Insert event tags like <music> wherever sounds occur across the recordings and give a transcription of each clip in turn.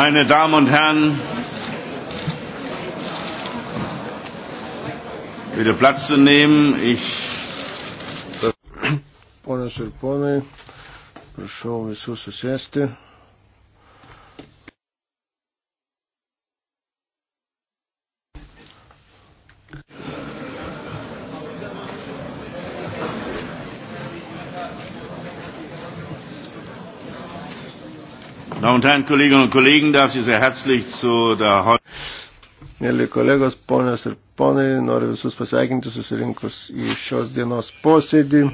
Meine Damen und Herren, bitte Platz zu nehmen. Ich Ponas ir ponai, prašau visus susėsti. und Herren, Kolleginnen und Kollegen, darf Sie sehr herzlich zu der Mėly kolegos, ponios ir ponai, noriu visus pasveikinti susirinkus į šios dienos posėdį.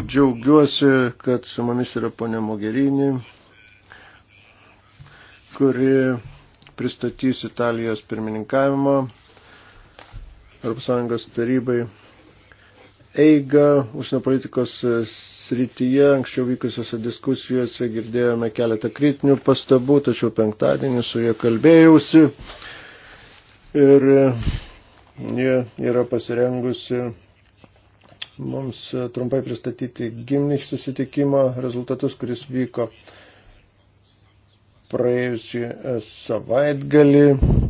Džiaugiuosi, kad su mumis yra ponia Mogherini, kuri pristatys Italijos pirmininkavimo Europos Sąjungos tarybai eigą užsienio politikos e, srityje. Anksčiau vykusiose diskusijose girdėjome keletą kritinių pastabų, tačiau penktadienį su jie kalbėjausi ir e, jie yra pasirengusi mums e, trumpai pristatyti gimnich susitikimo rezultatus, kuris vyko praėjusį savaitgalį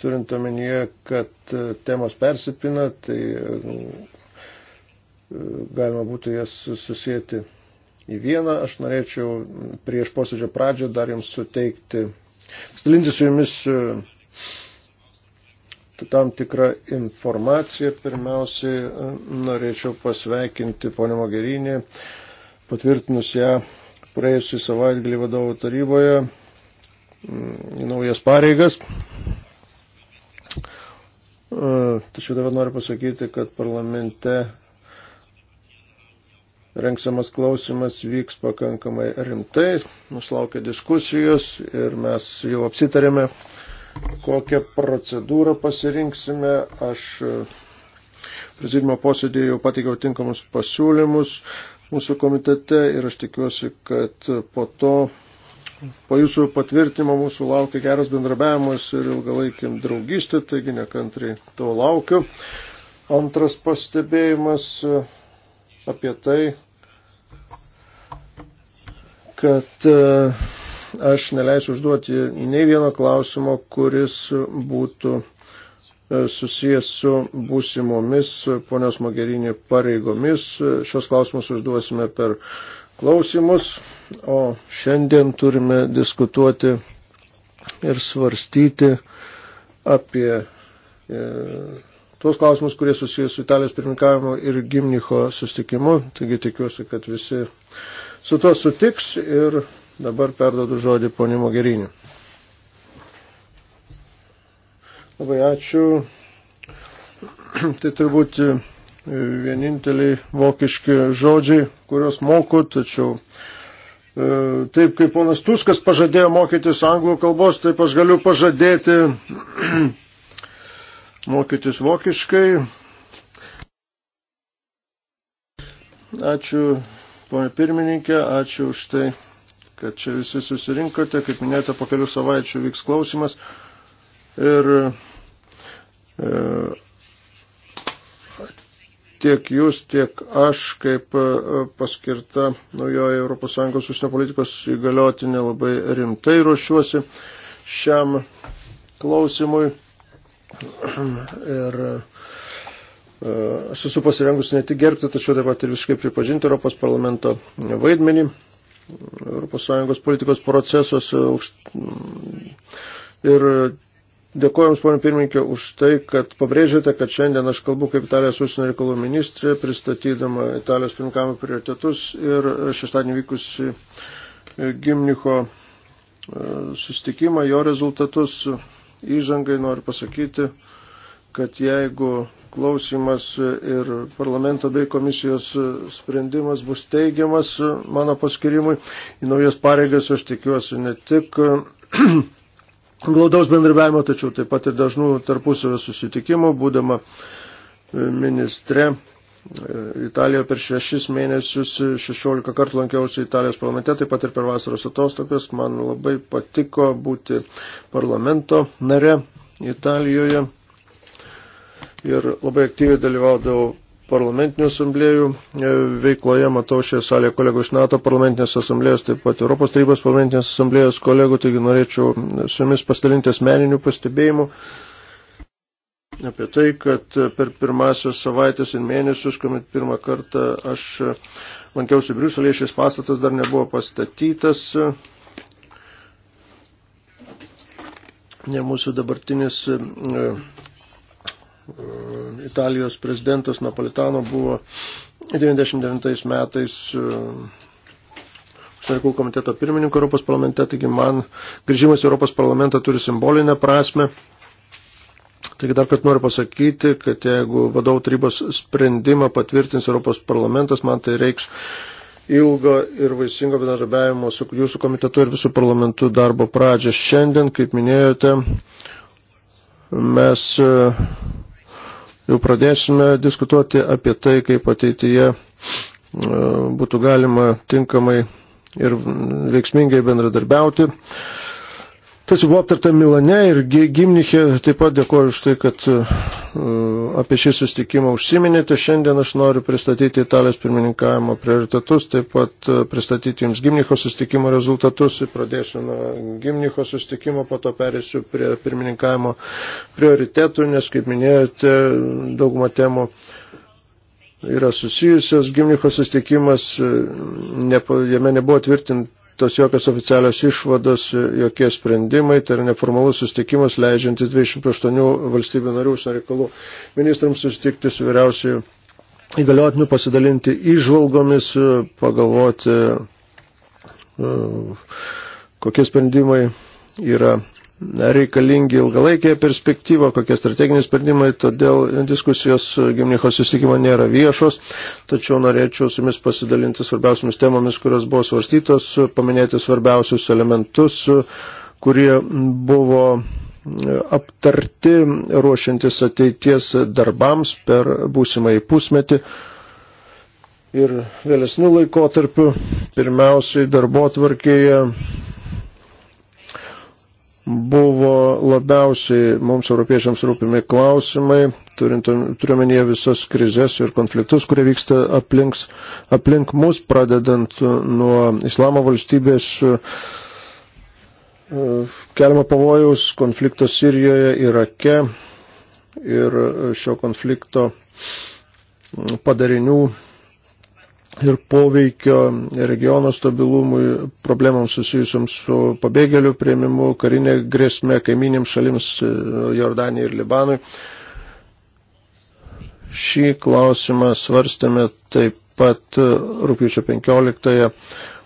turint omenyje, kad e, temos persipina, tai nu, e, galima būtų jas susijęti į vieną. Aš norėčiau prieš posėdžio pradžią dar jums suteikti, stalinti su jumis e, tam tikrą informaciją. Pirmiausiai norėčiau pasveikinti ponę Mogerinį, patvirtinus ją praėjusį savaitgalį vadovų taryboje į naujas pareigas. Tačiau dabar noriu pasakyti, kad parlamente rengsamas klausimas vyks pakankamai rimtai, mus laukia diskusijos ir mes jau apsitarėme, kokią procedūrą pasirinksime. Aš e, prezidimo posėdėje jau pateikiau tinkamus pasiūlymus mūsų komitete ir aš tikiuosi, kad po to po jūsų patvirtimo mūsų laukia geras bendrabiavimas ir ilgalaikim draugystė, taigi nekantriai to laukiu. Antras pastebėjimas e, apie tai, kad e, aš neleisiu užduoti nei vieno klausimo, kuris būtų e, susijęs su būsimomis ponios Magerinė pareigomis. Šios klausimus užduosime per klausimus, o šiandien turime diskutuoti ir svarstyti apie e, tuos klausimus, kurie susijęs su Italijos pirmininkavimu ir Gimnicho sustikimu. Taigi tikiuosi, kad visi su to sutiks ir dabar perdodu žodį ponį Mogerinį. Labai ačiū. <clears throat> Tai turbūt vieninteliai vokiški žodžiai, kuriuos moku, tačiau e, taip kaip ponas Tuskas pažadėjo mokytis anglų kalbos, taip aš galiu pažadėti <clears throat> mokytis vokiškai. Ačiū, ponė pirmininkė, ačiū už tai, kad čia visi susirinkote. Kaip minėjote, po kelių savaičių vyks klausimas. Ir e, tiek jūs, tiek aš, kaip e, paskirta naujoje ES užsienio politikos įgaliotinė, labai rimtai ruošiuosi šiam klausimui. Ir e, aš esu pasirengus ne tik gerbti, tačiau taip pat ir visiškai pripažinti Europos parlamento vaidmenį ES politikos procesuose. Ir Dėkuoju Jums, ponė pirmininkė, už tai, kad pabrėžėte, kad šiandien aš kalbu kaip Italijos užsienio reikalų ministrė, pristatydama Italijos pirmkavimo prioritetus ir šeštadienį vykusi e, Gimnicho e, sustikimą, jo rezultatus įžangai noriu pasakyti, kad jeigu klausimas ir parlamento bei komisijos sprendimas bus teigiamas mano paskirimui į naujas pareigas, aš tikiuosi ne tik glaudaus bendrabiavimo, tačiau taip pat ir dažnų tarpusavio susitikimų, būdama e, ministre. E, Italijoje per šešis mėnesius 16 e, kartų lankiausi Italijos parlamente, taip pat ir per vasaros atostogas. Man labai patiko būti parlamento nare Italijoje ir labai aktyviai dalyvaudavau parlamentinių asamblėjų e, veikloje, matau šią salę kolegų iš NATO parlamentinės asamblėjos, taip pat Europos tarybos parlamentinės asamblėjos kolegų, taigi norėčiau su jumis pasidalinti asmeninių pastebėjimų apie tai, kad per pirmasios savaitės ir mėnesius, kuomet pirmą kartą aš lankiausi Briuselėje, šis pastatas dar nebuvo pastatytas. Ne mūsų dabartinis e, E, Italijos prezidentas Napolitano buvo 99 metais e, užsienio komiteto pirmininko Europos parlamente, taigi man grįžimas į Europos parlamentą turi simbolinę prasme. Taigi dar kartą noriu pasakyti, kad jeigu vadovų tarybos sprendimą patvirtins Europos parlamentas, man tai reikš ilgo ir vaisingo bendradarbiavimo su jūsų komitetu ir visų parlamentų darbo pradžią. Šiandien, kaip minėjote, mes jau pradėsime diskutuoti apie tai, kaip ateityje e, būtų galima tinkamai ir veiksmingai bendradarbiauti Tas buvo aptarta Milane ir Gimniche taip pat dėkoju už tai, kad e, apie šį sustikimą užsiminėte. Šiandien aš noriu pristatyti Italijos pirmininkavimo prioritetus, taip pat e, pristatyti jums Gimnicho sustikimo rezultatus. Pradėsiu nuo Gimnicho sustikimo, po to perėsiu prie pirmininkavimo prioritetų, nes, kaip minėjote, daugumą temų yra susijusios. Gimnicho sustikimas, e, ne, jame nebuvo tvirtinti pateiktos jokios oficialios išvados, jokie sprendimai, tai yra neformalus sustikimas, leidžiantis 28 valstybių narių užsienio reikalų ministrams sustikti su vyriausiai įgaliotiniu pasidalinti išvalgomis, pagalvoti, e, kokie sprendimai yra reikalingi ilgalaikėje perspektyva, kokie strateginiai sprendimai, todėl diskusijos Gimnicho susitikimo nėra viešos, tačiau norėčiau su jumis pasidalinti svarbiausiamis temomis, kurios buvo svarstytos, paminėti svarbiausius elementus, kurie buvo aptarti ruošiantis ateities darbams per būsimąjį pusmetį. Ir vėlesnių laikotarpių pirmiausiai darbo tvarkėje buvo labiausiai mums europiečiams rūpimi klausimai, turiuomenyje visas krizės ir konfliktus, kurie vyksta aplinks, aplink mus, pradedant nuo islamo valstybės e, keliamo pavojaus konflikto Sirijoje, Irake ir šio konflikto padarinių ir poveikio regiono stabilumui, problemams susijusiams su pabėgėlių prieimimu, karinė grėsmė kaiminėms šalims e, Jordanijai ir Libanui. Šį klausimą svarstėme taip pat rūpiučio 15-ąją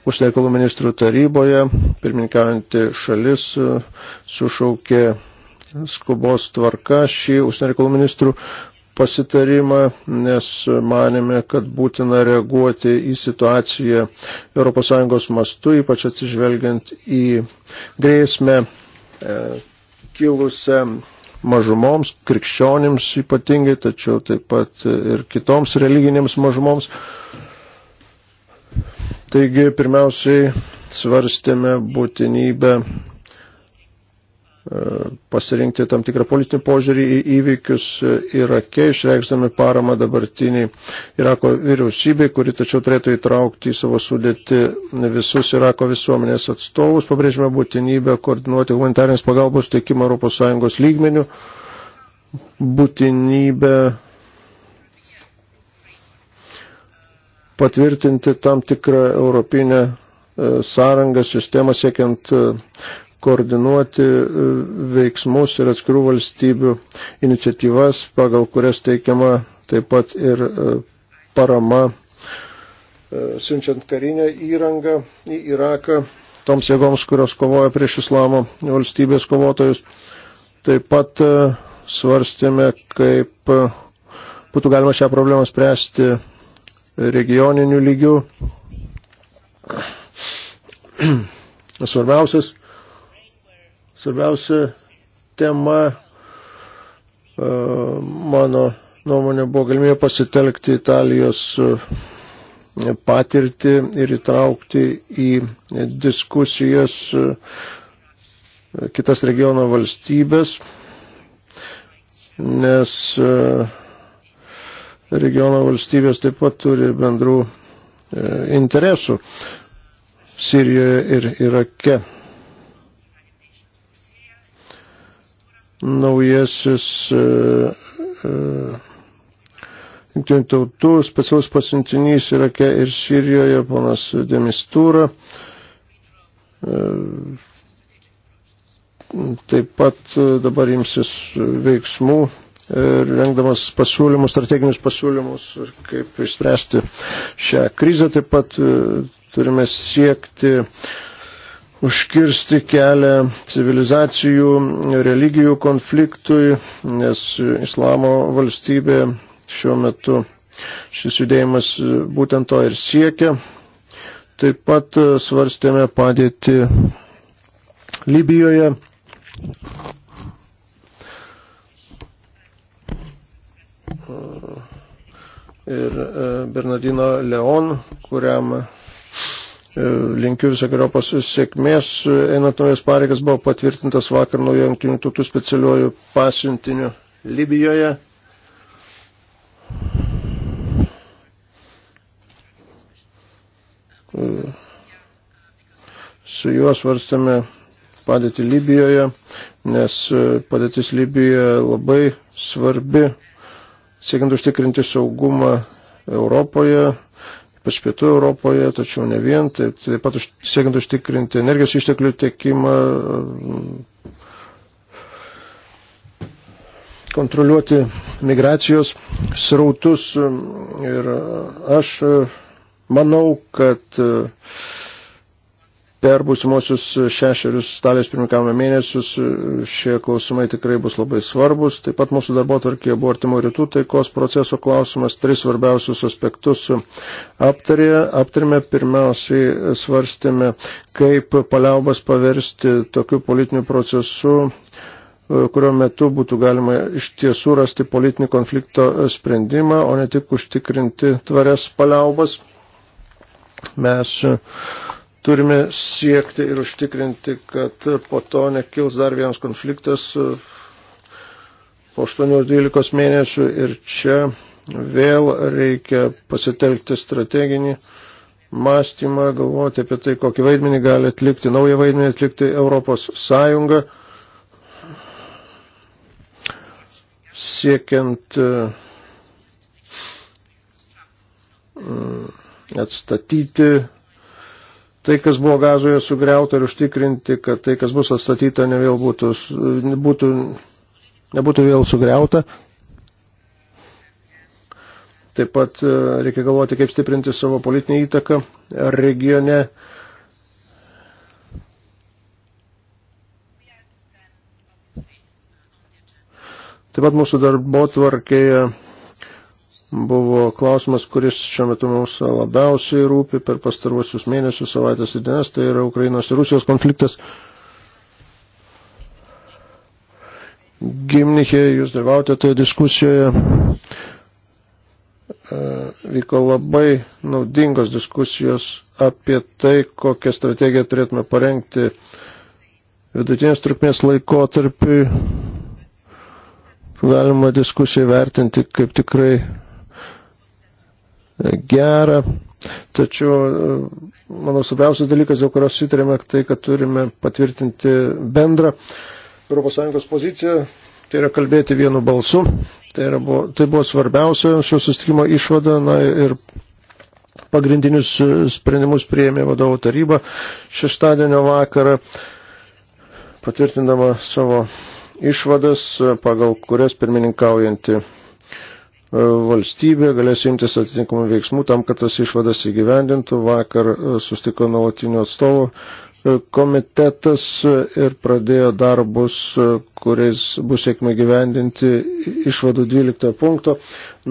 užsienio ministrų taryboje. Pirmininkaujantį šalis e, sušaukė skubos tvarka šį užsienio ministrų pasitarimą, nes manėme, kad būtina reaguoti į situaciją ES mastu, ypač atsižvelgiant į grėsmę e, kilusią mažumoms, krikščionims ypatingai, tačiau taip pat ir kitoms religinėms mažumoms. Taigi pirmiausiai svarstėme būtinybę pasirinkti tam tikrą politinį požiūrį į įvykius Irake, išreikšdami paramą dabartiniai Irako vyriausybei, kuri tačiau turėtų įtraukti į savo sudėti visus Irako visuomenės atstovus. Pabrėžime būtinybę koordinuoti humanitarinės pagalbos teikimą ES lygmenių, būtinybę patvirtinti tam tikrą europinę e, sąrangą, sistemą siekiant e, koordinuoti e, veiksmus ir atskirų valstybių iniciatyvas, pagal kurias teikiama taip pat ir e, parama e, siunčiant karinę įrangą į Iraką toms jėgoms, kurios kovoja prieš islamo valstybės kovotojus. Taip pat svarstėme, kaip būtų galima šią problemą spręsti regioniniu lygiu. <clears throat> Svarbiausias Svarbiausia tema e, mano nuomonė buvo galimybė pasitelkti Italijos e, patirtį ir įtraukti į diskusijas e, kitas regiono valstybės, nes regiono valstybės taip pat turi bendrų interesų Sirijoje ir Irake. naujasis e, e, jungtinių tautų specialus pasiuntinys Irake ir Sirijoje, ponas Demistūra. E, Taip pat dabar imsis veiksmų, rengdamas pasiūlymus, strateginius pasiūlymus, kaip išspręsti šią krizę. Taip pat turime siekti uh, užkirsti kelią civilizacijų, religijų konfliktui, nes islamo valstybė šiuo metu šis judėjimas būtent to ir siekia. Taip pat svarstėme padėti Libijoje. Ir e, Bernardino Leon, kuriam E, linkiu visokiojopos sėkmės. Einant naujas pareigas buvo patvirtintas vakar naujo jungtinių tautų specialiuoju pasiuntiniu Libijoje. E, su juo svarstame padėtį Libijoje, nes e, padėtis Libijoje labai svarbi, siekiant užtikrinti saugumą Europoje ypač pietų Europoje, tačiau ne vien, taip, taip pat už, siekiant užtikrinti energijos išteklių tiekimą, kontroliuoti migracijos srautus ir aš manau, kad Per būsimosius šešerius stalės pirmikavimo mėnesius šie klausimai tikrai bus labai svarbus. Taip pat mūsų darbo tvarkėje buvo artimo rytų taikos proceso klausimas. Tris svarbiausius aspektus aptarė. aptarėme. Pirmiausiai svarstėme, kaip paliaubas paversti tokiu politiniu procesu kurio metu būtų galima iš tiesų rasti politinį konflikto sprendimą, o ne tik užtikrinti tvarias paliaubas. Mes uh, turime siekti ir užtikrinti, kad po to nekils dar vienas konfliktas e, po 8-12 mėnesių ir čia vėl reikia pasitelkti strateginį mąstymą, galvoti apie tai, kokį vaidmenį gali atlikti, naują vaidmenį atlikti Europos Sąjunga, siekiant e, atstatyti tai, kas buvo gazoje sugriauta ir užtikrinti, kad tai, kas bus atstatyta, ne vėl būtų, būtų, nebūtų vėl sugriauta. Taip pat e, reikia galvoti, kaip stiprinti savo politinę įtaką regione. Taip pat mūsų darbo tvarkėje buvo klausimas, kuris šiuo metu mums labiausiai rūpi per pastaruosius mėnesius, savaitės ir dienas, tai yra Ukrainos ir Rusijos konfliktas. Gimnichė, jūs dalyvautėte toje diskusijoje. E, vyko labai naudingos diskusijos apie tai, kokią strategiją turėtume parengti vidutinės trukmės laikotarpiui galima diskusiją vertinti kaip tikrai gerą, tačiau, e, manau, svarbiausias dalykas, dėl kurios sutarėme, tai, kad turime patvirtinti bendrą ES poziciją, tai yra kalbėti vienu balsu, tai, yra, buvo, tai buvo svarbiausia šio sustikimo išvada na, ir pagrindinius sprendimus prieėmė vadovų taryba šeštadienio vakarą, patvirtindama savo išvadas, pagal kurias pirmininkaujanti E, valstybė galės imtis atitinkamų veiksmų tam, kad tas išvadas įgyvendintų. Vakar e, sustiko nuolatinio atstovo e, komitetas ir pradėjo darbus, kuriais bus sėkmė gyvendinti išvadų 12 punkto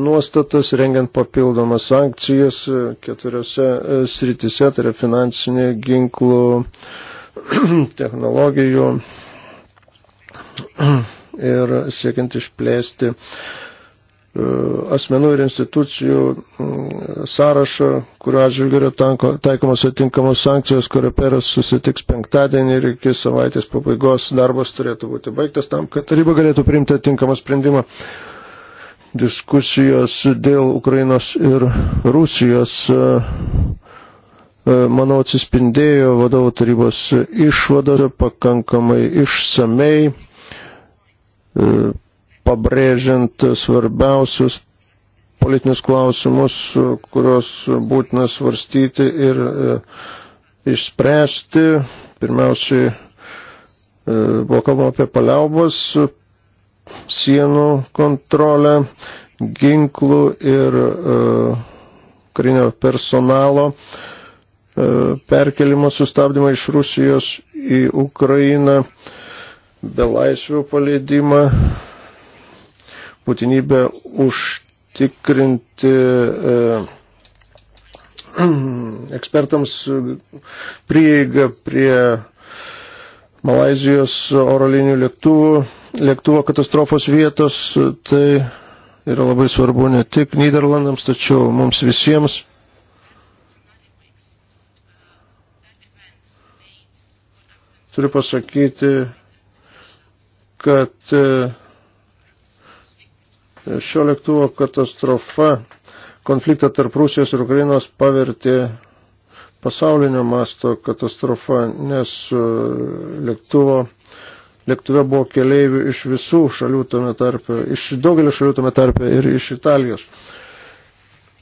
nuostatas, rengiant papildomas sankcijas keturiose sritise, tai yra finansinė ginklų <clears throat> technologijų <clears throat> ir siekiant išplėsti uh, E, asmenų ir institucijų mm, sąrašą, kurio atžvilgiu yra taikomos atinkamos sankcijos, kurio peras susitiks penktadienį ir iki savaitės pabaigos darbas turėtų būti baigtas tam, kad taryba galėtų priimti atinkamą sprendimą. Diskusijos dėl Ukrainos ir Rusijos, e, e, manau, atsispindėjo vadovo tarybos išvadose pakankamai išsamei pabrėžiant svarbiausius politinius klausimus, kuriuos būtina svarstyti ir e, išspręsti. Pirmiausiai e, buvo kalbama apie paliaubos, sienų kontrolę, ginklų ir e, karinio personalo perkelimo sustabdymą iš Rusijos į Ukrainą, belaisvių paleidimą, būtinybę užtikrinti e, <clears throat> ekspertams prieigą prie Malazijos oro linijų lėktuvų, lėktuvo katastrofos vietos, tai yra labai svarbu ne tik Niderlandams, tačiau mums visiems. Turiu pasakyti, kad e, Šio lėktuvo katastrofa konfliktą tarp Rusijos ir Ukrainos pavertė pasaulinio masto katastrofa, nes e, lėktuvo Lėktuve buvo keleivių iš visų šalių tame tarpe, iš daugelio šalių tame tarpe ir iš Italijos.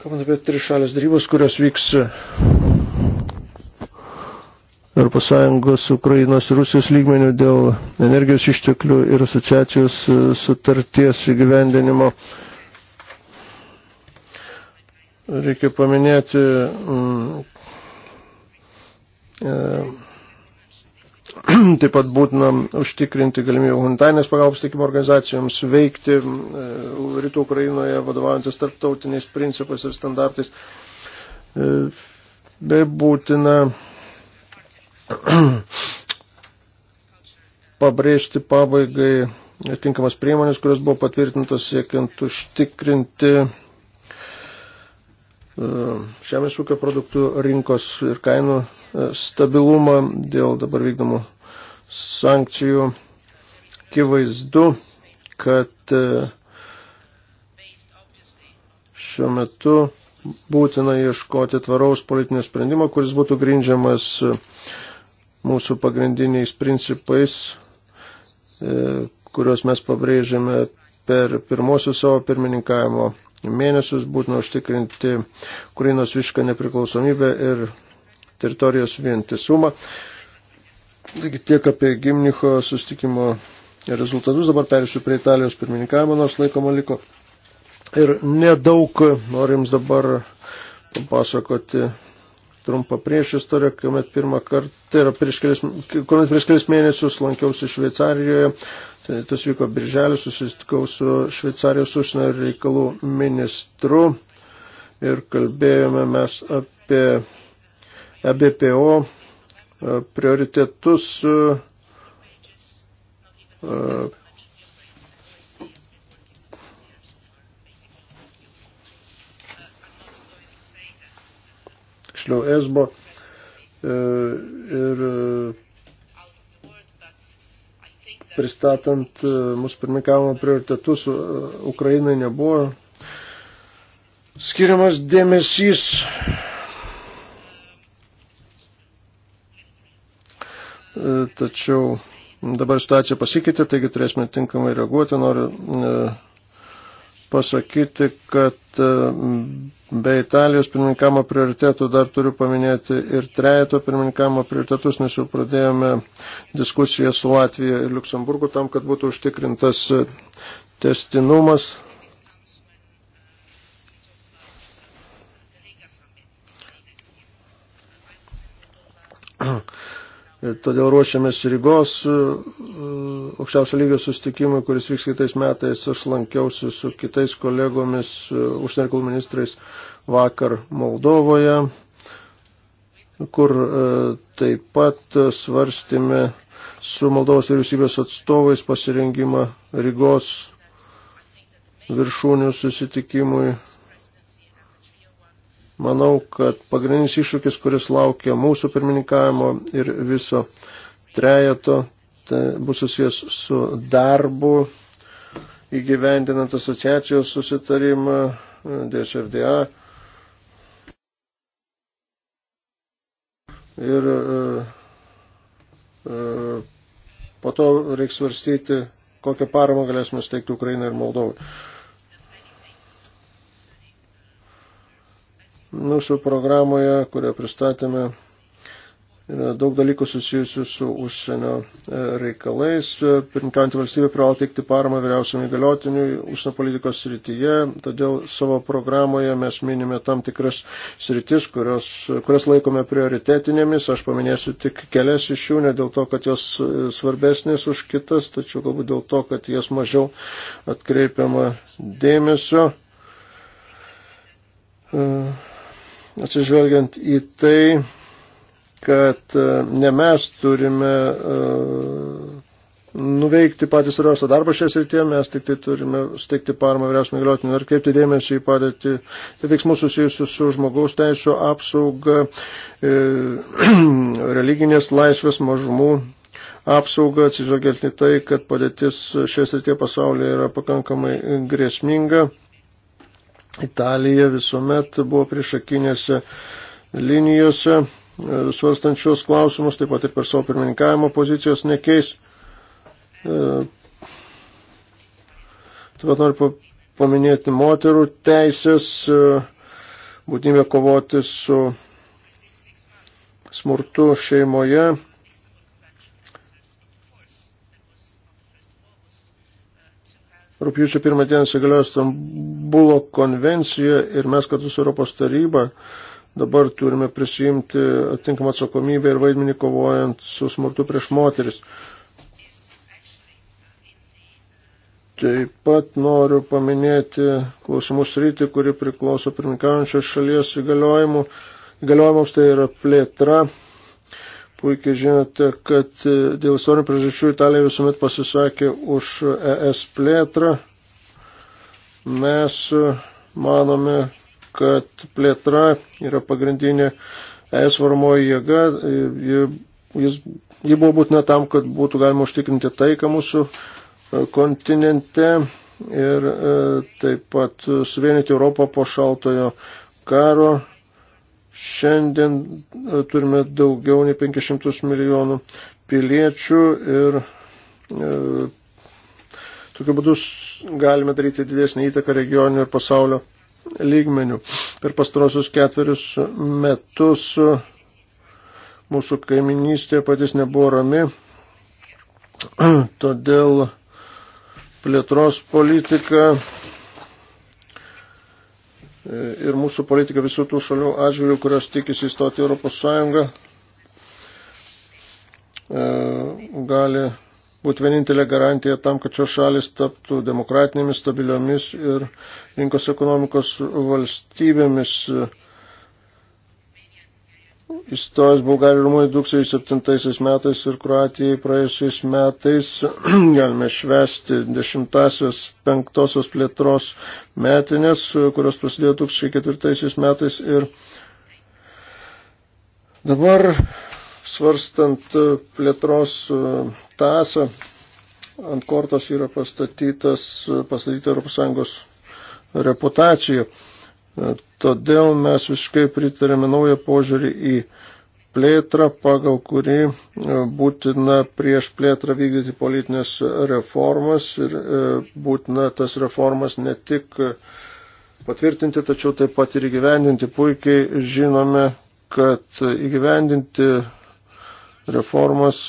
Kalbant apie trišalės darybos, kurios vyks ES, Ukrainos ir Rusijos lygmenių dėl energijos išteklių ir asociacijos e, sutarties įgyvendinimo. Reikia paminėti mm, e, <clears throat> taip pat būtina užtikrinti galimybę humanitarinės pagalbos teikimo organizacijoms veikti e, rytų Ukrainoje vadovaujantis tarptautiniais principais ir standartais. Bei būtina <clears throat> pabrėžti pabaigai tinkamas priemonės, kurios buvo patvirtintos siekiant užtikrinti e, žemės ūkio produktų rinkos ir kainų e, stabilumą dėl dabar vykdomų sankcijų. Kivaizdu, kad e, šiuo metu būtina ieškoti tvaraus politinio sprendimo, kuris būtų grindžiamas mūsų pagrindiniais principais, e, kuriuos mes pabrėžėme per pirmosius savo pirmininkavimo mėnesius, būtina užtikrinti Ukrainos višką nepriklausomybę ir teritorijos vientisumą. Taigi tiek apie Gimnicho sustikimo rezultatus, dabar perėsiu prie Italijos pirmininkavimo, nors laikomo liko. Ir nedaug norim dabar papasakoti trumpą priešistorę, kuomet pirmą kartą, tai yra prieš kelis, kuomet prieš kelis mėnesius lankiausi Šveicarijoje, tai tas vyko birželį, susitikau su Šveicarijos užsienio reikalų ministru ir kalbėjome mes apie EBPO e, prioritetus e, tiksliau esbo e, ir e, pristatant e, mūsų pirmikavimo prioritetus Ukrainai nebuvo skiriamas dėmesys. Tačiau dabar situacija pasikeitė, taigi turėsime tinkamai reaguoti. Noriu pasakyti, kad e, be Italijos pirmininkamo prioritėtų dar turiu paminėti ir trejato pirmininkamo prioritetus, nes jau pradėjome diskusiją su Latvija ir Luksemburgu tam, kad būtų užtikrintas e, testinumas. Todėl ruošiamės Rygos e, aukščiausio lygio sustikimui, kuris vyks kitais metais. Aš lankiausi su kitais kolegomis, e, užsienio reikalų ministrais vakar Moldovoje, kur e, taip pat svarstėme su Moldovos vyriausybės atstovais pasirengimą Rygos viršūnių susitikimui Manau, kad pagrindinis iššūkis, kuris laukia mūsų pirmininkavimo ir viso trejato, tai bus susijęs su darbu įgyvendinant asociacijos susitarimą DSFDA. Ir e, e, po to reiks svarstyti, kokią paramą galėsime steigti Ukrainai ir Moldovai. Mūsų programoje, kurią pristatėme, yra daug dalykų susijusių su užsienio e, reikalais. Pirminkantį valstybę privalo teikti paramą vyriausiam įgaliotiniui užsienio politikos srityje, todėl savo programoje mes minime tam tikras sritis, kurios, kurias laikome prioritetinėmis. Aš paminėsiu tik kelias iš jų, ne dėl to, kad jos e, svarbesnės už kitas, tačiau galbūt dėl to, kad jas mažiau atkreipiama dėmesio. Uh atsižvelgiant į tai, kad e, ne mes turime e, nuveikti patys svarbiausią darbą šią srityje, mes tik tai turime steigti paramą vyriausiam įgaliotiniu ir kreipti dėmesį į padėtį tai veiksmus susijusius su žmogaus teisų apsauga, e, <clears throat> religinės laisvės mažumų apsauga, atsižvelgiant į tai, kad padėtis šią srityje pasaulyje yra pakankamai grėsminga. Italija visuomet buvo priešakinėse linijose e, svarstančios klausimus, taip pat ir per savo pirmininkavimo pozicijos nekeis. E, taip pat noriu paminėti moterų teisės, e, būtinybę kovoti su smurtu šeimoje, Rūpjūčio pirmą dieną įsigaliojo Stambulo konvencija ir mes kartu su Europos taryba dabar turime prisijimti atinkamą atsakomybę ir vaidmenį kovojant su smurtu prieš moteris. Taip pat noriu paminėti klausimus rytį, kuri priklauso pirminkaujančios šalies įgaliojimams, tai yra plėtra Puikiai žinote, kad e, dėl istorinių priežasčių Italija visuomet pasisakė už ES plėtrą. Mes e, manome, kad plėtra yra pagrindinė ES varmoji jėga. E, jis, ji buvo būtina tam, kad būtų galima užtikrinti taiką mūsų kontinente ir taip pat suvienyti Europą po šaltojo karo Šiandien e, turime daugiau nei 500 milijonų piliečių ir e, tokiu būdu galime daryti didesnį įtaką regioninių ir pasaulio lygmenių. Per pastarosius ketverius metus e, mūsų kaiminystė patys nebuvo rami, <clears throat> todėl plėtros politika E, ir mūsų politika visų tų šalių atžvilgių, kurios tikisi įstoti Europos Sąjungą, e, gali būti vienintelė garantija tam, kad šios šalis taptų demokratinėmis, stabiliomis ir rinkos ekonomikos valstybėmis įstojus Bulgarijai ir Rumunijai 2007 metais ir Kroatijai praėjusiais metais <clears throat> galime švesti dešimtasios penktosios plėtros metinės, kurios prasidėjo 2004 metais ir dabar svarstant plėtros tasą ant kortos yra pastatytas, pastatyta ES reputacija. E, todėl mes visiškai pritarėme naują požiūrį į plėtrą, pagal kurį e, būtina prieš plėtrą vykdyti politinės reformas ir e, būtina tas reformas ne tik patvirtinti, tačiau taip pat ir įgyvendinti. Puikiai žinome, kad įgyvendinti reformas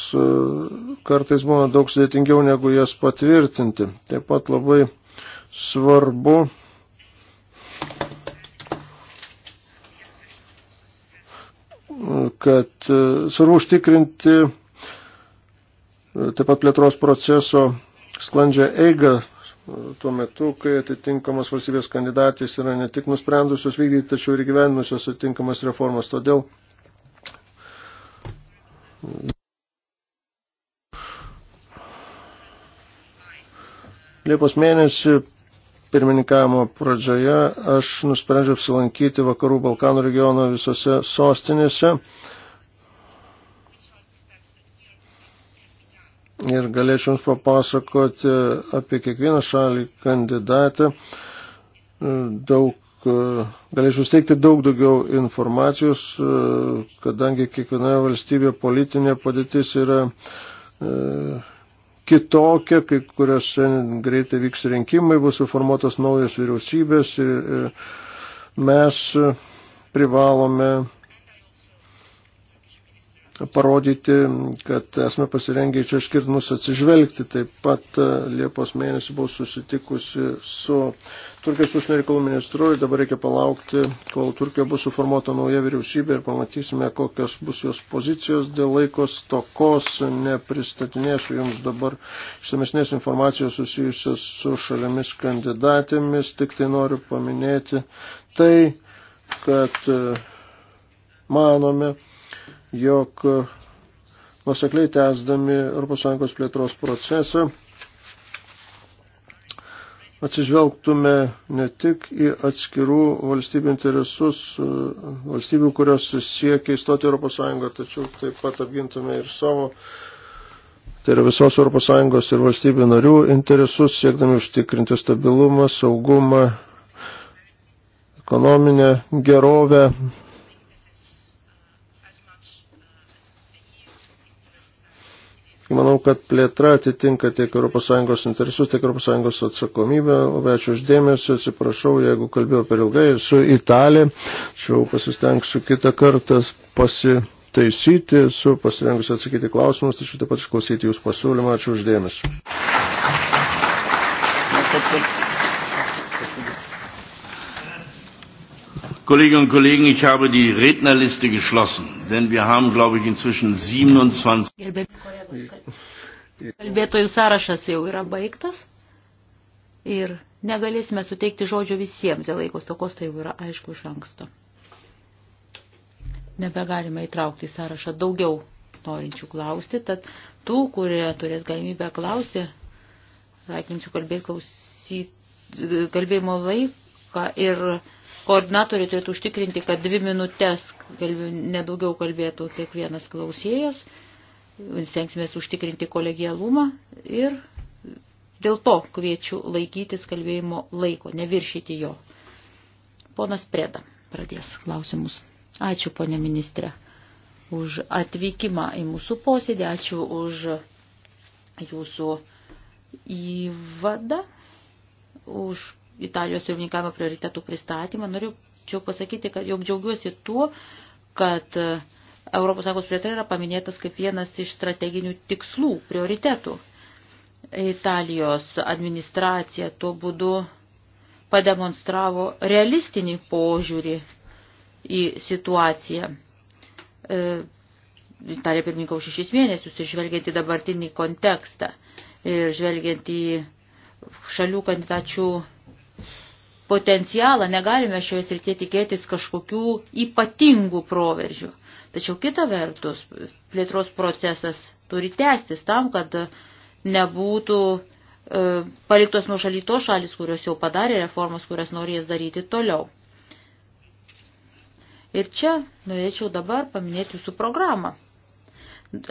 kartais būna daug sudėtingiau negu jas patvirtinti. Taip pat labai svarbu kad e, svarbu užtikrinti e, taip pat plėtros proceso sklandžią eigą e, tuo metu, kai atitinkamos valstybės kandidatės yra ne tik nusprendusios vykdyti, tačiau ir gyvenimusios atitinkamas reformas. Todėl Liepos mėnesį pirmininkavimo pradžioje aš nusprendžiau apsilankyti Vakarų Balkanų regiono visose sostinėse. Ir galėčiau Jums papasakoti apie kiekvieną šalį kandidatę. Daug, galėčiau steigti daug daugiau informacijos, kadangi kiekvienoje valstybėje politinė padėtis yra kitokia, kai kuriuose greitai vyks rinkimai, bus suformuotos naujos vyriausybės ir mes privalome parodyti, kad esame pasirengę čia skirtumus atsižvelgti. Taip pat e, Liepos mėnesį buvau susitikusi su Turkijos užsienio reikalų ministru ir dabar reikia palaukti, kol Turkija bus suformuota nauja vyriausybė ir pamatysime, kokios bus jos pozicijos dėl laikos tokos. Nepristatinėsiu jums dabar išsamesnės informacijos susijusios su šalimis kandidatėmis, tik tai noriu paminėti tai, kad e, manome, jog e, nusekliai tęsdami ES plėtros procesą atsižvelgtume ne tik į atskirų valstybių interesus, e, valstybių, kurios siekia įstoti ES, tačiau taip pat apgintume ir savo, tai yra visos ES ir valstybių narių interesus, siekdami užtikrinti stabilumą, saugumą, ekonominę gerovę Manau, kad plėtra atitinka tiek ES interesus, tiek ES atsakomybę. Labai ačiū uždėmesi, atsiprašau, jeigu kalbėjau per ilgai su Italija, tačiau pasistengsiu kitą kartą pasitaisyti, su pasirengus atsakyti klausimus, tačiau taip pat išklausyti jūsų pasiūlymą. Ačiū uždėmesi. Thank you. Kolleginnen und Kollegen, ich habe die Rednerliste geschlossen, denn wir haben, glaube ich, inzwischen 27. Kalbėtojų sąrašas jau yra baigtas ir negalėsime suteikti žodžio visiems, dėl laiko stokos tai jau yra aišku iš anksto. Nebegalime įtraukti į sąrašą daugiau norinčių klausti, tad tų, kurie turės galimybę klausti, raginčiau kalbėti klausyti, kalbėjimo laiką ir Koordinatoriai turėtų užtikrinti, kad dvi minutės nedaugiau kalbėtų kiekvienas klausėjas. Stengsimės užtikrinti kolegialumą ir dėl to kviečiu laikytis kalbėjimo laiko, neviršyti jo. Ponas Preda pradės klausimus. Ačiū, ponė ministrė, už atvykimą į mūsų posėdį, ačiū už jūsų įvadą, už Italijos pirmininkavimo prioritetų pristatymą, noriu čia pasakyti, kad jog džiaugiuosi tuo, kad ES plėtra yra paminėtas kaip vienas iš strateginių tikslų, prioritetų. Italijos administracija tuo būdu pademonstravo realistinį požiūrį į situaciją. E, Italija pirmininkau šešis mėnesius ir žvelgiant į dabartinį kontekstą ir žvelgiant į šalių kandidačių potencialą, negalime šioje srityje tikėtis kažkokių ypatingų proveržių. Tačiau kita vertus, plėtros procesas turi tęstis tam, kad nebūtų e, paliktos nuo šaly tos šalis, kurios jau padarė reformas, kurias norės daryti toliau. Ir čia norėčiau dabar paminėti jūsų programą.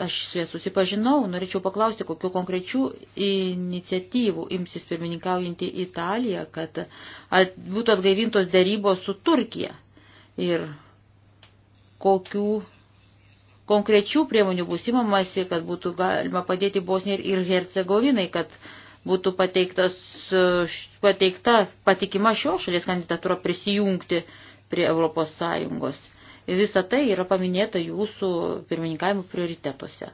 Aš su jie susipažinau, norėčiau paklausti, kokiu konkrečiu iniciatyvų imsis pirmininkaujantį Italiją, kad at, būtų atgaivintos dėrybos su Turkija ir kokiu konkrečių priemonių bus įmamasi, kad būtų galima padėti Bosnijai ir Hercegovinai, kad būtų pateiktas, pateikta patikima šios šalies kandidatūra prisijungti prie Europos Sąjungos. Visa tai yra paminėta jūsų pirmininkavimo prioritetuose.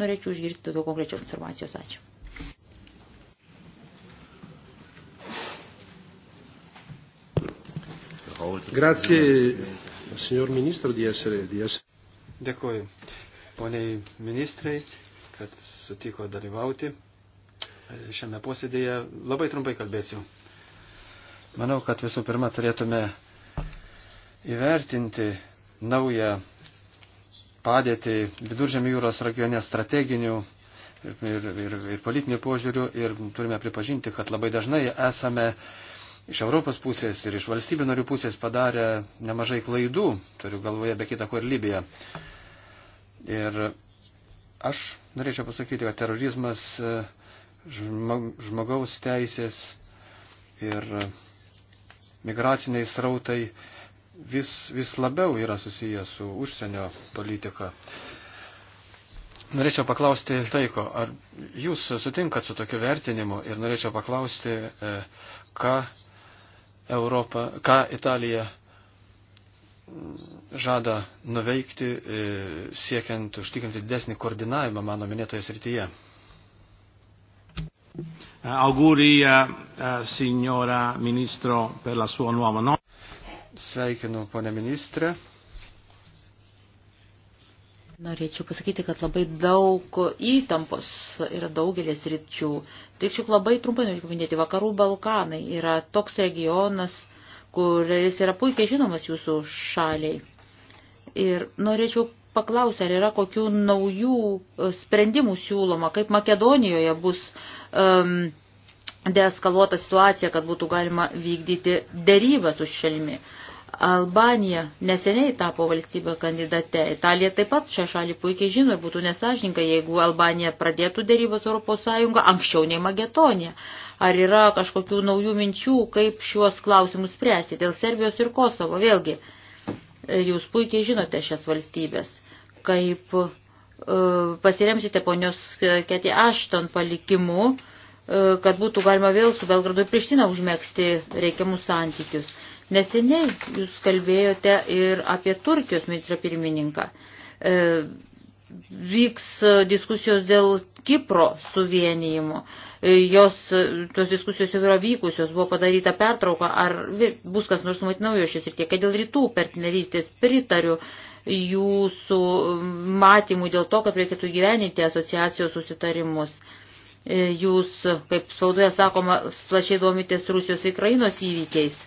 Norėčiau išgirsti daugiau konkrečios informacijos. Ačiū. Grazie, signor ministro, di essere, di essere. Dėkuoju, poniai ministrai, kad sutiko dalyvauti šiame posėdėje. Labai trumpai kalbėsiu. Manau, kad visų pirma turėtume įvertinti naują padėtį viduržėmio jūros regione strateginių ir, ir, ir, ir politinių požiūrių ir turime pripažinti, kad labai dažnai esame iš Europos pusės ir iš valstybių narių pusės padarę nemažai klaidų, turiu galvoje be kita ko ir Libiją. Ir aš norėčiau pasakyti, kad terorizmas, žmogaus teisės ir migraciniai srautai vis, vis labiau yra susijęs su užsienio politika. Norėčiau paklausti taiko, ar jūs sutinkat su tokiu vertinimu ir norėčiau paklausti, e, ką Europa, ką Italija mm, žada nuveikti e, siekiant užtikrinti didesnį koordinavimą mano minėtoje srityje. Auguri, e, signora ministro, per la sua nuova no. Sveikinu, ponė ministrė. Norėčiau pasakyti, kad labai daug įtampos yra daugelės ryčių. Tik šiuk labai trumpai norėčiau paminėti, vakarų Balkanai yra toks regionas, kuris yra puikiai žinomas jūsų šaliai. Ir norėčiau paklausti, ar yra kokių naujų e, sprendimų siūloma, kaip Makedonijoje bus um, deeskaluota situacija, kad būtų galima vykdyti dėrybą su šalimi. Uh, Albanija neseniai tapo valstybė kandidate. Italija taip pat šią šalį puikiai žino ir būtų nesažininka, jeigu Albanija pradėtų dėrybas Europos Sąjungą anksčiau nei Magetonija. Ar yra kažkokių naujų minčių, kaip šiuos klausimus spręsti dėl Serbijos ir Kosovo? Vėlgi, jūs puikiai žinote šias valstybės. Kaip e, pasiremsite ponios Keti Ašton palikimu, e, kad būtų galima vėl su Belgradu ir Priština užmėgsti reikiamus santykius Neseniai jūs kalbėjote ir apie Turkijos ministrą pirmininką. E, vyks diskusijos dėl Kipro suvienijimo. E, jos, tos diskusijos jau yra vykusios, buvo padaryta pertrauka, ar bus kas nors numatyti naujo šis ir tiek, kad dėl rytų partnerystės pritariu jūsų matymų dėl to, kad reikėtų gyveninti asociacijos susitarimus. E, jūs, kaip spaudoje sakoma, plačiai domitės Rusijos ir Ukrainos įvykiais.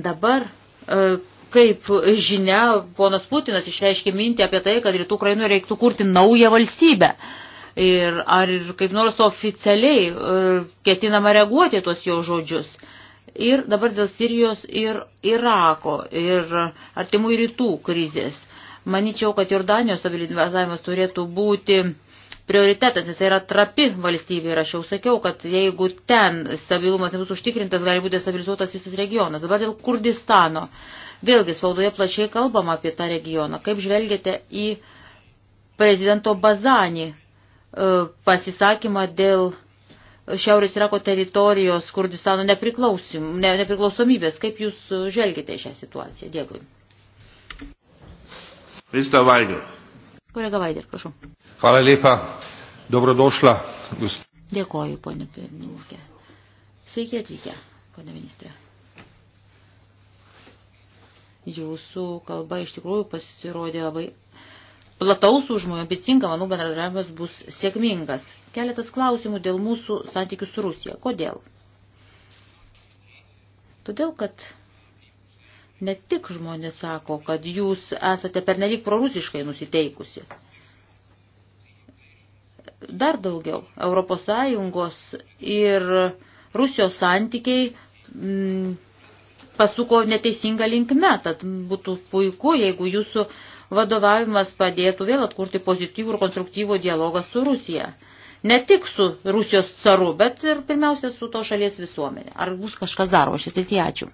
Dabar, e, kaip žinia, ponas Putinas išreiškė mintį apie tai, kad rytų Ukrainoje reiktų kurti naują valstybę. Ir ar kaip nors oficialiai e, ketinama reaguoti tuos jo žodžius. Ir dabar dėl Sirijos ir Irako ir artimų rytų krizės. Maničiau, kad Jordanijos stabilizavimas turėtų būti uh, prioritetas, jis yra trapi valstybė ir aš jau sakiau, kad jeigu ten stabilumas nebus užtikrintas, gali būti stabilizuotas visas regionas. Dabar dėl Kurdistano. Vėlgi spaudoje plačiai kalbama apie tą regioną. Kaip žvelgiate į prezidento Bazanį e, pasisakymą dėl Šiaurės Irako teritorijos Kurdistano ne, nepriklausomybės. Kaip jūs žvelgite į šią situaciją? Dėkui. Kolega Vaider, prašau. Hvala lepa, dobrodošla. Dėkoju, ponė pirmininkė. Sveiki atvykę, ponė ministrė. Jūsų kalba iš tikrųjų pasirodė labai plataus užmojų, ambicinga, manau, bendradarbiavimas bus sėkmingas. Keletas klausimų dėl mūsų santykių su Rusija. Kodėl? Todėl, kad ne tik žmonės sako, kad jūs esate pernelyg prorusiškai nusiteikusi dar daugiau. ES ir Rusijos santykiai m, mm, pasuko neteisinga linkme, tad būtų puiku, jeigu jūsų vadovavimas padėtų vėl atkurti pozityvų ir konstruktyvų dialogą su Rusija. Ne tik su Rusijos caru, bet ir pirmiausia su to šalies visuomenė. Ar bus kažkas daroma šitai, tai ačiū.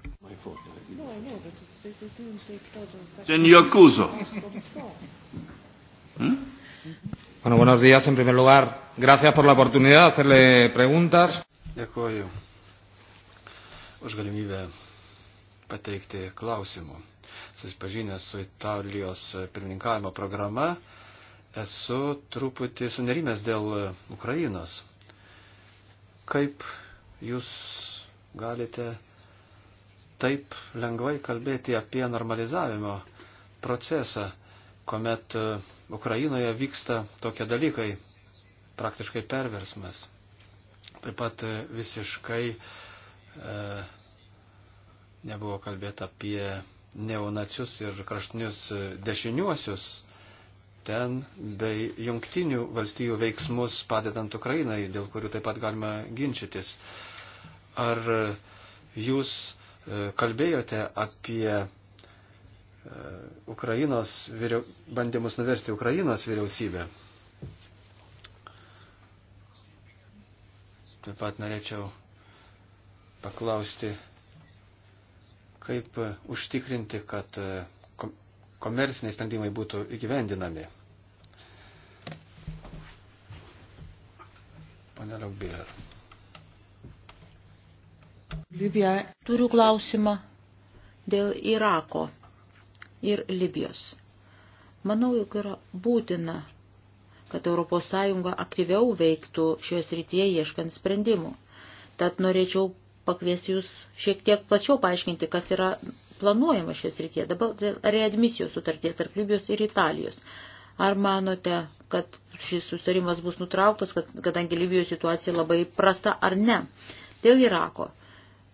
Ten Jakuzo. Hmm? Bueno, buenos días. En primer lugar, gracias por la oportunidad de hacerle preguntas. Dėkuoju už galimybę pateikti klausimų. Susipažinęs su Italijos pirmininkavimo programa, esu truputį sunerimęs dėl Ukrainos. Kaip jūs galite taip lengvai kalbėti apie normalizavimo procesą, kuomet uh, Ukrainoje vyksta tokie dalykai, praktiškai perversmas. Taip pat e, visiškai e, nebuvo kalbėta apie neonacius ir kraštinius e, dešiniuosius ten bei jungtinių valstybių veiksmus padedant Ukrainai, dėl kurių taip pat galima ginčytis. Ar e, jūs kalbėjote apie E, Ukrainos, vyriau, bandymus nuversti Ukrainos vyriausybę. Taip pat norėčiau paklausti, kaip užtikrinti, kad e, komerciniai sprendimai būtų įgyvendinami. Pane Raubėr. Libija, turiu klausimą dėl Irako ir Libijos. Manau, jog yra būtina, kad ES aktyviau veiktų šioje srityje ieškant sprendimų. Tad norėčiau pakviesti jūs šiek tiek plačiau paaiškinti, kas yra planuojama šioje srityje. Dabar readmisijos sutarties tarp Libijos ir Italijos. Ar manote, kad šis susitarimas bus nutrauktas, kad, kadangi Libijos situacija labai prasta ar ne? Dėl Irako.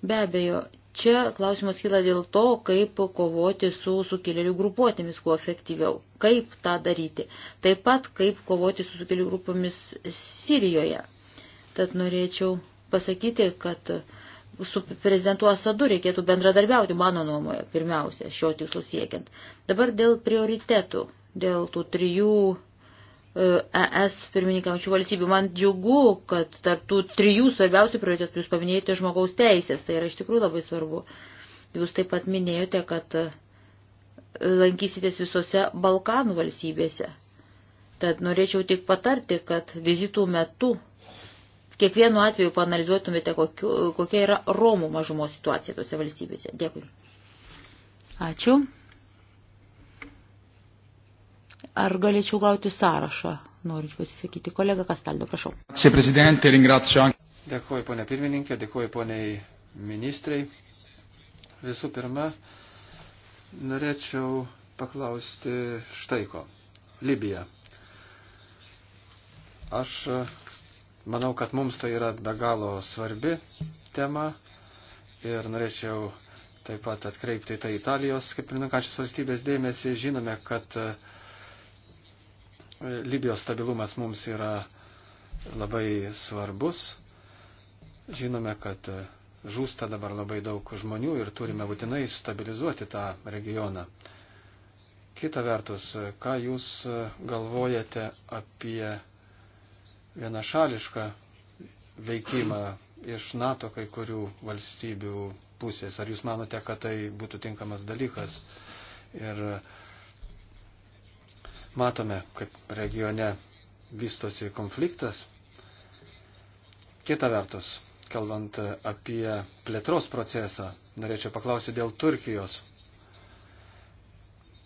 Be abejo, Čia klausimas kyla dėl to, kaip kovoti su sukilėlių grupuotėmis kuo efektyviau, kaip tą daryti, taip pat kaip kovoti su sukilėlių grupomis Sirijoje. Tad norėčiau pasakyti, kad su prezidentu Asadu reikėtų bendradarbiauti, mano nuomoje, pirmiausia, šio tikslo siekiant. Dabar dėl prioritetų, dėl tų trijų ES pirmininkaujančių valstybių. Man džiugu, kad tarp tų trijų svarbiausių prioritetų jūs paminėjote žmogaus teisės. Tai yra iš tikrųjų labai svarbu. Jūs taip pat minėjote, kad lankysitės visose Balkanų valstybėse. Tad norėčiau tik patarti, kad vizitų metu kiekvienu atveju panalizuotumėte, kokiu, kokia yra Romų mažumo situacija tose valstybėse. Dėkui. Ačiū. Ar galėčiau gauti sąrašą, norint pasisakyti? Kolega Kastaldo, prašau. Dėkuoju, ponė pirmininkė, dėkuoju, poniai ministrai. Visų pirma, norėčiau paklausti štai ko. Libija. Aš manau, kad mums tai yra be galo svarbi tema ir norėčiau taip pat atkreipti tai Italijos, kaip pirmininkančios valstybės dėmesį. Žinome, kad uh, Libijos stabilumas mums yra labai svarbus. Žinome, kad žūsta dabar labai daug žmonių ir turime būtinai stabilizuoti tą regioną. Kita vertus, ką jūs galvojate apie vienašališką veikimą iš NATO kai kurių valstybių pusės? Ar jūs manote, kad tai būtų tinkamas dalykas? Ir uh, matome, kaip regione vystosi konfliktas. Kita vertus, kalbant apie plėtros procesą, norėčiau paklausyti dėl Turkijos.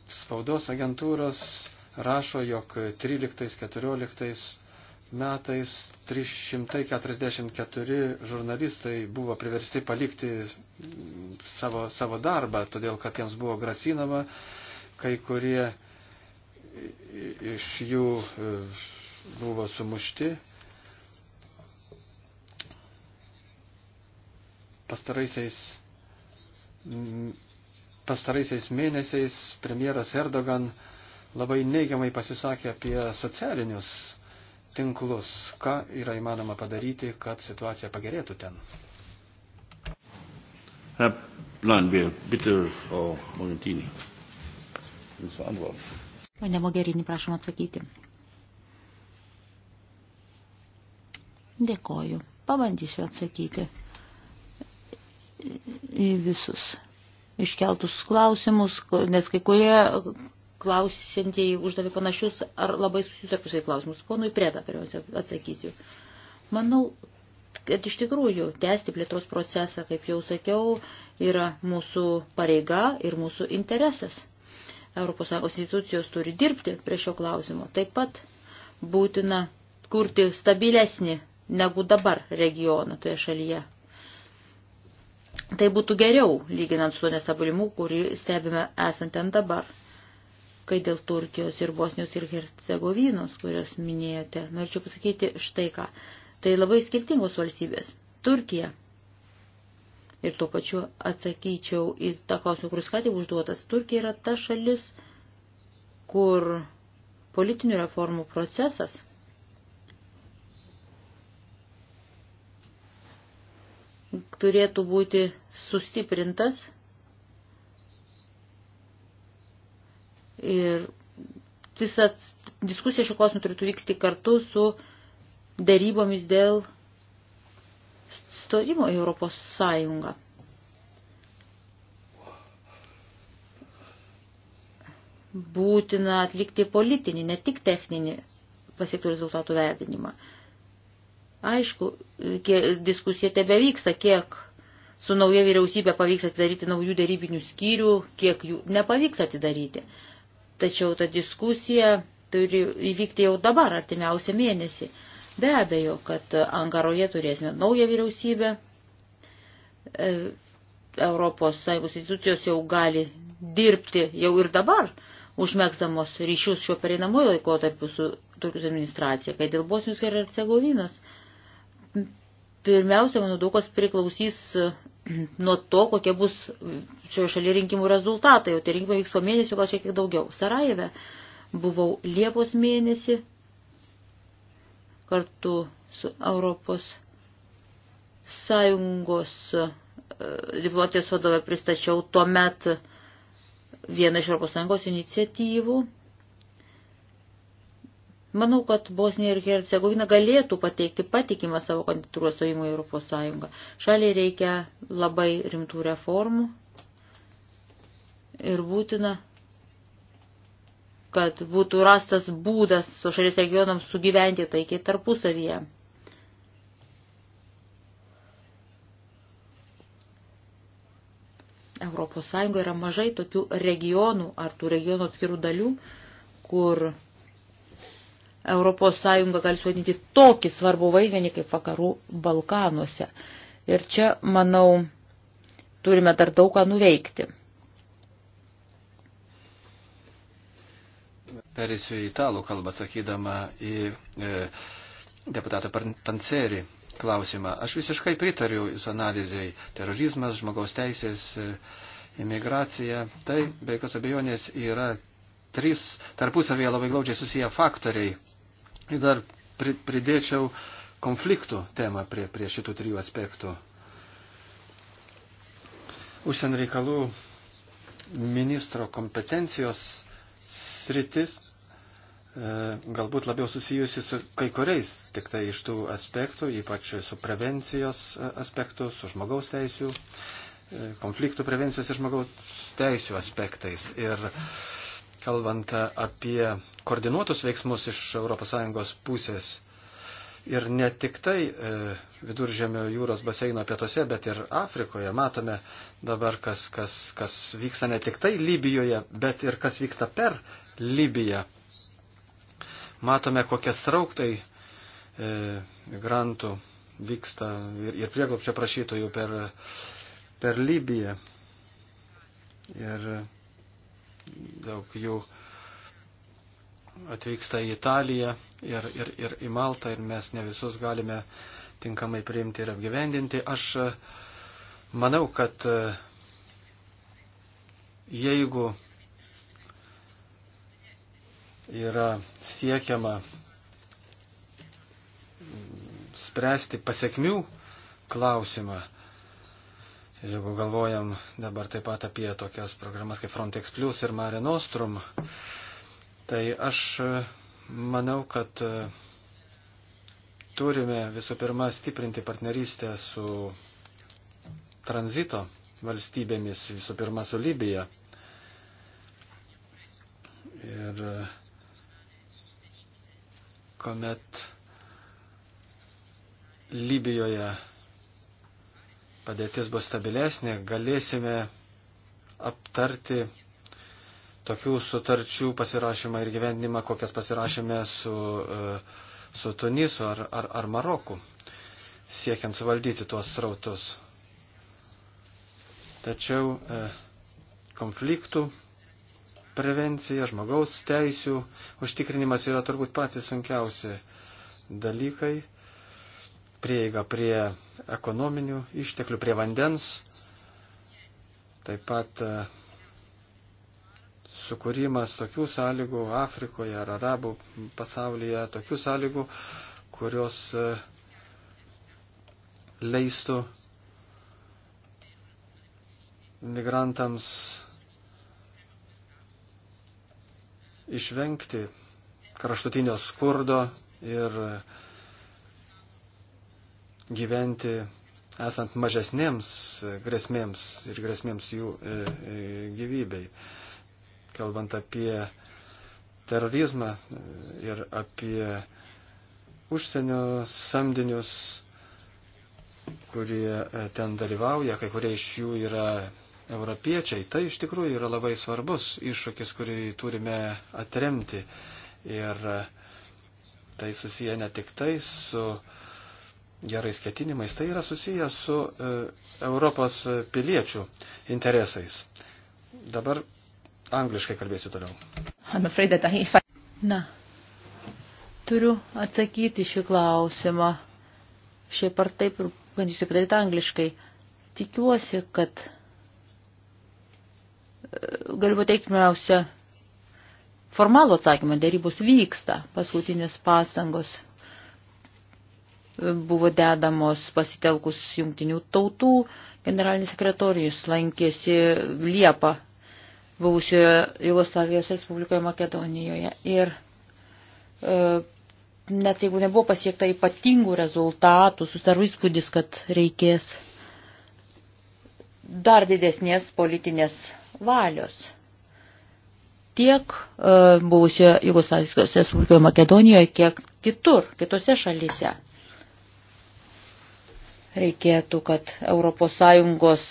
Spaudos agentūros rašo, jog 13-14 metais 344 žurnalistai buvo priversti palikti savo, savo darbą, todėl kad jiems buvo grasinama, kai kurie iš jų e, buvo sumušti. Pastaraisiais, pastaraisiais mėnesiais premjeras Erdogan labai neigiamai pasisakė apie socialinius tinklus. Ką yra įmanoma padaryti, kad situacija pagerėtų ten? Herr Plan, wir bitte Frau Morgentini, zu antworten. Pane Mogerinį, prašom atsakyti. Dėkoju. Pabandysiu atsakyti į visus iškeltus klausimus, nes kai kurie klausintieji uždavė panašius ar labai susitarpusiai klausimus. Ponui Prėda pirmiausia atsakysiu. Manau, kad iš tikrųjų tęsti plėtros procesą, kaip jau sakiau, yra mūsų pareiga ir mūsų interesas. ES institucijos turi dirbti prie šio klausimo. Taip pat būtina kurti stabilesnį negu dabar regioną toje šalyje. Tai būtų geriau, lyginant su nestabilimu, kurį stebime esant ten dabar. Kai dėl Turkijos ir Bosnijos ir Hercegovinos, kurias minėjote, norėčiau pasakyti štai ką. Tai labai skirtingos valstybės. Turkija Ir tuo pačiu atsakyčiau į tą klausimą, kuris ką tik užduotas. Turkija yra ta šalis, kur politinių reformų procesas turėtų būti sustiprintas ir visa diskusija šio klausimu turėtų vykti kartu su darybomis dėl stojimo į Europos Sąjungą. Būtina atlikti politinį, ne tik techninį pasiektų rezultatų vertinimą. Aišku, kiek, diskusija tebe vyksta, kiek su nauja vyriausybė pavyks atidaryti naujų dėrybinių skyrių, kiek jų nepavyks atidaryti. Tačiau ta diskusija turi įvykti jau dabar, artimiausią mėnesį. Be abejo, kad Ankaroje turėsime naują vyriausybę. E, Europos Sąjungos institucijos jau gali dirbti jau ir dabar užmėgstamos ryšius šio pereinamųjų laikotarpių su Turkijos administracija, kai dėl Bosnijos ir Hercegovinos. Pirmiausia, manau, daug kas priklausys e, nuo to, kokie bus šio šalyje rinkimų rezultatai, o tie rinkimai vyks po mėnesio, gal šiek tiek daugiau. Sarajeve buvau Liepos mėnesį, kartu su Europos Sąjungos e, diplomatijos vadovė pristačiau tuo met vieną iš Europos Sąjungos iniciatyvų. Manau, kad Bosnija ir Hercegovina galėtų pateikti patikimą savo kandidatūros stojimą į Europos Sąjungą. Šaliai reikia labai rimtų reformų ir būtina kad būtų rastas būdas su šalies regionams sugyventi taikiai tarpusavyje. Europos Sąjungoje yra mažai tokių regionų ar tų regionų atskirų dalių, kur Europos Sąjunga gali suvaidinti tokį svarbų vaidmenį kaip vakarų Balkanuose. Ir čia, manau, turime dar daug ką nuveikti. Perėsiu į italų kalbą atsakydama į e, deputato Pancerį klausimą. Aš visiškai pritariu jūsų analizai. Terorizmas, žmogaus teisės, e, imigracija. Tai be jokios abejonės yra trys tarpusavėje labai glaudžiai susiję faktoriai. Ir dar pridėčiau konfliktų temą prie, prie šitų trijų aspektų. Užsienio reikalų ministro kompetencijos sritis, e, galbūt labiau susijusi su kai kuriais tik tai iš tų aspektų, ypač su prevencijos e, aspektu, su žmogaus teisų, e, konfliktų prevencijos ir žmogaus teisų aspektais. Ir kalbant apie koordinuotus veiksmus iš ES pusės, Ir ne tik tai e, viduržėmio jūros baseino pietuose, bet ir Afrikoje matome dabar, kas, kas, kas vyksta ne tik tai Libijoje, bet ir kas vyksta per Libiją. Matome, kokie srauktai e, migrantų vyksta ir, ir prieglopščio prašytojų per, per Libiją. Ir daug jų. E, atvyksta į Italiją ir, ir, ir į Maltą ir mes ne visus galime tinkamai priimti ir apgyvendinti. Aš e, manau, kad e, jeigu yra siekiama spręsti pasiekmių klausimą, jeigu galvojam dabar taip pat apie tokias programas kaip Frontex Plus ir Mare Nostrum, Tai aš e, manau, kad e, turime visų pirma stiprinti partnerystę su tranzito valstybėmis, visų pirma su Libija. Ir e, kuomet Libijoje padėtis bus stabilesnė, galėsime aptarti tokių sutarčių pasirašymą ir gyvendimą, kokias pasirašėme su, e, su Tunisu ar, ar, ar Maroku, siekiant suvaldyti tuos srautus. Tačiau e, konfliktų prevencija, žmogaus teisių užtikrinimas yra turbūt patys sunkiausi dalykai. Prieiga prie ekonominių išteklių, prie vandens, taip pat e, sukūrimas tokių sąlygų Afrikoje ar Arabų pasaulyje, tokių sąlygų, kurios e, leistų migrantams išvengti kraštutinio skurdo ir gyventi esant mažesnėms grėsmėms ir grėsmėms jų e, e, gyvybei kalbant apie terorizmą ir apie užsienio samdinius, kurie e, ten dalyvauja, kai kurie iš jų yra europiečiai. Tai iš tikrųjų yra labai svarbus iššūkis, kurį turime atremti. Ir e, tai susiję ne tik tai su gerais ketinimais, tai yra susiję su e, Europos piliečių interesais. Dabar Angliškai kalbėsiu toliau. I'm afraid that I... Na, turiu atsakyti šį klausimą. Šiaip ar taip ir bandysiu padaryti angliškai. Tikiuosi, kad e, galiu pateikti pirmiausia formalų atsakymą. Darybos vyksta, paskutinės pasangos e, buvo dedamos pasitelkus jungtinių tautų, generalinis sekretorijus lankėsi Liepą buvusioje Jugoslavijos Respublikoje Makedonijoje. Ir e, net jeigu nebuvo pasiekta ypatingų rezultatų, susidaro įspūdis, kad reikės dar didesnės politinės valios. Tiek e, buvusioje Jugoslavijos Respublikoje Makedonijoje, kiek kitur, kitose šalyse reikėtų, kad ES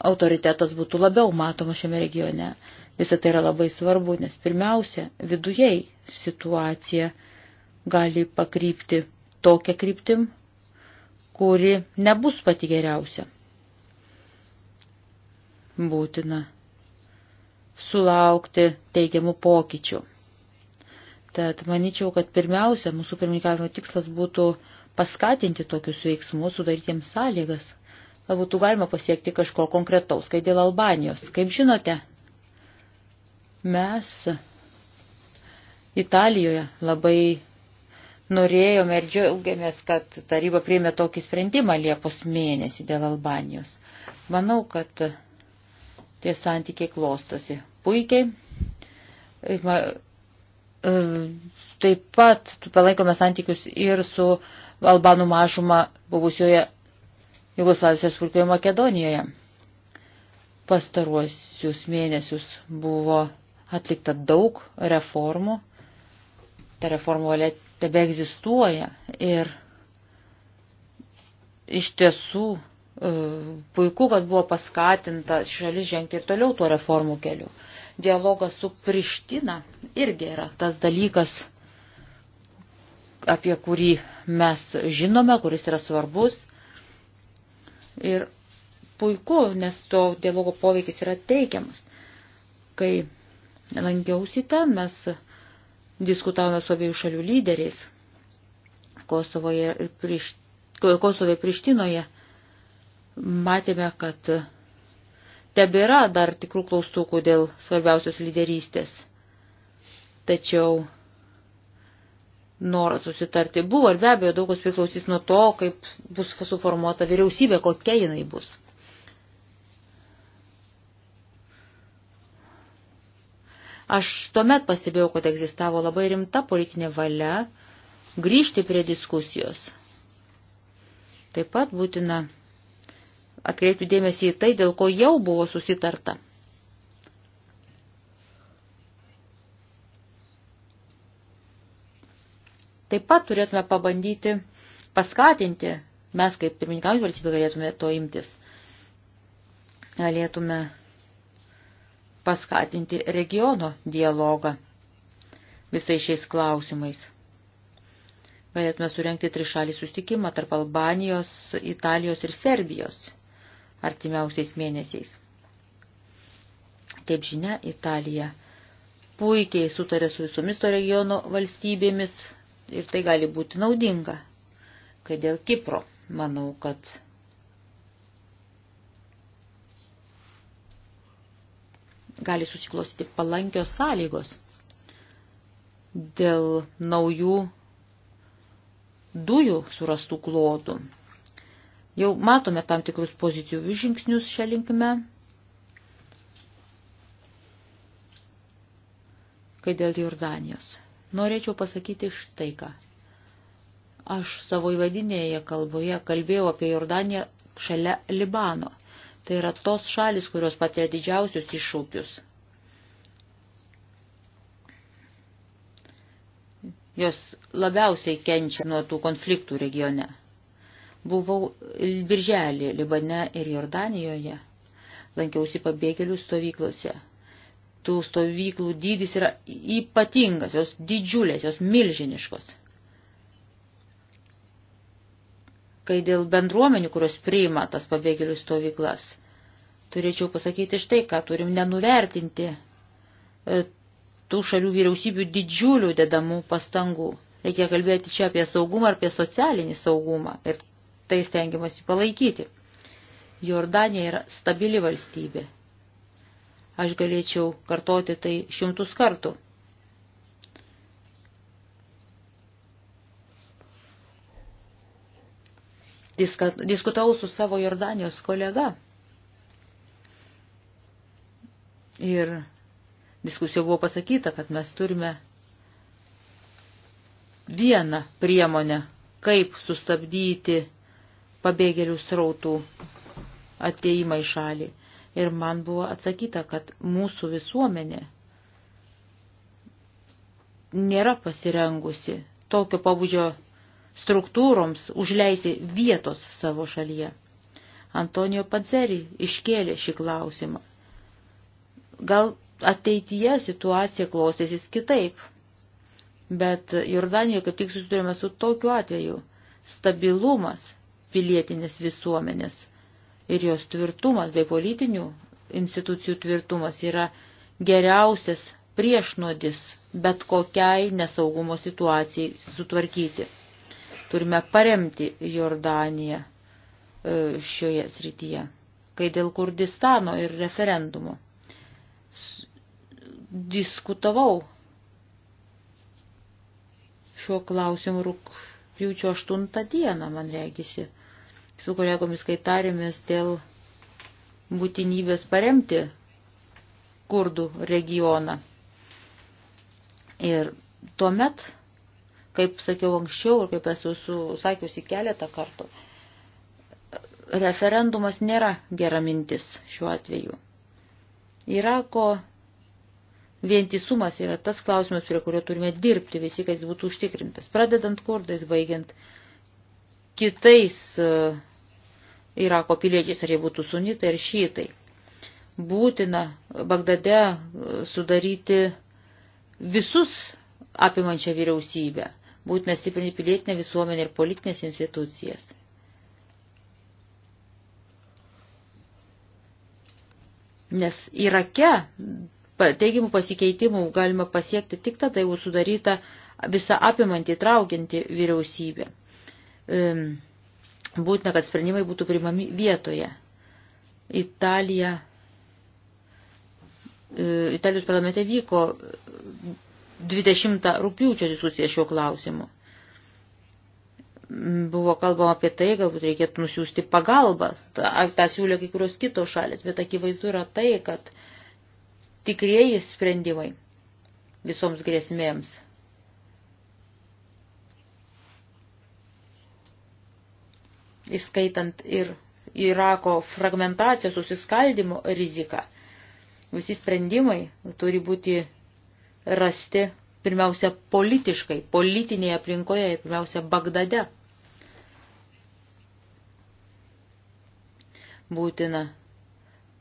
autoritetas būtų labiau matomas šiame regione. Visą tai yra labai svarbu, nes pirmiausia, vidujei situacija gali pakrypti tokią kryptim, kuri nebus pati geriausia. Būtina sulaukti teigiamų pokyčių. Tad manyčiau, kad pirmiausia, mūsų pirmininkavimo tikslas būtų paskatinti tokius veiksmus, sudaryti jiems sąlygas būtų galima pasiekti kažko konkretaus, kai dėl Albanijos. Kaip žinote, mes Italijoje labai norėjome ir džiaugiamės, kad taryba priėmė tokį sprendimą Liepos mėnesį dėl Albanijos. Manau, kad tie santykiai klostosi puikiai. E, taip pat palaikome santykius ir su Albanų mažuma buvusioje Jugoslavijos Respublikoje Makedonijoje. Pastaruosius mėnesius buvo atlikta daug reformų. Ta reformų valia tebe egzistuoja ir iš tiesų e, puiku, kad buvo paskatinta šalis žengti ir toliau tuo reformų keliu. Dialogas su Priština irgi yra tas dalykas, apie kurį mes žinome, kuris yra svarbus. Ir puiku, nes to dialogo poveikis yra teikiamas. Kai lankiausi ten, mes diskutavome su abiejų šalių lyderiais Kosovoje ir prieš, Kosovoje Prištinoje. Matėme, kad tebėra dar tikrų klaustukų dėl svarbiausios lyderystės. Tačiau noras susitarti buvo ir be abejo daugas priklausys nuo to, kaip bus suformuota vyriausybė, kokia jinai bus. Aš tuomet pastebėjau, kad egzistavo labai rimta politinė valia grįžti prie diskusijos. Taip pat būtina atkreipti dėmesį į tai, dėl ko jau buvo susitarta. taip pat turėtume pabandyti paskatinti, mes kaip pirmininkaujų valstybė galėtume to imtis. Galėtume paskatinti regiono dialogą visais šiais klausimais. Galėtume surenkti trišalį sustikimą tarp Albanijos, Italijos ir Serbijos artimiausiais mėnesiais. Kaip žinia, Italija puikiai sutarė su visomis to regiono valstybėmis, ir tai gali būti naudinga. Kai dėl Kipro, manau, kad gali susiklostyti palankios sąlygos dėl naujų dujų surastų klotų. Jau matome tam tikrus pozityvius žingsnius šią linkme. Kai dėl Jordanijos. Norėčiau pasakyti štai ką. Aš savo įvadinėje kalboje kalbėjau apie Jordaniją šalia Libano. Tai yra tos šalis, kurios patiria didžiausius iššūkius. Jos labiausiai kenčia nuo tų konfliktų regione. Buvau Birželį Libane ir Jordanijoje, lankiausi pabėgėlių stovyklose tų stovyklų dydis yra ypatingas, jos didžiulės, jos milžiniškos. Kai dėl bendruomenių, kurios priima tas pabėgėlių stovyklas, turėčiau pasakyti štai, ką turim nenuvertinti e, tų šalių vyriausybių didžiulių dedamų pastangų. Reikia kalbėti čia apie saugumą ir apie socialinį saugumą ir tai stengiamasi palaikyti. Jordanija yra stabili valstybė Aš galėčiau kartoti tai šimtus kartų. Diska, diskutau su savo Jordanijos kolega. Ir diskusijoje buvo pasakyta, kad mes turime vieną priemonę, kaip sustabdyti pabėgėlių srautų ateimą į šalį ir man buvo atsakyta, kad mūsų visuomenė nėra pasirengusi tokio pabudžio struktūroms užleisti vietos savo šalyje. Antonijo Panzerį iškėlė šį klausimą. Gal ateityje situacija klostėsis kitaip, bet Jordanijoje kaip tik susidurime su tokiu atveju. Stabilumas pilietinės visuomenės ir jos tvirtumas bei politinių institucijų tvirtumas yra geriausias priešnodis bet kokiai nesaugumo situacijai sutvarkyti. Turime paremti Jordaniją e, šioje srityje, kai dėl Kurdistano ir referendumo. Diskutavau šiuo klausimu rūpjūčio 8 dieną, man reikisi su kolegomis, kai tarėmės dėl būtinybės paremti kurdų regioną. Ir tuomet, kaip sakiau anksčiau ir kaip esu sakiusi keletą kartų, referendumas nėra gera mintis šiuo atveju. Irako vientisumas yra tas klausimas, prie kurio turime dirbti visi, kad jis būtų užtikrintas. Pradedant kurdais, baigiant kitais uh, Irako piliečiais, ar jie būtų sunitai ar šytai. Būtina Bagdade e, sudaryti visus apimančią vyriausybę. Būtina stiprinti pilietinę visuomenę ir politinės institucijas. Nes Irake teigiamų pasikeitimų galima pasiekti tik tada, jeigu sudaryta visą apimantį traukianti vyriausybė. Um, būtina, kad sprendimai būtų primami vietoje. Italija, e, Italijos parlamente vyko 20 rūpiučio diskusija šiuo klausimu. Buvo kalbama apie tai, galbūt reikėtų nusiųsti pagalbą. Ta, ta siūlė kai kurios kitos šalis, bet akivaizdu yra tai, kad tikrieji sprendimai visoms grėsmėms įskaitant ir Irako fragmentacijos susiskaldimo riziką. Visi sprendimai turi būti rasti pirmiausia politiškai, politinėje aplinkoje ir pirmiausia Bagdade. Būtina,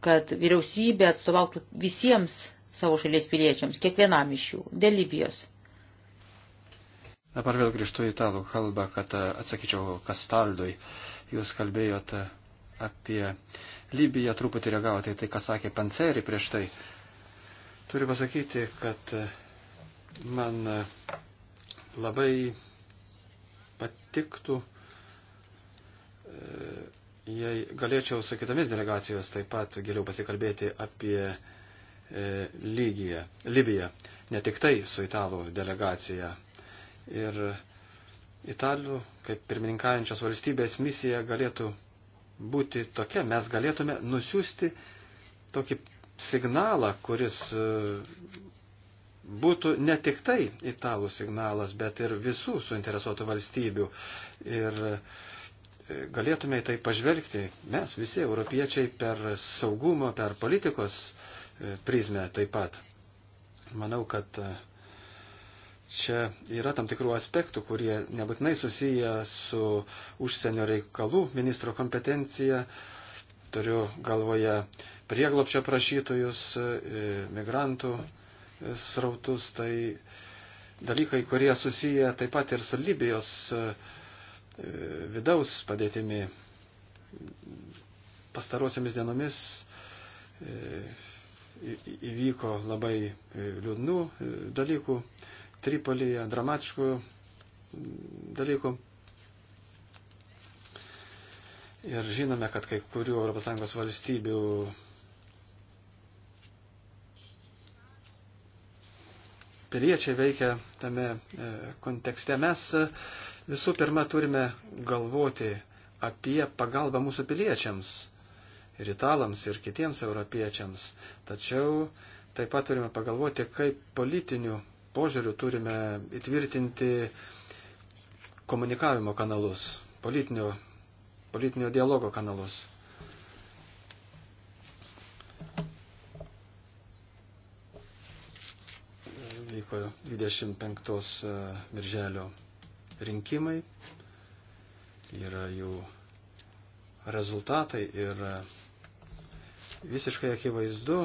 kad vyriausybė atstovautų visiems savo šalies piliečiams, kiekvienam iš jų, dėl Libijos. Dabar vėl grįžtu į italų kalbą, kad e, atsakyčiau Kastaldui. Uh, Jūs kalbėjote apie Libiją, truputį reagavote į tai, ką sakė Panceri prieš tai. Turiu pasakyti, kad e, man e, labai patiktų, e, jei galėčiau su kitomis delegacijos taip pat geriau pasikalbėti apie Lygiją, Libiją, ne tik tai su italų delegacija. Ir Italų kaip pirmininkaujančios valstybės misija galėtų būti tokia. Mes galėtume nusiųsti tokį signalą, kuris e, būtų ne tik tai italų signalas, bet ir visų suinteresuotų valstybių. Ir e, galėtume į tai pažvelgti mes visi europiečiai per saugumo, per politikos e, prizmę taip pat. Manau, kad čia yra tam tikrų aspektų, kurie nebūtinai susiję su užsienio reikalų ministro kompetencija. Turiu galvoje prieglopčio prašytojus, e, migrantų e, srautus, tai dalykai, kurie susiję taip pat ir su Libijos e, vidaus padėtimi pastarosiomis dienomis įvyko labai liūdnų dalykų Tripolyje, dramatiškų dalykų. Ir žinome, kad kai kurių ES valstybių piliečiai veikia tame e, kontekste. Mes e, visų pirma turime galvoti apie pagalbą mūsų piliečiams, ir italams, ir kitiems europiečiams. Tačiau taip pat turime pagalvoti, kaip politinių požiūrių turime įtvirtinti komunikavimo kanalus, politinio, politinio dialogo kanalus. Vyko 25 e, birželio rinkimai, yra jų rezultatai ir e, visiškai akivaizdu,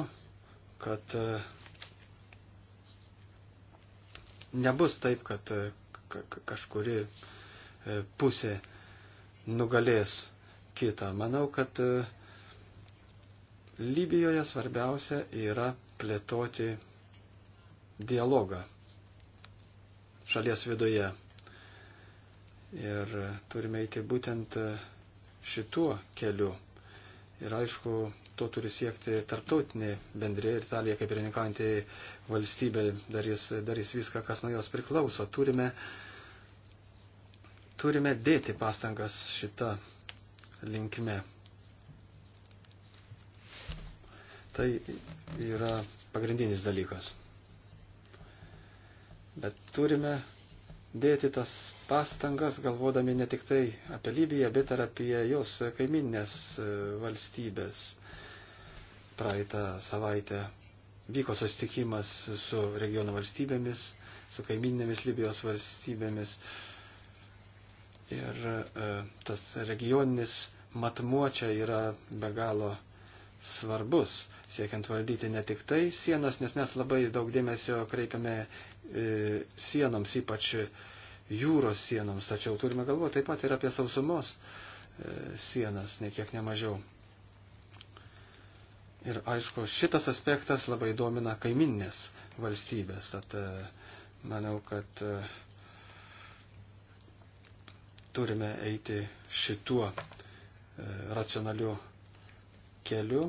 kad uh, Nebus taip, kad e, kažkuri e, pusė nugalės kitą. Manau, kad e, Libijoje svarbiausia yra plėtoti dialogą šalies viduje. Ir turime eiti būtent šituo keliu. Ir aišku, to turi siekti tarptautinė bendrė ir Italija kaip pirmininkaujanti valstybė darys, darys viską, kas nuo jos priklauso. Turime, turime dėti pastangas šitą linkme. Tai yra pagrindinis dalykas. Bet turime dėti tas pastangas, galvodami ne tik tai apie Libiją, bet ir apie jos kaiminės e, valstybės. Praeitą savaitę vyko sustikimas su regiono valstybėmis, su kaiminėmis Libijos valstybėmis. Ir e, tas regioninis matmuo čia yra be galo svarbus, siekiant valdyti ne tik tai sienas, nes mes labai daug dėmesio kreipiame e, sienoms, ypač jūros sienoms, tačiau turime galvoti taip pat ir apie sausumos e, sienas, nekiek nemažiau. Ir aišku, šitas aspektas labai domina kaiminės valstybės. Tad e, manau, kad e, turime eiti šituo e, racionaliu keliu.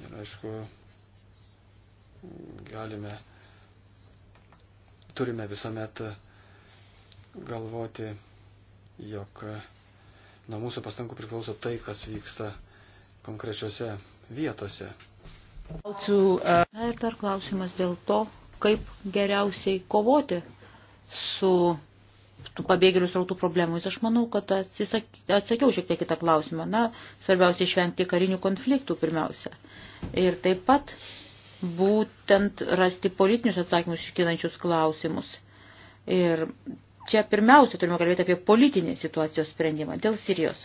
Ir aišku, galime, turime visuomet galvoti, jog Nuo mūsų pastangų priklauso tai, kas vyksta konkrečiose vietose. Uh, Na ir dar klausimas dėl to, kaip geriausiai kovoti su tų pabėgėlių srautų problemomis. Aš manau, kad atsakiau šiek tiek kitą klausimą. Na, svarbiausia išvengti karinių konfliktų pirmiausia. Ir taip pat būtent rasti politinius atsakymus iškylančius klausimus. Ir čia pirmiausia turime kalbėti apie politinį situacijos sprendimą dėl Sirijos.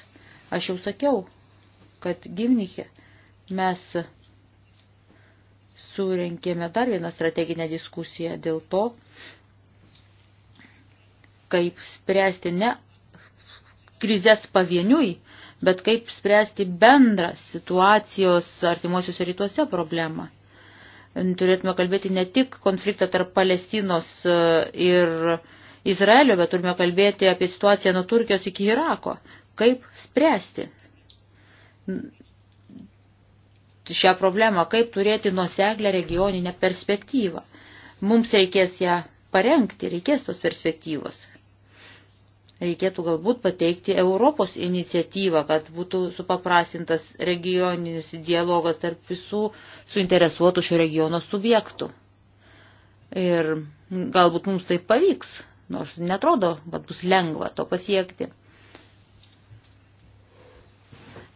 Aš jau sakiau, kad Gimnikė mes surenkėme dar vieną strateginę diskusiją dėl to, kaip spręsti ne krizės pavieniui, bet kaip spręsti bendrą situacijos artimuosiuose rytuose problemą. Turėtume kalbėti ne tik konfliktą tarp Palestinos e, ir uh, Izraelio, bet turime kalbėti apie situaciją nuo Turkijos iki Irako. Kaip spręsti šią problemą, kaip turėti nuoseglę regioninę perspektyvą. Mums reikės ją parengti, reikės tos perspektyvos. Reikėtų galbūt pateikti Europos iniciatyvą, kad būtų supaprastintas regioninis dialogas tarp visų suinteresuotų šio regiono subjektų. Ir galbūt mums tai pavyks nors netrodo, kad bus lengva to pasiekti.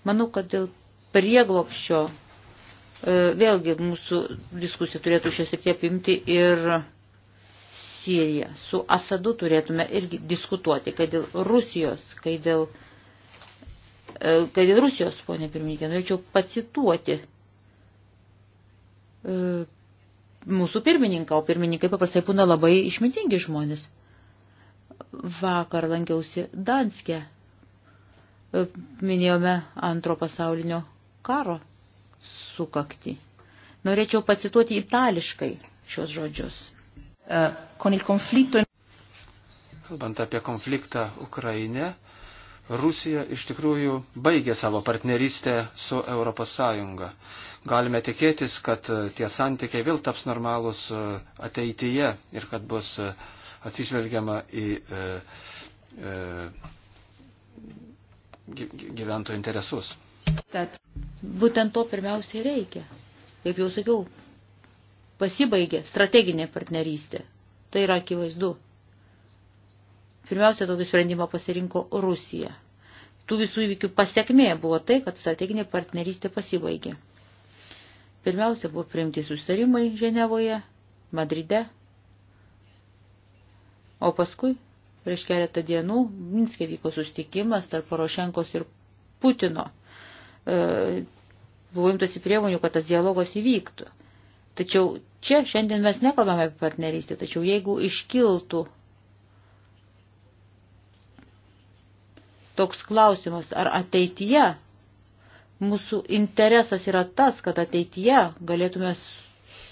Manau, kad dėl prieglopščio e, vėlgi mūsų diskusija turėtų šią sėtį apimti ir Siriją. Su Asadu turėtume irgi diskutuoti, kad dėl Rusijos, kai dėl, e, kai dėl Rusijos, ponė pirmininkė, norėčiau pacituoti e, mūsų pirmininką, o pirmininkai paprastai būna labai išmintingi žmonės. Vakar lankiausi Danske. E, minėjome antro pasaulinio karo sukakti. Norėčiau pacituoti itališkai šios žodžius. E, Kalbant apie konfliktą Ukraine, Rusija iš tikrųjų baigė savo partnerystę su ES. Galime tikėtis, kad tie santykiai vėl taps normalūs e, ateityje ir kad bus uh, atsižvelgiama į e, e, gyventojų interesus. Tad būtent to pirmiausiai reikia. Kaip jau sakiau, pasibaigė strateginė partnerystė. Tai yra akivaizdu. Pirmiausia, tokį sprendimą pasirinko Rusija. Tų visų įvykių pasiekmė buvo tai, kad strateginė partnerystė pasibaigė. Pirmiausia, buvo priimti sustarimai Ženevoje, Madride O paskui, prieš keletą dienų, Minskė vyko sustikimas tarp Porošenkos ir Putino. E, buvo imtasi priemonių, kad tas dialogas įvyktų. Tačiau čia šiandien mes nekalbame apie partnerystę, tačiau jeigu iškiltų toks klausimas, ar ateityje mūsų interesas yra tas, kad ateityje galėtume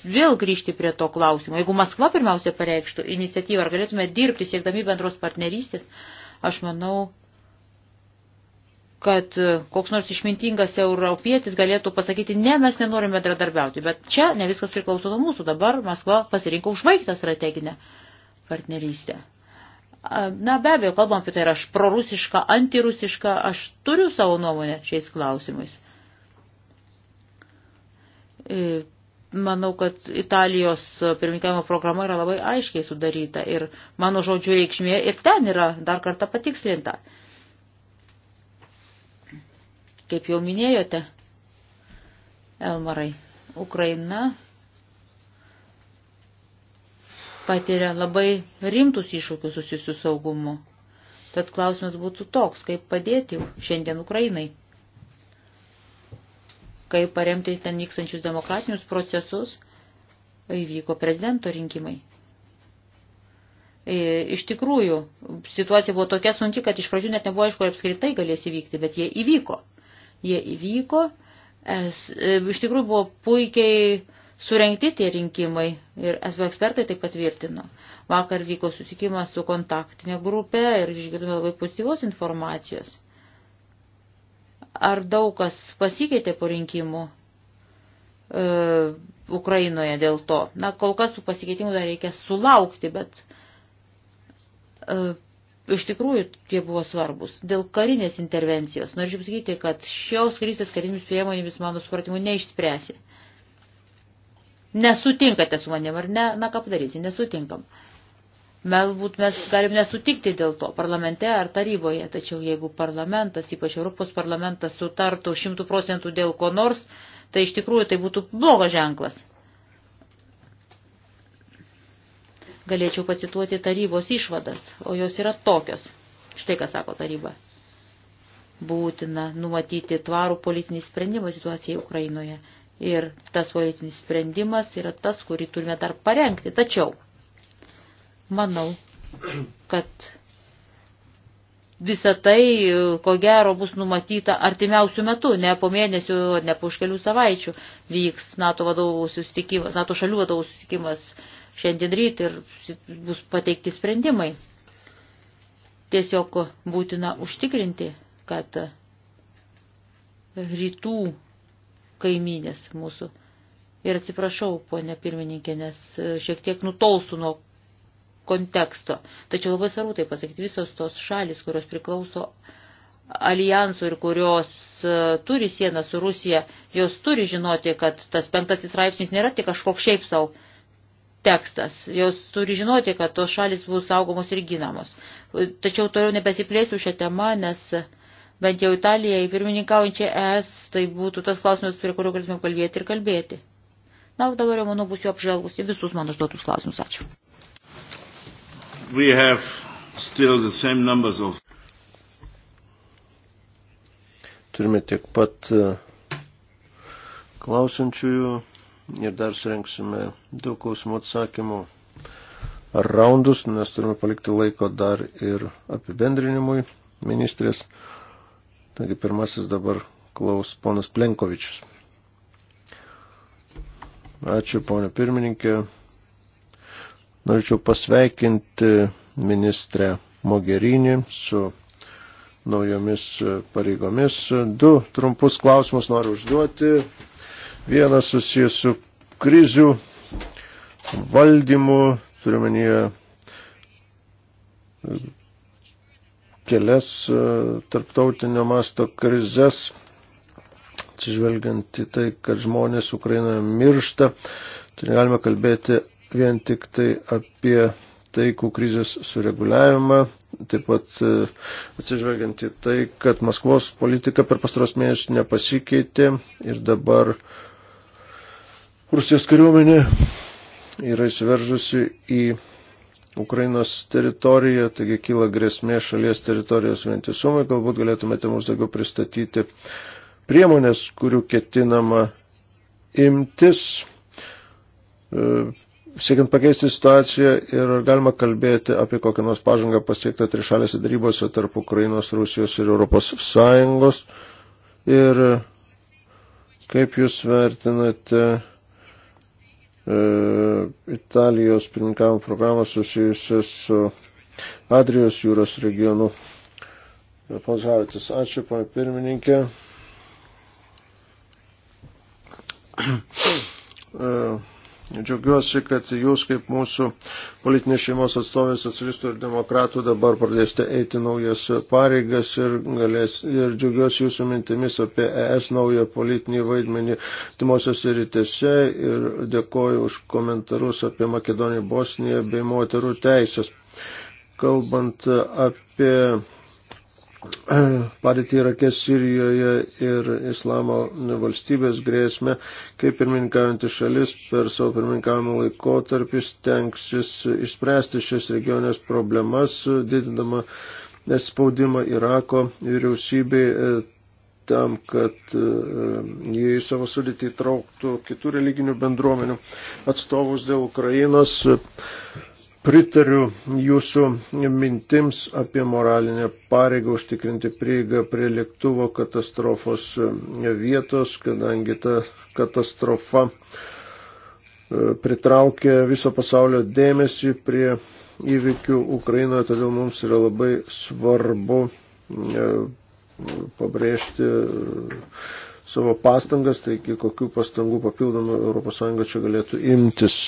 vėl grįžti prie to klausimo. Jeigu Maskva pirmiausia pareikštų iniciatyvą, ar galėtume dirbti siekdami bendros partnerystės, aš manau, kad e, koks nors išmintingas europietis galėtų pasakyti, ne, mes nenorime bendradarbiauti, bet čia ne viskas priklauso nuo mūsų. Dabar Maskva pasirinko užbaigtą strateginę partnerystę. Na, be abejo, kalbam apie tai, ar aš prorusiška, antirusiška, aš turiu savo nuomonę šiais klausimais. E, Manau, kad Italijos pirmininkavimo programa yra labai aiškiai sudaryta ir mano žodžių reikšmė ir ten yra dar kartą patikslinta. Kaip jau minėjote, Elmarai, Ukraina patiria labai rimtus iššūkius susijusius saugumu. Tad klausimas būtų toks, kaip padėti šiandien Ukrainai kaip paremti ten vykstančius demokratinius procesus, įvyko prezidento rinkimai. E, iš tikrųjų, situacija buvo tokia sunki, kad iš pradžių net nebuvo aišku, ar apskritai galės įvykti, bet jie įvyko. Jie įvyko, es, e, iš tikrųjų buvo puikiai surengti tie rinkimai ir SB ekspertai tai patvirtino. Vakar vyko susitikimas su kontaktinė grupė ir išgirdome labai pozityvos informacijos ar daug kas pasikeitė po rinkimų e, Ukrainoje dėl to. Na, kol kas tų pasikeitimų dar reikia sulaukti, bet e, iš tikrųjų tie buvo svarbus. Dėl karinės intervencijos, norėčiau pasakyti, kad šios krizės karinius priemonėmis, mano supratimu, neišspręsi. Nesutinkate su manim, ar ne? Na, ką padarysi, nesutinkam. E, Galbūt mes galim nesutikti dėl to parlamente ar taryboje, tačiau jeigu parlamentas, ypač Europos parlamentas, sutartų šimtų procentų dėl ko nors, tai iš tikrųjų tai būtų blogas ženklas. Galėčiau pacituoti tarybos išvadas, o jos yra tokios. Štai ką sako taryba. Būtina numatyti tvarų politinį sprendimą situacijai Ukrainoje. Ir tas politinis sprendimas yra tas, kurį turime dar parengti. Tačiau Manau, kad visa tai, ko gero, bus numatyta artimiausių metų, ne po mėnesių, ne po už kelių savaičių vyks NATO vadovų susitikimas, NATO šalių vadovų susitikimas šiandien ryt ir bus pateikti sprendimai. Tiesiog būtina užtikrinti, kad rytų kaiminės mūsų. Ir atsiprašau, ponė pirmininkė, nes e, šiek tiek nutolstu nuo konteksto. Tačiau labai svarbu tai pasakyti, visos tos šalis, kurios priklauso alijansų ir kurios e, turi sieną su Rusija, jos turi žinoti, kad tas penktasis straipsnis nėra tik kažkoks šiaip savo tekstas. Jos turi žinoti, kad tos šalis bus saugomos ir ginamos. Tačiau toliau nebesiplėsiu šią temą, nes bent jau Italijai pirmininkaujančiai ES, tai būtų tas klausimas, prie kurio galėtume kalbėti ir kalbėti. Na, dabar jau, manau, būsiu apžvelgusi visus mano užduotus klausimus. Ačiū we have still the same numbers of. Turime tiek pat e, klausančiųjų ir dar surenksime daug klausimų atsakymų raundus, nes turime palikti laiko dar ir apibendrinimui ministrės. Taigi pirmasis dabar klaus ponas Plenkovičius. Ačiū, ponė pirmininkė. Norėčiau pasveikinti ministrę Mogerinį su naujomis pareigomis. Du trumpus klausimus noriu užduoti. Vienas susijęs su krizių valdymu, turiuomenyje kelias tarptautinio masto krizės, atsižvelgiant į tai, kad žmonės Ukrainoje miršta, tai galime kalbėti vien tik tai apie taikų krizės sureguliavimą, taip pat e, atsižvelgiant į tai, kad Maskvos politika per pastaros mėnesį nepasikeitė ir dabar Rusijos kariuomenė yra įsiveržusi į Ukrainos teritoriją, taigi kyla grėsmė šalies teritorijos vientisumui, galbūt galėtumėte mums daugiau pristatyti priemonės, kurių ketinama imtis e, siekiant pakeisti situaciją ir ar galima kalbėti apie kokią nors pažangą pasiektą trišalėse darybose tarp Ukrainos, Rusijos ir Europos Sąjungos. Ir kaip jūs vertinate e, Italijos pirmininkavimo programą susijusią su Adrijos jūros regionu. Pons Havitis, ačiū, pana pirmininkė. <clears throat> E, Džiaugiuosi, kad jūs kaip mūsų politinės šeimos atstovė socialistų ir demokratų dabar pradėsite eiti naujas pareigas ir, galės, ir džiaugiuosi jūsų mintimis apie ES naują politinį vaidmenį timosios rytėse ir dėkoju už komentarus apie Makedoniją, Bosniją bei moterų teisės. Kalbant apie <clears throat> padėtį Irake, Sirijoje ir Islamo valstybės grėsmę, kaip pirmininkaujantį šalis per savo pirmininkavimo laikotarpį stengsis išspręsti šias regionės problemas, didindama spaudimą Irako vyriausybei e, tam, kad e, jie į savo sudėtį įtrauktų kitų religinių bendruomenių atstovus dėl Ukrainos pritariu jūsų mintims apie moralinę pareigą užtikrinti prieigą prie lėktuvo katastrofos vietos, kadangi ta katastrofa e, pritraukė viso pasaulio dėmesį prie įvykių Ukrainoje, todėl mums yra labai svarbu e, pabrėžti e, savo pastangas, taigi kokių pastangų papildomų ES čia galėtų imtis.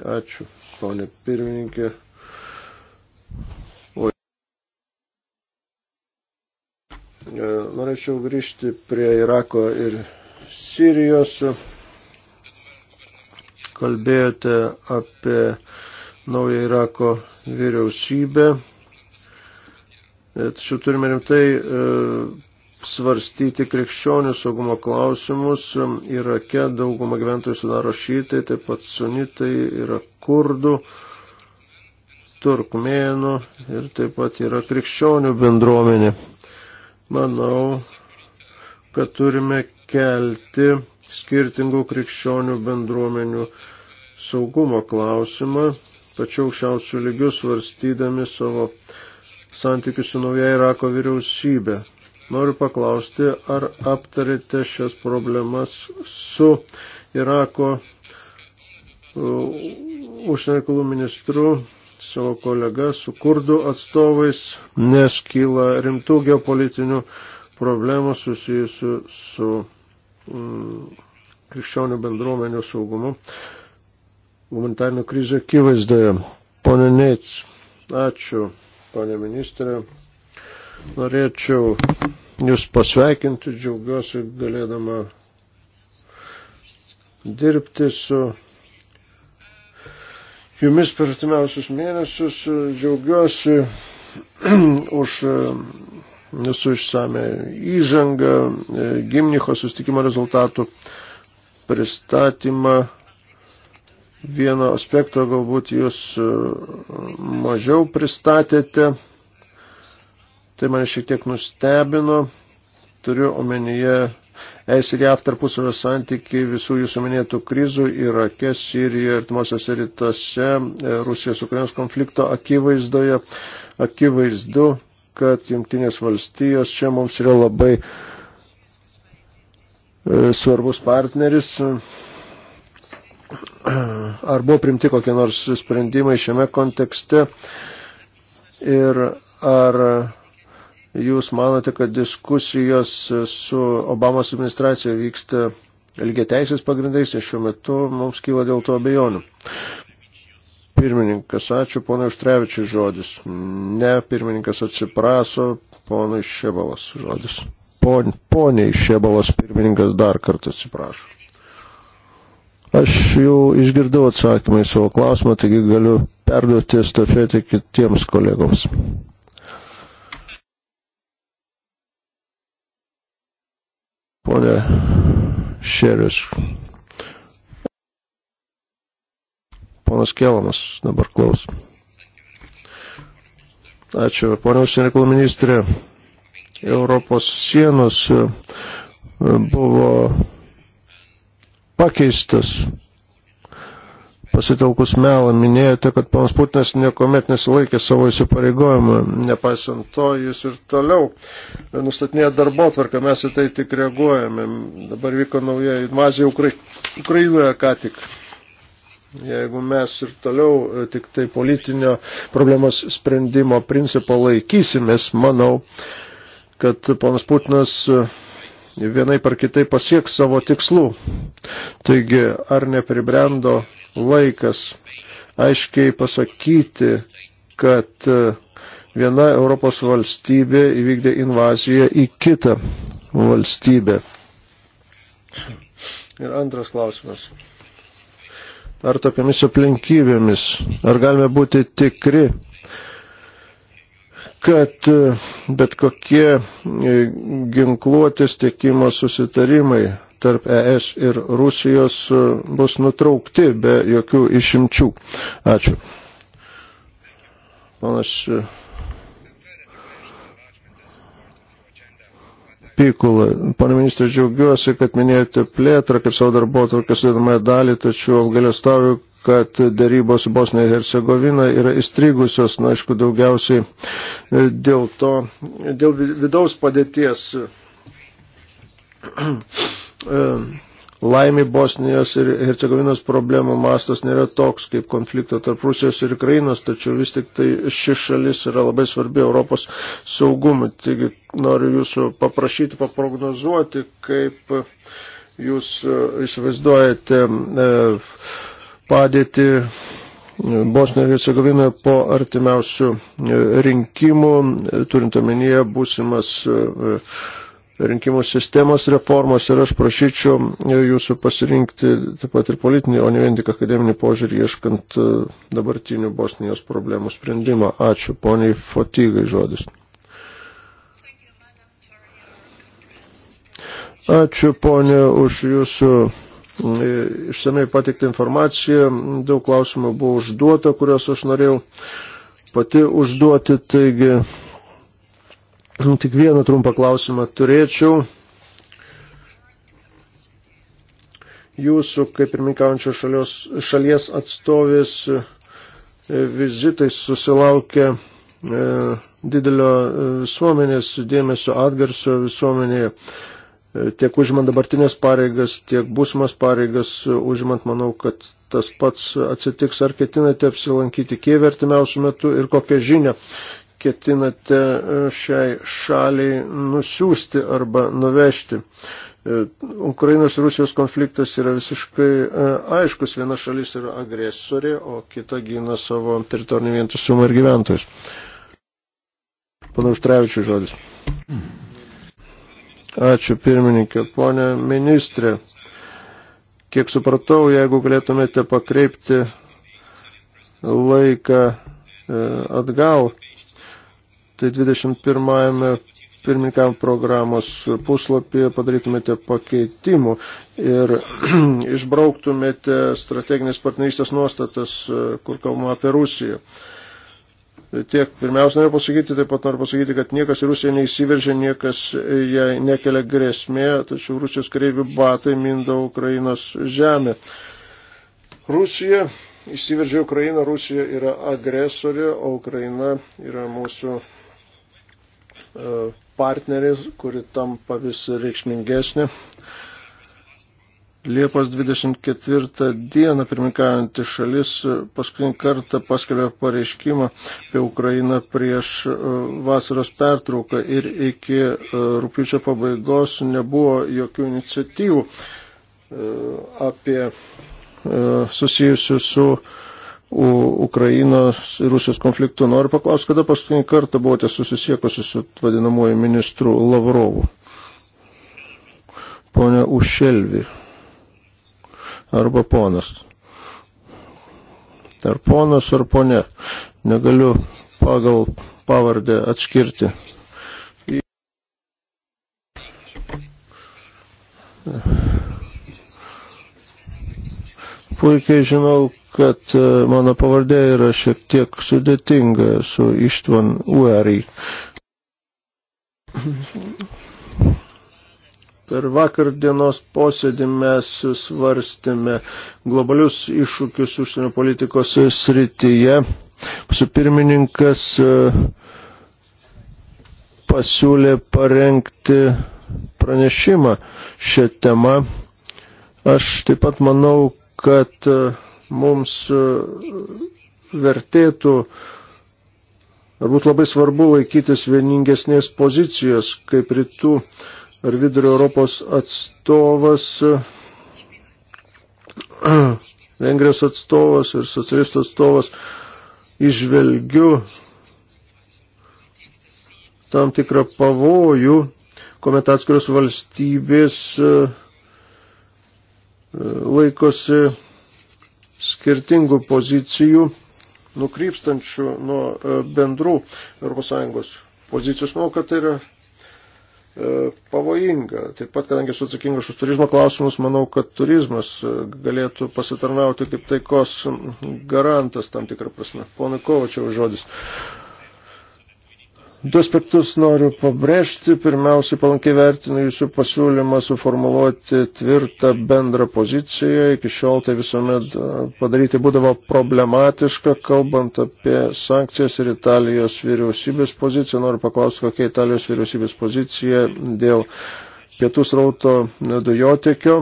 Ačiū, ponė pirmininkė. O... E, norėčiau grįžti prie Irako ir Sirijos. Kalbėjote apie naują Irako vyriausybę. Tačiau turime rimtai e, svarstyti krikščionių saugumo klausimus. Irake daugumą gyventojų sudaro šytai, taip pat sunitai, yra kurdų, turkmėnų ir taip pat yra krikščionių bendruomenė. Manau, kad turime kelti skirtingų krikščionių bendruomenių saugumo klausimą, pačiu aukščiausių lygių svarstydami savo santykius su nauja Irako vyriausybė. Noriu paklausti, ar aptarėte šias problemas su Irako užsienio reikalų ministru, savo kolega, su kurdų atstovais, nes kyla rimtų geopolitinių problemų susijusių su mm, krikščionių bendruomenio saugumu humanitarnių krizę akivaizdoje. Pone Neits, ačiū, pane ministrė. Norėčiau Jūs pasveikinti, džiaugiuosi galėdama dirbti su Jumis per artimiausius mėnesius. Džiaugiuosi <clears throat> už Jūsų ehm, išsame įžangą, e, Gimnicho sustikimo rezultatų pristatymą. Vieno aspekto galbūt Jūs e, mažiau pristatėte. Tai mane šiek tiek nustebino. Turiu omenyje ES ir JAV tarpusavio santykiai visų jūsų minėtų krizų Irake, Sirijoje, artimuosiuose rytuose, e, Rusijos Ukrainos konflikto akivaizdoje. Akivaizdu, kad jungtinės valstijos čia mums yra labai e, svarbus partneris. Ar buvo primti kokie nors sprendimai šiame kontekste ir ar jūs manote, kad diskusijos su Obamos administracija vyksta lygiateisės pagrindais ir šiuo metu mums kyla dėl to abejonių. Pirmininkas, ačiū, ponai Užtrevičiui žodis. Ne, pirmininkas atsiprašo, ponai Šebalas žodis. Pon, poniai Šebalas pirmininkas dar kartą atsiprašo. Aš jau išgirdau atsakymą į savo klausimą, taigi galiu perduoti estafetę kitiems kolegoms. Pone Šeris. Ponas Kelamas dabar klaus. Ačiū. Pone užsienio reikalų ministrė, Europos sienos e, buvo pakeistas pasitelkus melą. Minėjote, kad panas Putinas niekuomet nesilaikė savo įsipareigojimą. Nepaisant to, jis ir toliau nustatinėja darbo tvarką, mes į tai tik reaguojame. Dabar vyko nauja invazija Ukra Ukrainoje ką tik. Jeigu mes ir toliau e, tik tai politinio problemos sprendimo principo laikysimės, manau, kad panas Putinas e, vienai par kitai pasieks savo tikslų. Taigi, ar nepribrendo laikas aiškiai pasakyti, kad e, viena Europos valstybė įvykdė invaziją į kitą valstybę. Ir antras klausimas. Ar tokiamis aplinkybėmis, ar galime būti tikri, kad e, bet kokie e, ginkluotės tiekimo susitarimai tarp ES ir Rusijos e, bus nutraukti be jokių išimčių. Ačiū. Panas e, Pikula. Pane ministrė, džiaugiuosi, kad minėjote plėtrą kaip savo darbo tvarkės sudėdamąją dalį, tačiau apgalėstauju, kad darybos Bosnija ir Hercegovina yra įstrigusios, na, aišku, daugiausiai e, dėl to, dėl vidaus padėties E, laimė Bosnijos ir Hercegovinos problemų mastas nėra toks kaip konflikto tarp Rusijos ir Ukrainos, tačiau vis tik tai ši šalis yra labai svarbi Europos saugumui. Taigi noriu jūsų paprašyti, paprognozuoti, kaip jūs įsivaizduojate e, padėti Bosnijoje ir Hercegovinoje po artimiausių rinkimų, turint omenyje būsimas e, rinkimų sistemos reformos ir aš prašyčiau jūsų pasirinkti taip pat ir politinį, o ne vien tik akademinį požiūrį, ieškant e, dabartinių Bosnijos problemų sprendimą. Ačiū, poniai Fotygai žodis. Ačiū, ponė, už jūsų e, išsamei patiktą informaciją. Daug klausimų buvo užduota, kuriuos aš norėjau pati užduoti, taigi Nu, tik vieną trumpą klausimą turėčiau. Jūsų, kaip ir minkaujančio šalios, šalies atstovės, vizitai susilaukė e, didelio e, visuomenės dėmesio atgarsio visuomenėje. E, tiek užimant dabartinės pareigas, tiek būsimas pareigas, e, užimant manau, kad tas pats atsitiks. Ar ketinate apsilankyti Kievė artimiausių metų ir kokią žinią ketinate e, šiai šaliai nusiųsti arba nuvežti. E, Ukrainos ir Rusijos konfliktas yra visiškai e, aiškus. Viena šalis yra agresorė, o kita gina savo teritorinį vientisumą ir gyventojus. Pana Užtrevičių žodis. Ačiū pirmininkė. Pone ministrė, kiek supratau, jeigu galėtumėte pakreipti laiką atgal tai 21 pirmininkavimo programos puslapyje padarytumėte pakeitimų ir <clears throat> išbrauktumėte strateginės partnerystės nuostatas, e, kur kalbama apie Rusiją. Tiek pirmiausia noriu pasakyti, taip pat noriu pasakyti, kad niekas į Rusiją neįsiveržė, niekas jai nekelia grėsmė, tačiau Rusijos kareivių batai mindo Ukrainos žemę. Rusija įsiveržė Ukrainą, Rusija yra agresorė, o Ukraina yra mūsų E, partneris, kuri tampa vis reikšmingesnė. Liepos 24 dieną pirmininkaujantį šalis paskutinį kartą paskelbė pareiškimą apie Ukrainą prieš e, vasaros pertrauką ir iki e, rūpiučio pabaigos nebuvo jokių iniciatyvų apie susijusių su uh, Ukrainos ir Rusijos konfliktu. Noriu paklausti, kada paskutinį kartą buvote susisiekusi su vadinamuoju ministru Lavrovu? Pone Ušelvi. Arba ponas. Ar ponas, ar ponė. Negaliu pagal pavardę atskirti. Puikiai žinau, kad e, mano pavardė yra šiek tiek sudėtinga su Ištvan Ueri. Per vakar dienos posėdį mes svarstėme globalius iššūkius užsienio politikos srityje. Su pirmininkas e, pasiūlė parengti pranešimą šią temą. Aš taip pat manau, kad uh, mums e, vertėtų ar būtų labai svarbu laikytis vieningesnės pozicijos, kaip rytų ar vidurio Europos atstovas, e, Vengrijos atstovas ir socialistų atstovas, išvelgiu tam tikrą pavojų, kuomet atskiros valstybės e, laikosi skirtingų pozicijų, nukrypstančių nuo e, bendrų ES pozicijos. Manau, kad tai yra e, pavojinga. Taip pat, kadangi esu atsakingas už turizmo klausimus, manau, kad turizmas e, galėtų pasitarnauti kaip taikos garantas tam tikrą prasme. Ponai Kovačiau žodis. Uh, Du aspektus noriu pabrėžti. Pirmiausiai palankiai vertinu jūsų pasiūlymą suformuluoti tvirtą bendrą poziciją. Iki šiol tai visuomet e, padaryti būdavo problematiška, kalbant apie sankcijas ir Italijos vyriausybės poziciją. Noriu paklausti, kokia Italijos vyriausybės pozicija dėl pietų srauto dujotekio.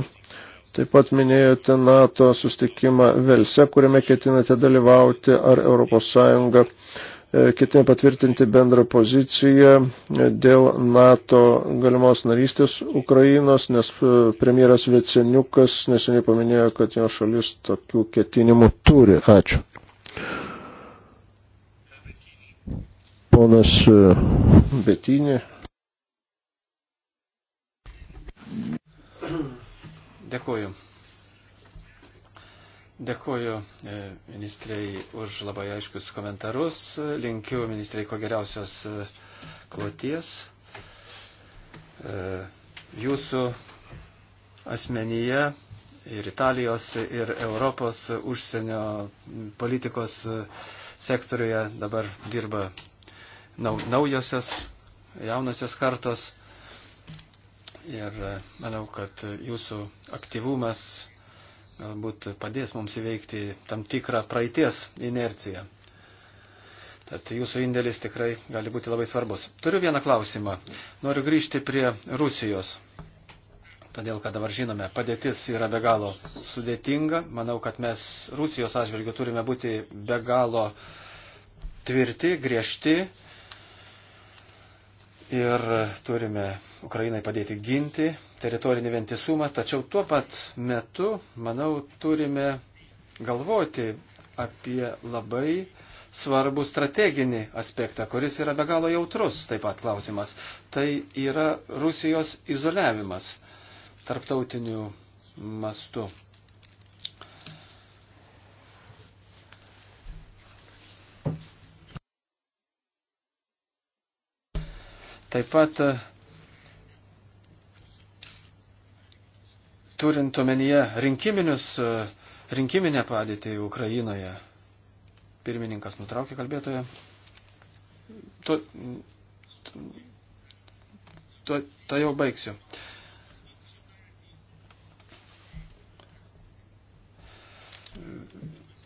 Taip pat minėjote NATO sustikimą Velse, kuriame ketinate dalyvauti, ar ES E, ketina patvirtinti bendrą poziciją e, dėl NATO galimos narystės Ukrainos, nes e, premjeras Veceniukas neseniai paminėjo, kad jo šalis tokių ketinimų turi. Ačiū. Ponas Betinė. Dėkuoju. Dėkuoju e, ministrei už labai aiškius komentarus. Linkiu ministrei ko geriausios e, kloties. E, jūsų asmenyje ir Italijos, ir Europos užsienio politikos sektoriuje dabar dirba naujosios, jaunosios kartos. Ir manau, kad jūsų aktyvumas galbūt padės mums įveikti tam tikrą praeities inerciją. Tad jūsų indėlis tikrai gali būti labai svarbus. Turiu vieną klausimą. Noriu grįžti prie Rusijos. Todėl, kad dabar žinome, padėtis yra be galo sudėtinga. Manau, kad mes Rusijos atžvilgių turime būti be galo tvirti, griežti ir turime Ukrainai padėti ginti teritorinį vientisumą, tačiau tuo pat metu, manau, turime galvoti apie labai svarbų strateginį aspektą, kuris yra be galo jautrus, taip pat klausimas. Tai yra Rusijos izoliavimas tarptautiniu mastu. Taip pat turint omenyje rinkiminius, rinkiminę padėtį Ukrainoje. Pirmininkas nutraukė kalbėtoją. To, to, to, to jau baigsiu.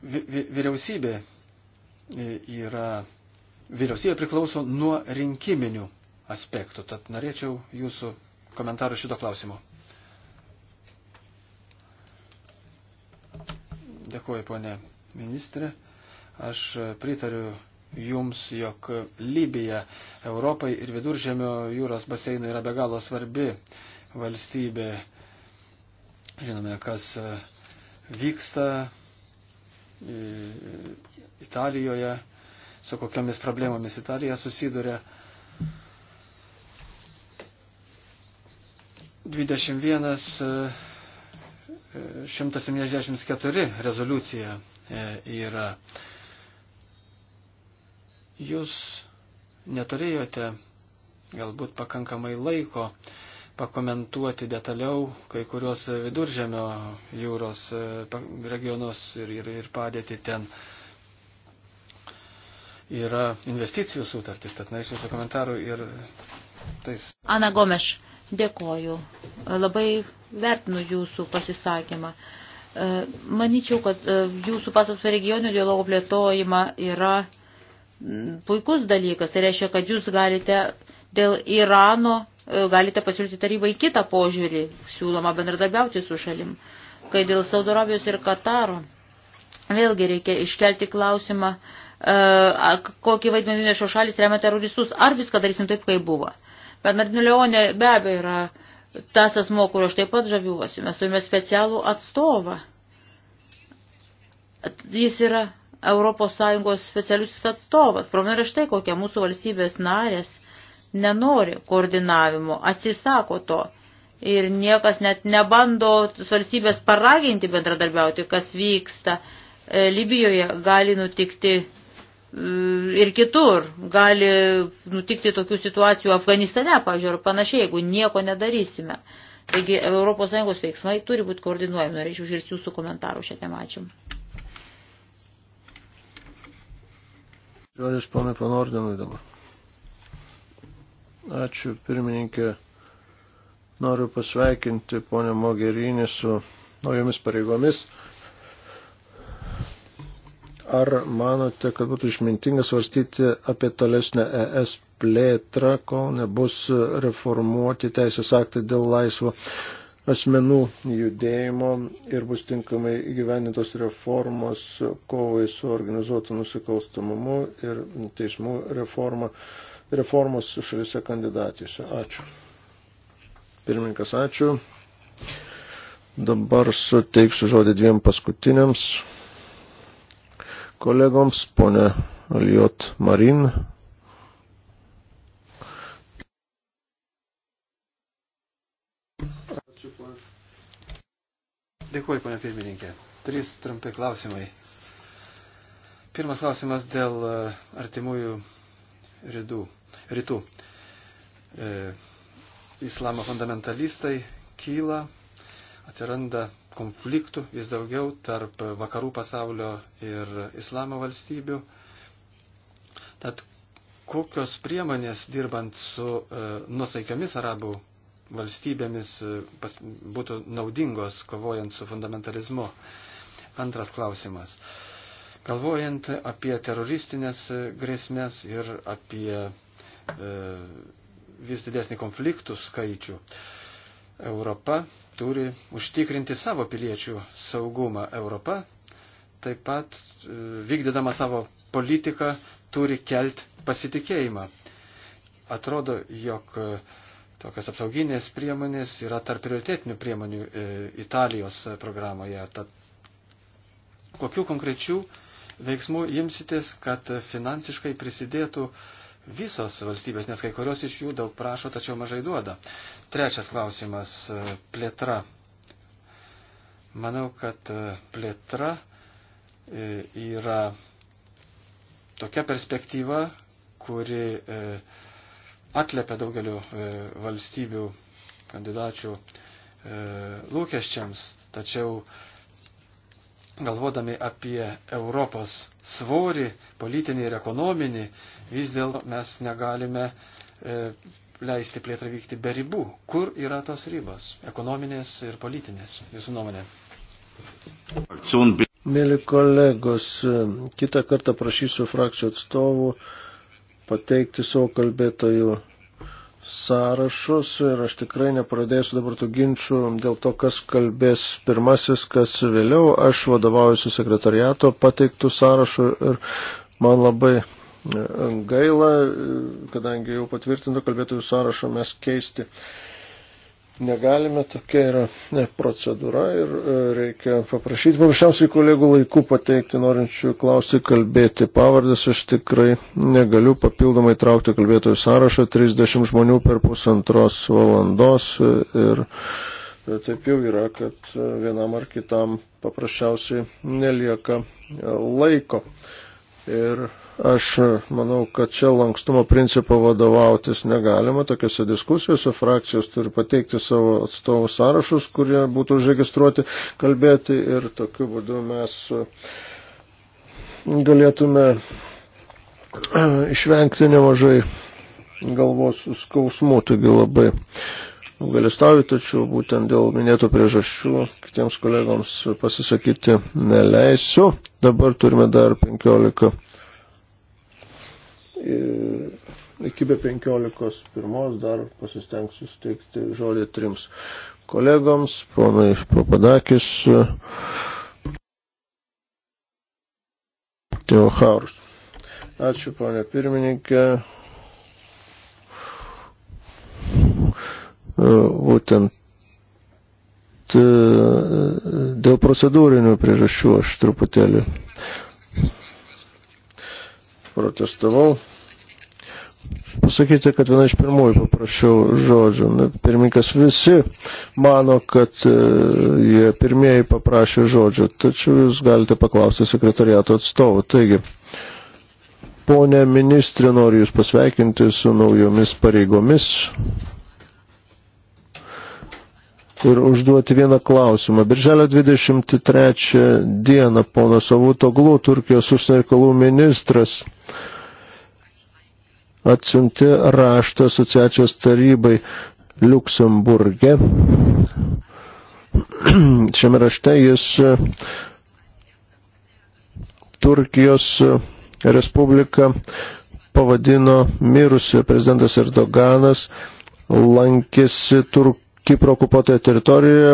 Vyriausybė yra, vyriausybė priklauso nuo rinkiminių aspektų. Tad norėčiau jūsų komentarų šito klausimo. Dėkuoju, ponė ministrė. Aš pritariu Jums, jog Libija Europai ir viduržėmio jūros baseinui yra be galo svarbi valstybė. Žinome, kas e, vyksta e, Italijoje, su kokiamis problemomis Italija susiduria. 21 174 e, e, rezoliucija e, yra. Jūs neturėjote galbūt pakankamai laiko pakomentuoti detaliau kai kurios viduržėmio jūros regionus ir, ir, ir padėti ten. Yra investicijų sutartis, tad norėčiau su komentaru ir Ana Gomeš, dėkoju. Labai vertinu jūsų pasisakymą. E, Maničiau, kad e, jūsų pasas per regionių dialogų plėtojimą yra puikus dalykas. Tai reiškia, kad jūs galite dėl Irano e, galite pasiūlyti tarybai kitą požiūrį, siūloma bendradarbiauti su šalim. Kai dėl Saudarabijos ir Kataro, vėlgi reikia iškelti klausimą, kokį vaidmenį nešo šalis remia teroristus, ar viską darysim taip, kaip buvo. Bernardino Leonė be abejo yra tas asmo, kurio aš taip pat žaviuosi. Mes turime specialų atstovą. Jis yra ES specialiusis atstovas. Problema yra štai kokia mūsų valstybės narės nenori koordinavimo, atsisako to. Ir niekas net nebando valstybės paraginti bendradarbiauti, kas vyksta. E, Libijoje gali nutikti Mm, ir kitur gali nutikti tokių situacijų Afganistane, pavyzdžiui, ar panašiai, jeigu nieko nedarysime. Taigi ES veiksmai turi būti koordinuojami. Norėčiau žiūrėti jūsų komentarų šią temą. Ačiū. Žodis ponai Panordenui dabar. Ačiū pirmininkė. Noriu pasveikinti ponę Mogerinį su naujomis pareigomis. Ar manote, kad būtų išmintinga svarstyti apie tolesnę ES plėtrą, kol nebus reformuoti teisės aktai dėl laisvo asmenų judėjimo ir bus tinkamai gyvenintos reformos kovai su organizuotu nusikalstamumu ir teismų reforma, reformos šalise kandidatėse? Ačiū. Pirmininkas, ačiū. Dabar suteiksiu žodį dviem paskutiniams kolegoms, ponė Aliot Marin. Dėkuoju, ponia pirmininkė. Trys trumpi klausimai. Pirmas klausimas dėl e, artimųjų rydų, rytų. E, islamo fundamentalistai kyla, atsiranda konfliktų vis daugiau tarp vakarų pasaulio ir islamo valstybių. Tad kokios priemonės dirbant su e, nusaikiomis arabų valstybėmis e, pas, būtų naudingos kovojant su fundamentalizmu? Antras klausimas. Galvojant apie teroristinės e, grėsmės ir apie e, vis didesnį konfliktų skaičių, Europa turi užtikrinti savo piliečių saugumą. Europa taip pat e, vykdydama savo politiką turi kelt pasitikėjimą. Atrodo, jog e, tokios apsauginės priemonės yra tarp prioritetinių priemonių e, Italijos programoje. Tad kokių konkrečių veiksmų imsitės, kad finansiškai prisidėtų uh, visos valstybės, nes kai kurios iš jų daug prašo, tačiau mažai duoda. Trečias klausimas e, - plėtra. Manau, kad e, plėtra e, yra tokia perspektyva, kuri atlėpia daugeliu valstybių kandidačių lūkesčiams, tačiau galvodami apie Europos svorį, politinį ir ekonominį, vis dėlto mes negalime e, leisti plėtrą vykti be ribų. Kur yra tos ribos? Ekonominės ir politinės, jūsų nuomonė. Mėly kolegos, e, kitą kartą prašysiu frakcijų atstovų pateikti savo kalbėtojų sąrašus ir aš tikrai nepradėsiu dabar tų ginčių dėl to, kas kalbės pirmasis, kas vėliau. Aš vadovaujuosi sekretariato pateiktų sąrašų ir man labai e, gaila, e, kadangi jau patvirtintų kalbėtojų sąrašą mes keisti negalime, tokia yra procedūra ir e, reikia paprašyti paprasčiausiai kolegų laiku pateikti norinčių klausti, kalbėti pavardės. Aš tikrai negaliu papildomai traukti kalbėtojų sąrašą 30 žmonių per pusantros valandos e, ir e, taip jau yra, kad vienam ar kitam paprasčiausiai nelieka laiko. Ir Aš e, manau, kad čia lankstumo principo vadovautis negalima. Tokiose diskusijose frakcijos turi pateikti savo atstovų sąrašus, kurie būtų užregistruoti kalbėti ir tokiu būdu mes e, galėtume e, išvengti nemažai galvos skausmų. Taigi labai galistauju, tačiau būtent dėl minėtų priežasčių kitiems kolegoms pasisakyti neleisiu. Dabar turime dar 15 iki be 15.1 dar pasistengsiu suteikti žodį trims kolegoms, ponai Papadakis, Teohaurus. Ačiū, ponė pirmininkė. Būtent e, dėl procedūrinių priežasčių aš truputėlį protestavau pasakyti, kad viena iš pirmųjų paprašiau žodžių. Pirmininkas visi mano, kad e, jie pirmieji paprašė žodžių, tačiau jūs galite paklausti sekretariato atstovų. Taigi, ponė ministrė, noriu jūs pasveikinti su naujomis pareigomis. Ir užduoti vieną klausimą. Birželio 23 dieną ponas Avuto Glų, Turkijos užsienio reikalų ministras, atsiunti raštą asociacijos tarybai Luksemburgė. <clears throat> Šiame rašte jis e, Turkijos e, Respubliką pavadino mirusiu prezidentas Erdoganas, lankėsi Turk Kipro okupuotoje teritorijoje,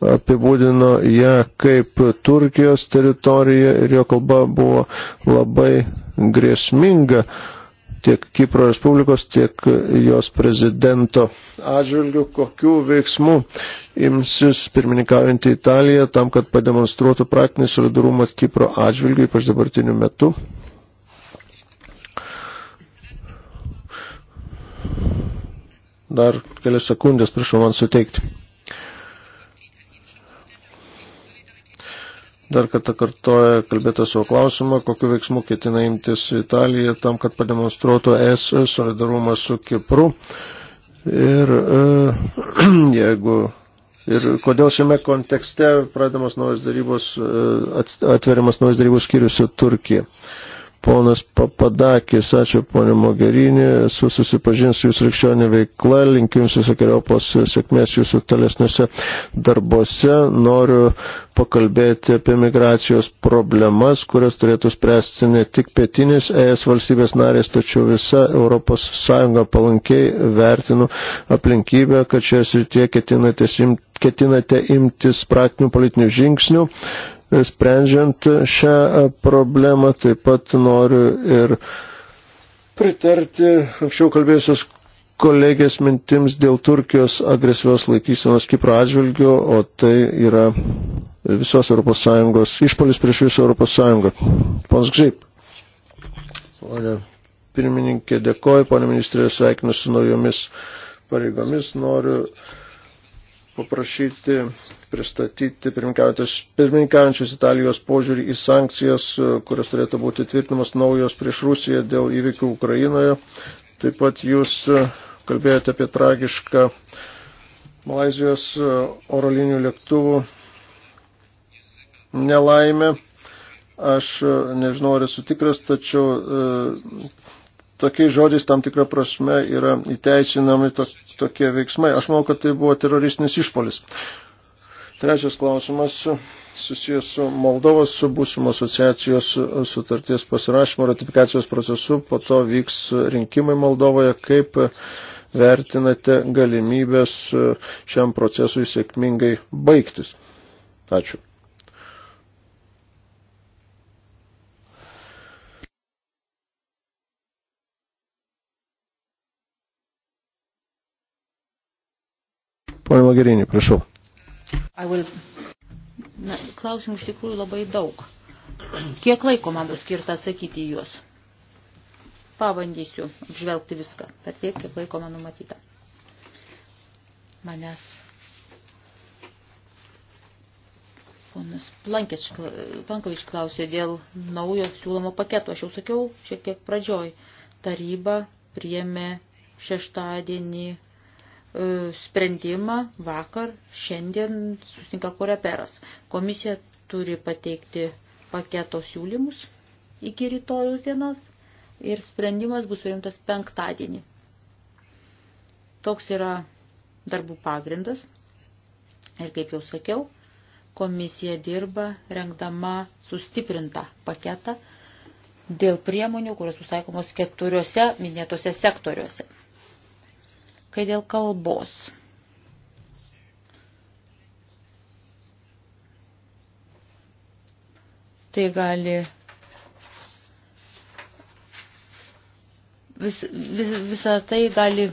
apibūdino ją kaip Turkijos teritoriją ir jo kalba buvo labai grėsminga tiek Kipro Respublikos, tiek jos prezidento atžvilgių, kokių veiksmų imsis pirmininkaujantį Italiją tam, kad pademonstruotų praktinį solidarumą Kipro atžvilgių, ypač dabartiniu metu. Dar kelias sekundės prašau man suteikti. dar kartą kartoja kalbėtą savo klausimą, kokiu veiksmu ketina imtis Italija tam, kad pademonstruotų ES solidarumą su Kipru. Ir e, <clears throat> jeigu ir kodėl šiame kontekste pradamos naujas darybos, e, atveriamas naujas darybos skyrius su Turkija. E, Ponas Papadakis, ačiū ponė Mogerinė, esu susipažinęs jūsų likščionė veikla, linkiu jums visokiojopos sėkmės jūsų tolesniuose darbuose. Noriu pakalbėti apie migracijos problemas, kurias turėtų spręsti ne tik pietinės ES valstybės narės, tačiau visa ES palankiai vertinu aplinkybę, kad šioje srityje ketinate, ketinate imtis praktinių politinių žingsnių sprendžiant šią e, problemą. Taip pat noriu ir pritarti anksčiau kalbėjusios kolegės mintims dėl Turkijos agresyvios laikysenos Kipro atžvilgiu, o tai yra visos ES išpolis prieš visą ES. Pons Gžyp. Pone pirmininkė, dėkoju, pone ministrė, sveikinu su naujomis pareigomis. Noriu paprašyti pristatyti pirmininkaujančios Italijos požiūrį į sankcijas, e, kurios turėtų būti tvirtinamas naujos prieš Rusiją dėl įvykių Ukrainoje. Taip pat jūs e, kalbėjote apie tragišką Malazijos e, oro linijų lėktuvų nelaimę. Aš nežinau, ar esu tikras, tačiau e, tokiais žodžiais tam tikrą prasme yra įteisinami to, tokie veiksmai. Aš manau, kad tai buvo teroristinis išpolis. Trečias klausimas susijęs su Moldovos su būsimo asociacijos sutarties pasirašymo ratifikacijos procesu, po to vyks rinkimai Moldovoje, kaip vertinate galimybės šiam procesui sėkmingai baigtis. Ačiū. Pone Magerinį, prašau. Will... Na, klausimų iš tikrųjų labai daug. Kiek laiko man bus skirta atsakyti juos? Pabandysiu apžvelgti viską, per tiek, kiek laiko man numatyta. Manęs Ponas Plankovič klausė dėl naujo siūlomo paketo. Aš jau sakiau šiek tiek pradžioj. Taryba priėmė šeštadienį E, sprendimą vakar, šiandien susitinka koreperas. Komisija turi pateikti paketo siūlymus iki rytojus dienos ir sprendimas bus priimtas penktadienį. Toks yra darbų pagrindas. Ir kaip jau sakiau, komisija dirba rengdama sustiprintą paketą dėl priemonių, kurios bus taikomos keturiose minėtose sektoriuose. Kai dėl kalbos. Tai gali vis, vis, visą tai gali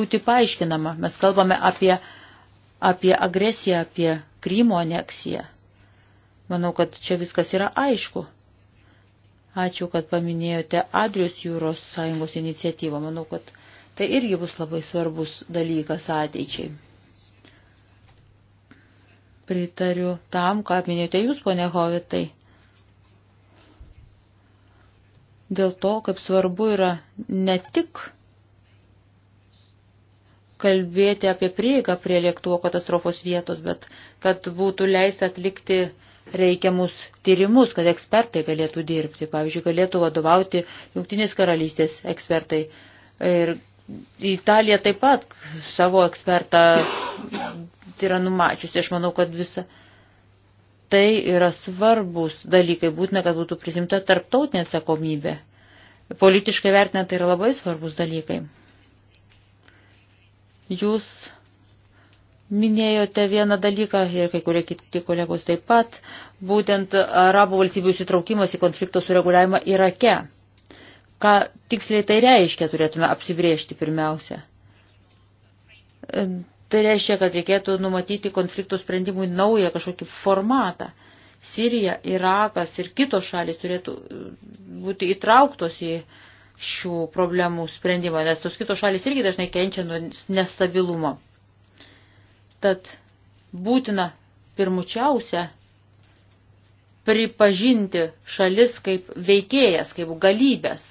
būti paaiškinama. Mes kalbame apie, apie agresiją, apie Krymo aneksiją. Manau, kad čia viskas yra aišku. Ačiū, kad paminėjote Adrius jūros sąjungos iniciatyvą. Manau, kad Tai irgi bus labai svarbus dalykas ateičiai. Pritariu tam, ką minėjote jūs, ponė Hovitai. Dėl to, kaip svarbu yra ne tik kalbėti apie prieigą prie lėktuvo katastrofos vietos, bet kad būtų leista atlikti reikiamus tyrimus, kad ekspertai galėtų dirbti. Pavyzdžiui, galėtų vadovauti Junktinės karalystės ekspertai ir Italija taip pat savo ekspertą yra numačiusi. Aš manau, kad visa tai yra svarbus dalykai. Būtina, kad būtų prisimta tarptautinė atsakomybė. Politiškai vertinant, tai yra labai svarbus dalykai. Jūs minėjote vieną dalyką ir kai kurie kiti kolegos taip pat, būtent arabų valstybių įsitraukimas į konflikto sureguliavimą Irake. Ką tiksliai tai reiškia, turėtume apsibriežti pirmiausia. E, tai reiškia, kad reikėtų numatyti konfliktų sprendimui naują kažkokį formatą. Sirija, Irakas ir kitos šalis turėtų e, būti įtrauktos į šių problemų sprendimą, nes tos kitos šalis irgi dažnai kenčia nuo nestabilumo. Tad būtina pirmučiausia pripažinti šalis kaip veikėjas, kaip galybės,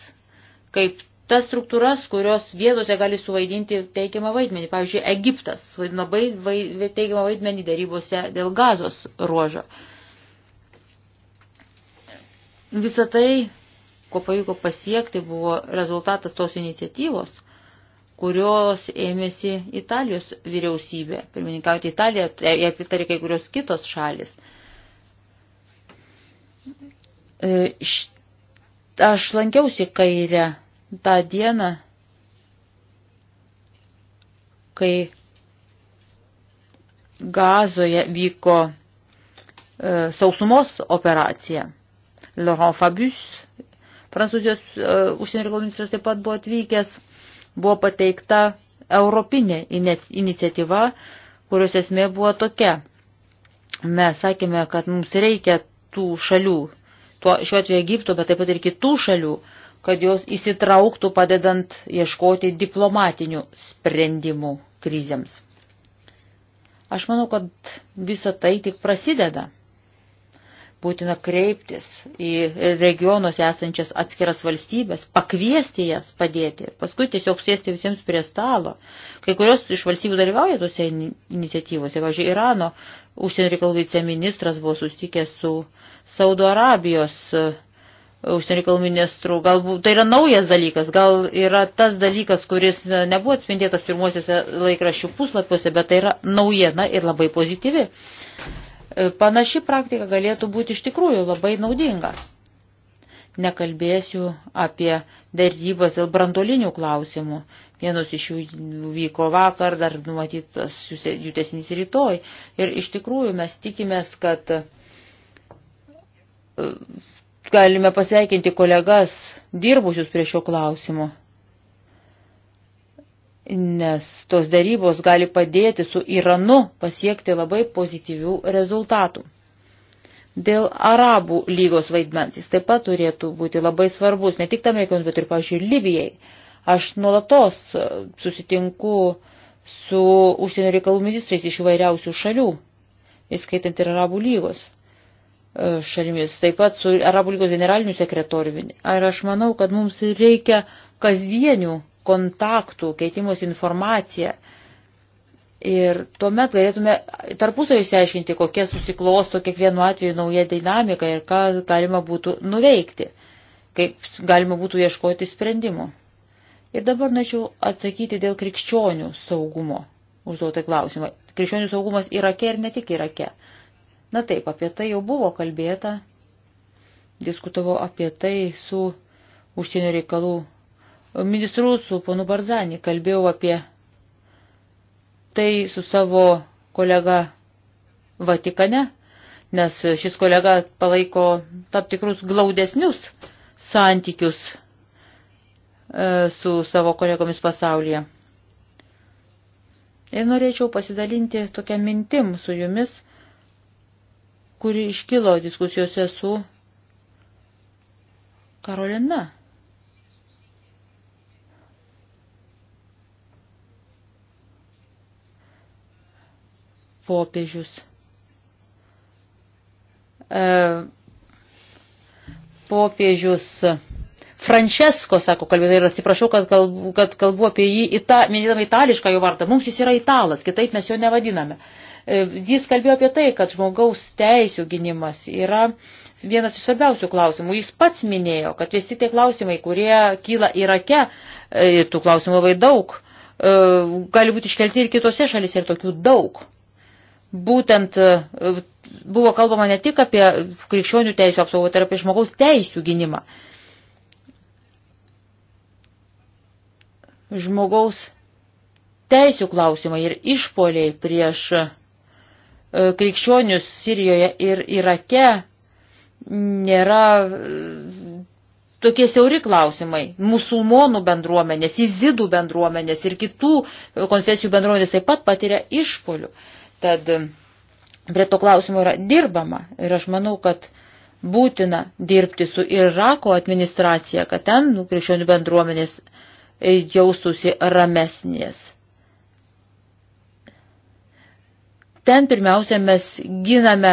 kaip tas struktūras, kurios vietose gali suvaidinti teigiamą vaidmenį. Pavyzdžiui, Egiptas vaidino vaid, teigiamą vaidmenį darybose dėl gazos ruožo. Visą tai, ko pavyko pasiekti, buvo rezultatas tos iniciatyvos, kurios ėmėsi Italijos vyriausybė. Pirmininkauti Italiją, tai jie pritarė kai kurios kitos šalis. E, št Aš lankiausi kairę tą dieną, kai gazoje vyko e, sausumos operacija. Laurent Fabius, prancūzijos e, užsienio reikalų ministras taip pat buvo atvykęs, buvo pateikta europinė iniciatyva, kurios esmė buvo tokia. Mes sakėme, kad mums reikia tų šalių tuo, šiuo atveju Egipto, bet taip pat ir kitų šalių, kad jos įsitrauktų padedant ieškoti diplomatinių sprendimų krizėms. Aš manau, kad visa tai tik prasideda. Būtina kreiptis į regionuose esančias atskiras valstybės, pakviesti jas padėti ir paskui tiesiog sėsti visiems prie stalo. Kai kurios iš valstybių dalyvauja tose iniciatyvose. Važiuoju, Irano užsienio reikalų viceministras buvo sustikęs su Saudo Arabijos e, užsienio reikalų ministrų. Galbūt tai yra naujas dalykas, gal yra tas dalykas, kuris e, nebuvo atspindėtas pirmosiuose laikraščių puslapiuose, bet tai yra naujiena ir labai pozityvi. E, panaši praktika galėtų būti iš tikrųjų labai naudinga. Nekalbėsiu apie dėrybas dėl brandolinių klausimų. Vienos iš jų vyko vakar, dar numatytas jų tiesinis rytoj. Ir iš tikrųjų mes tikimės, kad e, galime pasveikinti kolegas dirbusius prie šio klausimo nes tos darybos gali padėti su Iranu pasiekti labai pozityvių rezultatų. Dėl Arabų lygos vaidmens jis taip pat turėtų būti labai svarbus, ne tik tam reikalams, bet ir, pavyzdžiui, Libijai. Aš nuolatos susitinku su užsienio reikalų ministrais iš įvairiausių šalių, įskaitant ir Arabų lygos e, šalimis, taip pat su Arabų lygos generaliniu sekretoriumi. Ar aš manau, kad mums reikia kasdienių kontaktų, keitimus informaciją. Ir tuomet galėtume tarpusavį išsiaiškinti, kokia susiklosto kiekvienu atveju nauja dinamika ir ką galima būtų nuveikti, kaip galima būtų ieškoti sprendimų. Ir dabar norėčiau atsakyti dėl krikščionių saugumo užduotą klausimą. Krikščionių saugumas Irake ir ne tik Irake. Na taip, apie tai jau buvo kalbėta, diskutavo apie tai su užsienio reikalų ministru, su ponu Barzani, kalbėjau apie tai su savo kolega Vatikane, nes šis kolega palaiko tam tikrus glaudesnius santykius e, su savo kolegomis pasaulyje. Ir norėčiau pasidalinti tokią mintim su jumis, kuri iškilo diskusijose su Karolina popiežius. E, popiežius Francesko, sako kalbėtai, ir atsiprašau, kad kalbu, kad kalbu apie jį, ita, minėdama itališką jo vardą, mums jis yra italas, kitaip mes jo nevadiname. E, jis kalbėjo apie tai, kad žmogaus teisų gynimas yra vienas iš svarbiausių klausimų. Jis pats minėjo, kad visi tie klausimai, kurie kyla Irake, e, tų klausimų labai daug, gali būti iškelti ir kitose šalise ir tokių daug būtent e, buvo kalbama ne tik apie krikščionių teisų apsaugą, tai ir apie žmogaus teisų gynimą. Žmogaus teisų klausimai ir išpoliai prieš e, krikščionius Sirijoje ir Irake nėra e, tokie siauri klausimai. Musulmonų bendruomenės, izidų bendruomenės ir kitų konfesijų bendruomenės taip pat patiria išpolių. Tad prie to klausimo yra dirbama ir aš manau, kad būtina dirbti su Irako administracija, kad ten nu, krikščionių bendruomenės jaustųsi ramesnės. Ten pirmiausia mes giname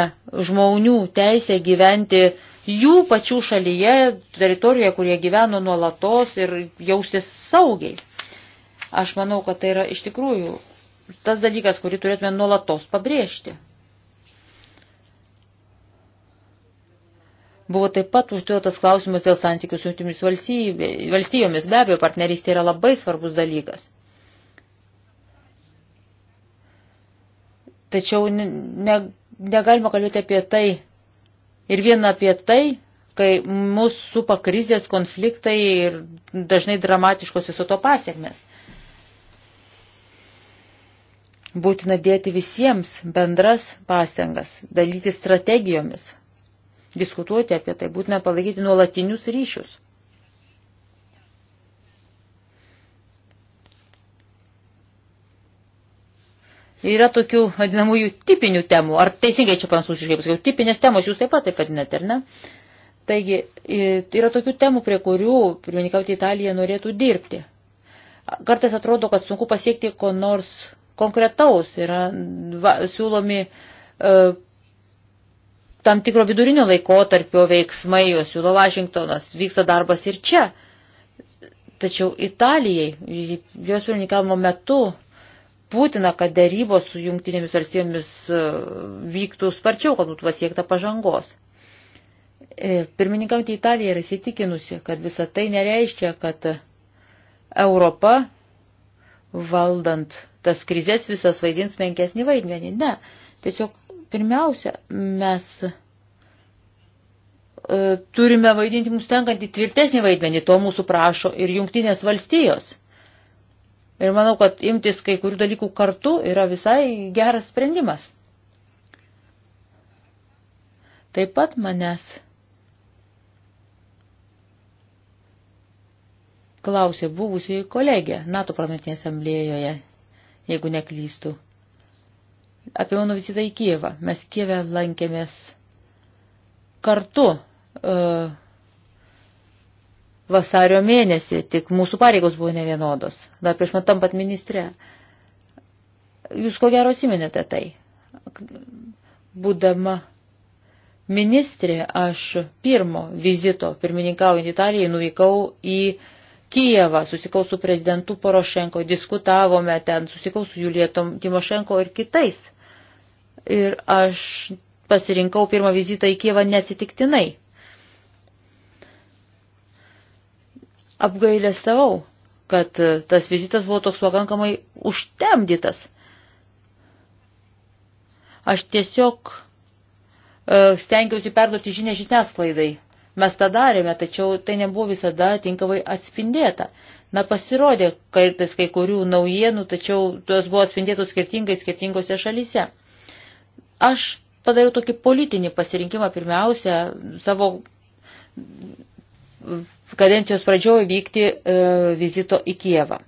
žmonių teisę gyventi jų pačių šalyje, teritorijoje, kurie gyveno nuolatos ir jaustis saugiai. Aš manau, kad tai yra iš tikrųjų tas dalykas, kurį turėtume nuolatos pabrėžti. Buvo taip pat užduotas klausimas dėl santykių su jungtimis valstybėmis. Be abejo, partnerystė yra labai svarbus dalykas. Tačiau ne, negalima kalbėti apie tai ir vien apie tai, kai mūsų supa krizės, konfliktai ir dažnai dramatiškos viso to pasiekmes. Būtina dėti visiems bendras pastangas, dalyti strategijomis, diskutuoti apie tai, būtina palaikyti nuolatinius ryšius. Yra tokių vadinamųjų tipinių temų, ar teisingai čia prancūziškai pasakiau, tipinės temos jūs taip pat taip vadinate, ar ne? Taigi, yra tokių temų, prie kurių, pirmininkauti, Italija norėtų dirbti. Kartais atrodo, kad sunku pasiekti ko nors konkretaus, yra va, siūlomi e, tam tikro vidurinio laikotarpio veiksmai, juos siūlo Vašingtonas, vyksta darbas ir čia. Tačiau Italijai, jos pirmininkavimo metu, būtina, kad dėrybos su jungtinėmis valstybėmis e, vyktų sparčiau, kad būtų pasiekta pažangos. E, Pirmininkauti Italija yra įsitikinusi, kad visa tai nereiškia, kad Europa valdant tas krizės visas vaidins menkesnį vaidmenį. Ne, tiesiog pirmiausia, mes e, turime vaidinti mums tenkantį tvirtesnį vaidmenį, to mūsų prašo ir jungtinės valstijos. Ir manau, kad imtis kai kurių dalykų kartu yra visai geras sprendimas. Taip pat manęs klausė buvusioji kolegė NATO parlamentinėje asamblėjoje jeigu neklystų. Apie mano vizitą į Kievą. Mes Kievę lankėmės kartu uh, vasario mėnesį, tik mūsų pareigos buvo nevienodos. Dar prieš man tampat ministrė. Jūs ko gero atsimenėte tai. Būdama ministrė, aš pirmo vizito pirmininkaujant Italijai nuvykau į Kijevą, susikau su prezidentu Porošenko, diskutavome ten, susikau su Julietom Timošenko ir kitais. Ir aš pasirinkau pirmą vizitą į Kijevą neatsitiktinai. Apgailestavau, kad e, tas vizitas buvo toks pakankamai užtemdytas. Aš tiesiog e, stengiausi perduoti žinę žiniasklaidai Mes tą darėme, tačiau tai nebuvo visada tinkamai atspindėta. Na, pasirodė kartais kai kurių naujienų, tačiau jos buvo atspindėtos skirtingai skirtingose šalyse. Aš padariau tokį politinį pasirinkimą pirmiausia savo kadencijos pradžioje vykti e, vizito į Kievą.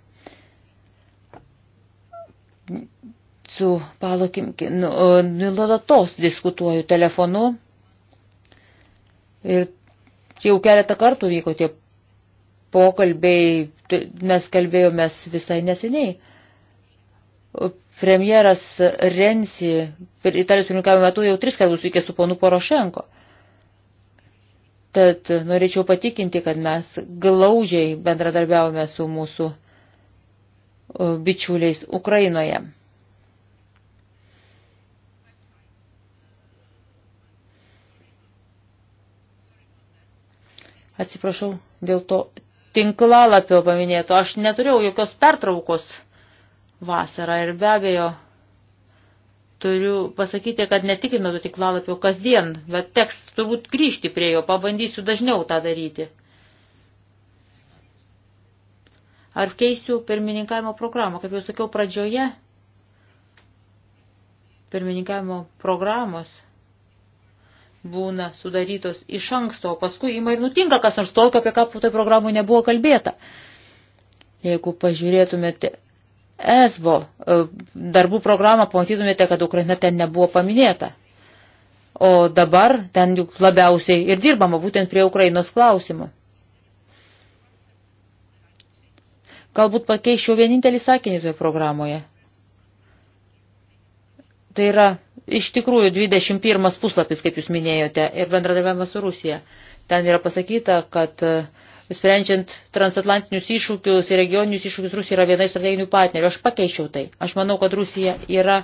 Su palokim, nu, e, nuolatos diskutuoju telefonu ir Čia jau keletą kartų vyko tie pokalbiai, mes kalbėjomės visai neseniai. Premjeras Rensi Italijos pirmininkavimo metu jau tris kartus vykė su ponu Porošenko. Tad norėčiau patikinti, kad mes glaudžiai bendradarbiavome su mūsų bičiuliais Ukrainoje. Atsiprašau dėl to tinklalapio paminėto. Aš neturėjau jokios pertraukos vasarą ir be abejo turiu pasakyti, kad netikinu to tinklalapio kasdien, bet teks turbūt grįžti prie jo, pabandysiu dažniau tą daryti. Ar keisiu pirmininkavimo programą? Kaip jau sakiau pradžioje, pirmininkavimo programos būna sudarytos iš anksto, o paskui ima ir nutinka kas nors tokio, apie ką tai programų nebuvo kalbėta. Jeigu pažiūrėtumėte ESBO e, darbų programą, pamatytumėte, kad Ukraina ten nebuvo paminėta. O dabar ten juk labiausiai ir dirbama būtent prie Ukrainos klausimų. Galbūt pakeičiau vienintelį sakinį toje programoje. Tai yra Iš tikrųjų, 21 puslapis, kaip jūs minėjote, ir bendradarbiavimas su Rusija. Ten yra pasakyta, kad e, sprendžiant transatlantinius iššūkius ir regioninius iššūkius, Rusija yra viena iš strateginių partnerių. Aš pakeičiau tai. Aš manau, kad Rusija yra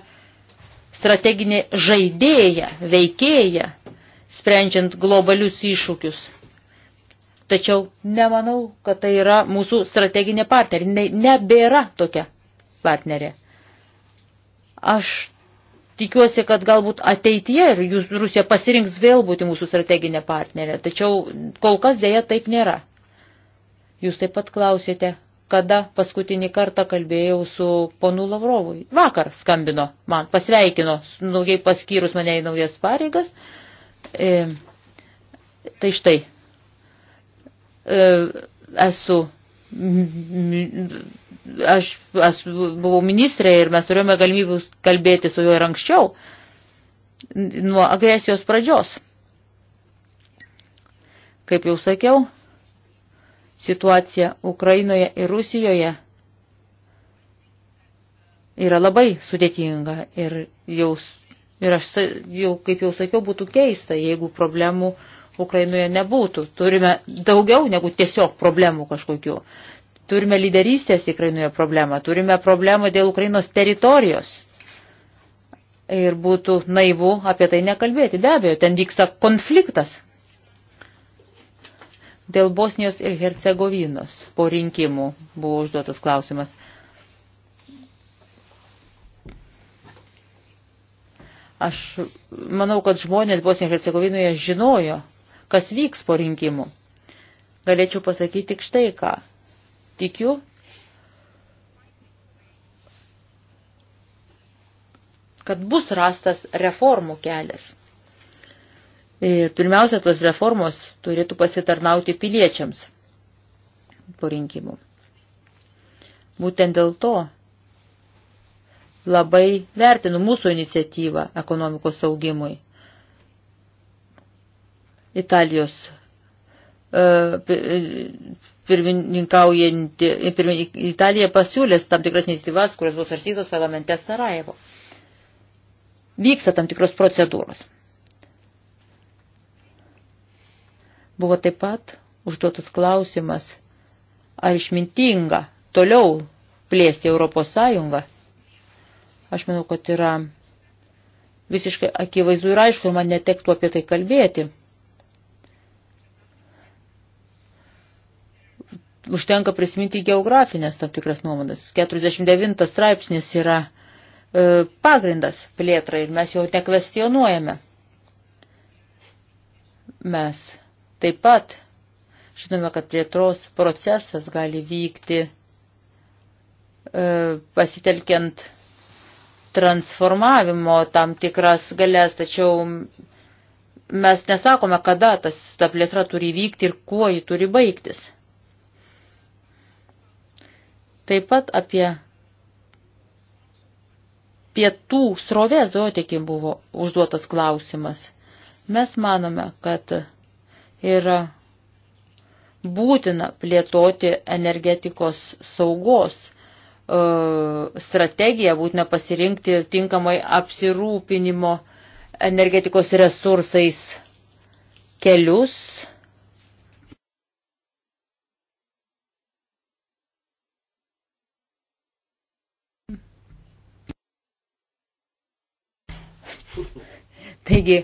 strateginė žaidėja, veikėja, sprendžiant globalius iššūkius. Tačiau nemanau, kad tai yra mūsų strateginė partnerė. Ne, nebėra tokia partnerė. Aš Tikiuosi, kad galbūt ateityje ir jūs, Rusija pasirinks vėl būti mūsų strateginė partnerė, tačiau kol kas dėja taip nėra. Jūs taip pat klausėte, kada paskutinį kartą kalbėjau su ponu Lavrovui. Vakar skambino man, pasveikino, naujai paskyrus mane į naujas pareigas. E, tai štai, e, esu Aš, aš buvau ministrė ir mes turėjome galimybę kalbėti su juo ir anksčiau, nuo agresijos pradžios. Kaip jau sakiau, situacija Ukrainoje ir Rusijoje yra labai sudėtinga ir, jau, ir aš jau, kaip jau sakiau, būtų keista, jeigu problemų Ukrainoje nebūtų. Turime daugiau negu tiesiog problemų kažkokių. Turime lyderystės Ukrainoje problemą, turime problemą dėl Ukrainos teritorijos. Ir būtų naivu apie tai nekalbėti. Be abejo, ten vyksta konfliktas dėl Bosnijos ir Hercegovinos po rinkimų buvo užduotas klausimas. Aš manau, kad žmonės Bosnijos ir Hercegovinoje žinojo, kas vyks po rinkimų. Galėčiau pasakyti tik štai ką. Tikiu, kad bus rastas reformų kelias. Ir pirmiausia, tos reformos turėtų pasitarnauti piliečiams po rinkimų. Būtent dėl to labai vertinu mūsų iniciatyvą ekonomikos augimui. Italijos e, e, pirmininkaujantį, e, pirmin, Italija pasiūlės tam tikras iniciatyvas, kurios bus varsytos parlamente Sarajevo. Vyksta tam tikros procedūros. Buvo taip pat užduotas klausimas, ar išmintinga toliau plėsti Europos Sąjungą. Aš manau, kad yra visiškai akivaizdu ir aišku, ir man netektų apie tai kalbėti. užtenka prisiminti geografinės tam tikras nuomonas. 49 straipsnis yra e, pagrindas plėtrai ir mes jau nekvestionuojame. Mes taip pat žinome, kad plėtros procesas gali vykti e, pasitelkiant transformavimo tam tikras galės, tačiau mes nesakome, kada tas, ta plėtra turi vykti ir kuo ji turi baigtis. Taip pat apie pietų srovės duotekį buvo užduotas klausimas. Mes manome, kad yra būtina plėtoti energetikos saugos e, strategiją, būtina pasirinkti tinkamai apsirūpinimo energetikos resursais kelius Taigi,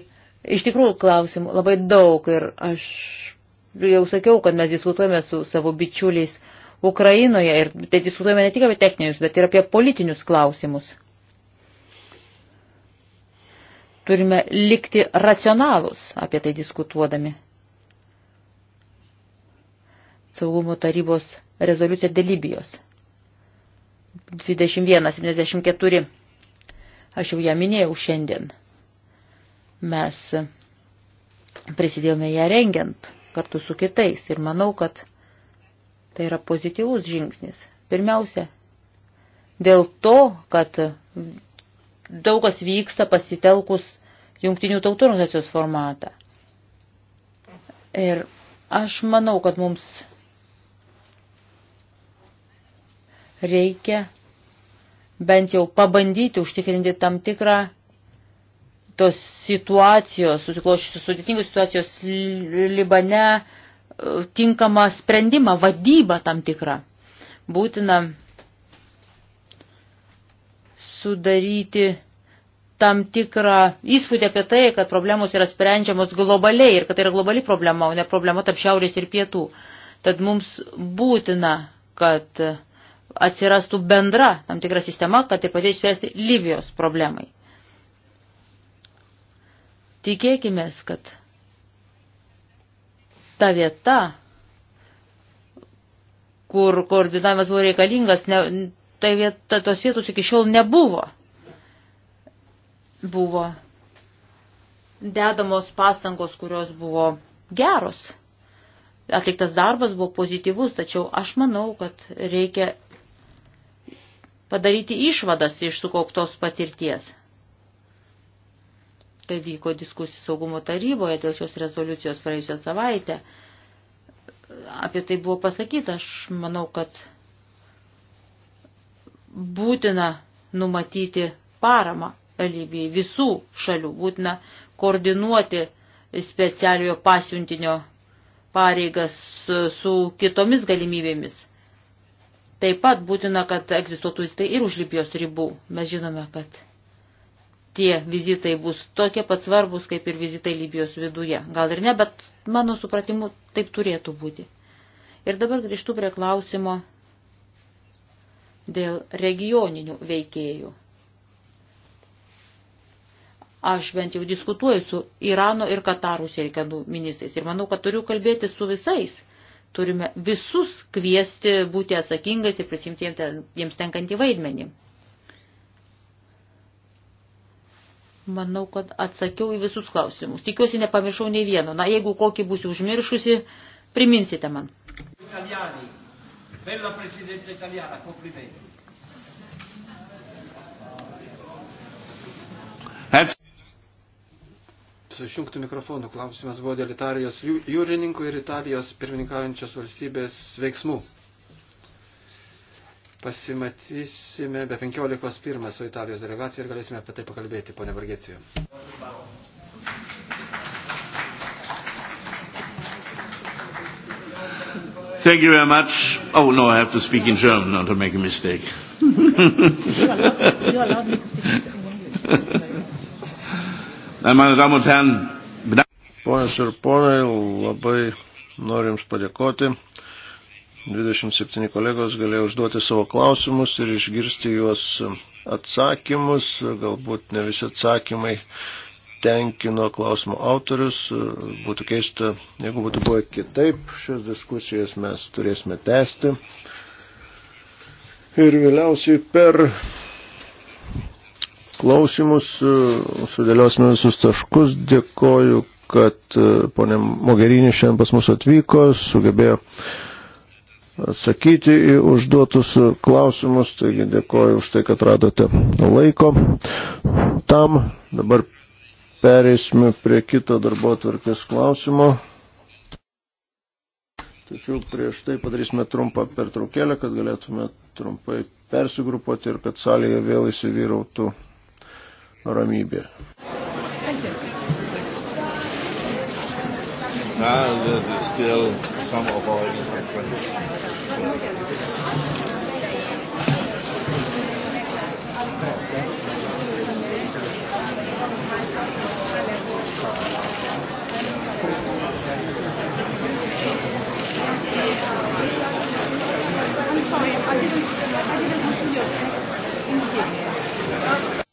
iš tikrųjų klausimų labai daug ir aš jau sakiau, kad mes diskutuojame su savo bičiuliais Ukrainoje ir tai diskutuojame ne tik apie techninius, bet ir apie politinius klausimus. Turime likti racionalus apie tai diskutuodami. Saugumo tarybos rezoliucija dėl Libijos. 2174. Aš jau ją minėjau šiandien. Mes prisidėjome ją rengiant kartu su kitais ir manau, kad tai yra pozityvus žingsnis. Pirmiausia, dėl to, kad daug kas vyksta pasitelkus jungtinių tautų organizacijos formatą. Ir aš manau, kad mums reikia bent jau pabandyti užtikrinti tam tikrą tos situacijos, susiklošusios sudėtingos situacijos Libane, e, tinkamą sprendimą, vadybą tam tikrą. Būtina sudaryti tam tikrą įspūdį apie tai, kad problemos yra sprendžiamos globaliai ir kad tai yra globali problema, o ne problema tarp šiaurės ir pietų. Tad mums būtina, kad atsirastų bendra tam tikra sistema, kad ir tai padės spręsti Libijos problemai. Tikėkime, kad ta vieta, kur koordinavimas buvo reikalingas, ne, tai vieta, tos vietos iki šiol nebuvo. Buvo dedamos pastangos, kurios buvo geros. Atliktas darbas buvo pozityvus, tačiau aš manau, kad reikia padaryti išvadas iš sukauptos patirties tai vyko diskusijų saugumo taryboje dėl šios rezoliucijos praėjusią savaitę. Apie tai buvo pasakyta, aš manau, kad būtina numatyti paramą Libijai visų šalių, būtina koordinuoti specialiojo pasiuntinio pareigas su kitomis galimybėmis. Taip pat būtina, kad egzistuotų jis tai ir už Libijos ribų. Mes žinome, kad tie vizitai bus tokie pat svarbus, kaip ir vizitai Libijos viduje. Gal ir ne, bet mano supratimu taip turėtų būti. Ir dabar grįžtu prie klausimo dėl regioninių veikėjų. Aš bent jau diskutuoju su Irano ir Katarų sirikanų ministrais ir manau, kad turiu kalbėti su visais. Turime visus kviesti būti atsakingais ir prisimti jiems tenkantį vaidmenį. Manau, kad atsakiau į visus klausimus. Tikiuosi, nepamiršau nei vieno. Na, jeigu kokį būsiu užmiršusi, priminsite man. Italiani. Bella presidenza italiana, complimenti. Su išjungtų mikrofonu klausimas buvo dėl Italijos jūrininkų ir Italijos pirmininkaujančios valstybės veiksmų pasimatysime be 15.1 su Italijos delegacija ir galėsime apie tai pakalbėti, ponė Vargėcijo. Thank you very much. Oh no, I have to speak in German, not to make a mistake. you allowed me to speak in English. Na, mano damų ten. Ponas ir ponai, labai norim padėkoti. 27 kolegos galėjo užduoti savo klausimus ir išgirsti juos atsakymus. Galbūt ne visi atsakymai tenkino klausimo autorius. Būtų keista, jeigu būtų buvę kitaip, šias diskusijas mes turėsime tęsti. Ir vėliausiai per klausimus sudėliosime visus taškus. Dėkoju, kad ponė Mogerinė šiandien pas mus atvyko, sugebėjo atsakyti į užduotus klausimus. Taigi dėkoju už tai, kad radote laiko tam. Dabar pereisime prie kito darbo atvarkės klausimo. Tačiau prieš tai padarysime trumpą pertraukėlę, kad galėtume trumpai persigrupuoti ir kad salėje vėl įsivyrautų ramybė. Now this is still some of our Eastern friends. I'm sorry, I didn't, I didn't see your text in here.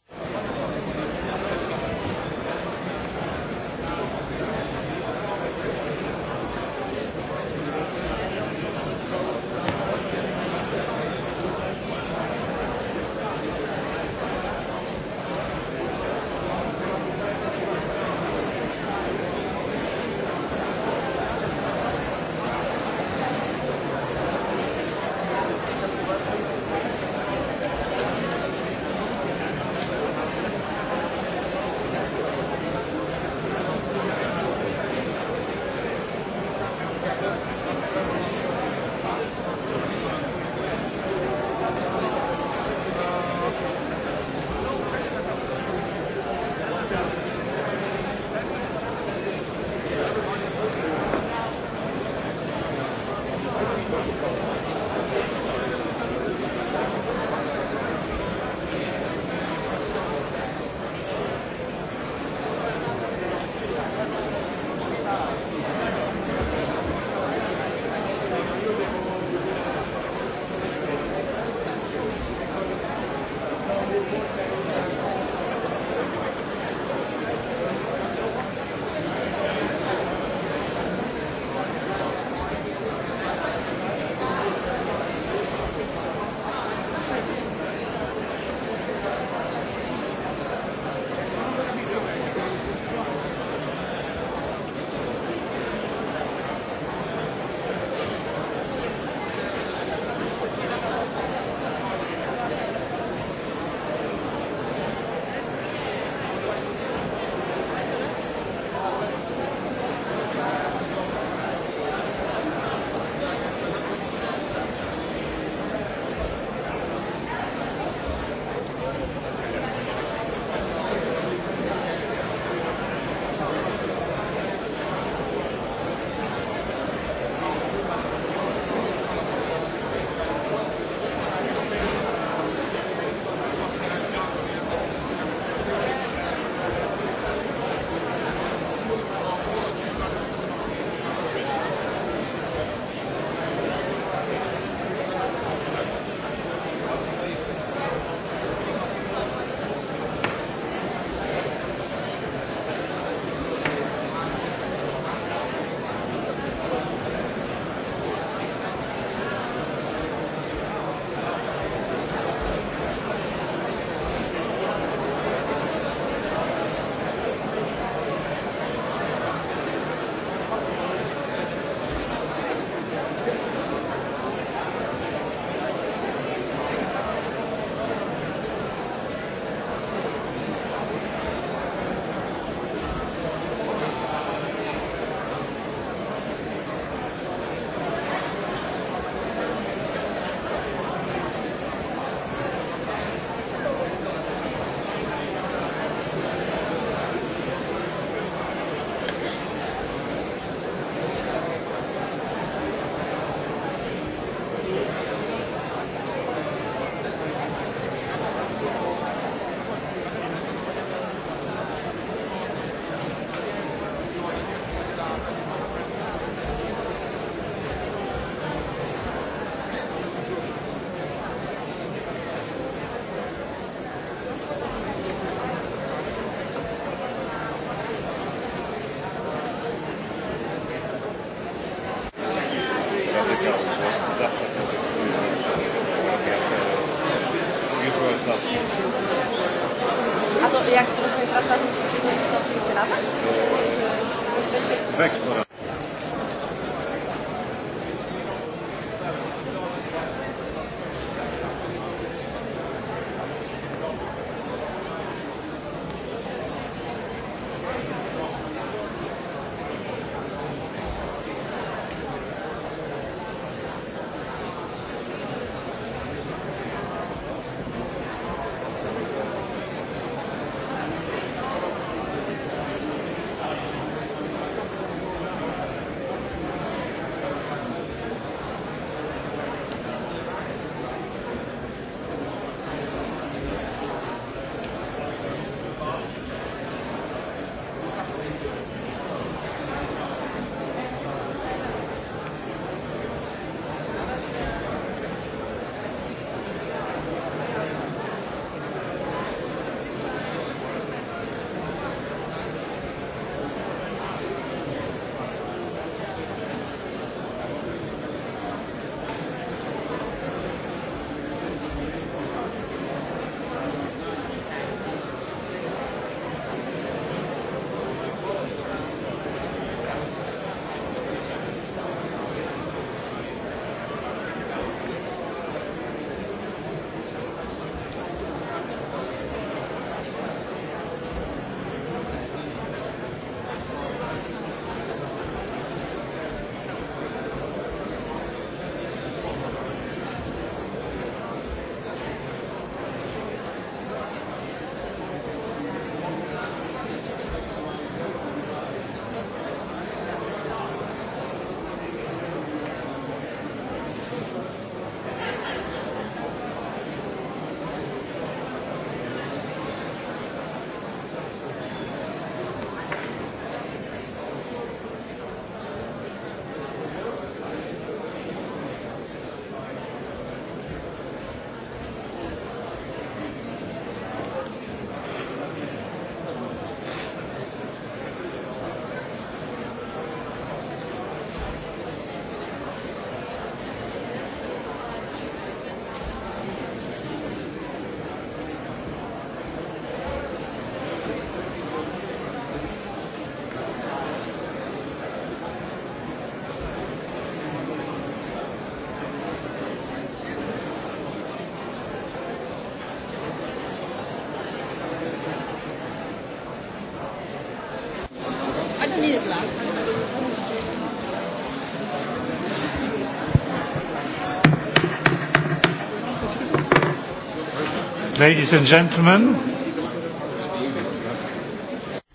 Ladies and gentlemen.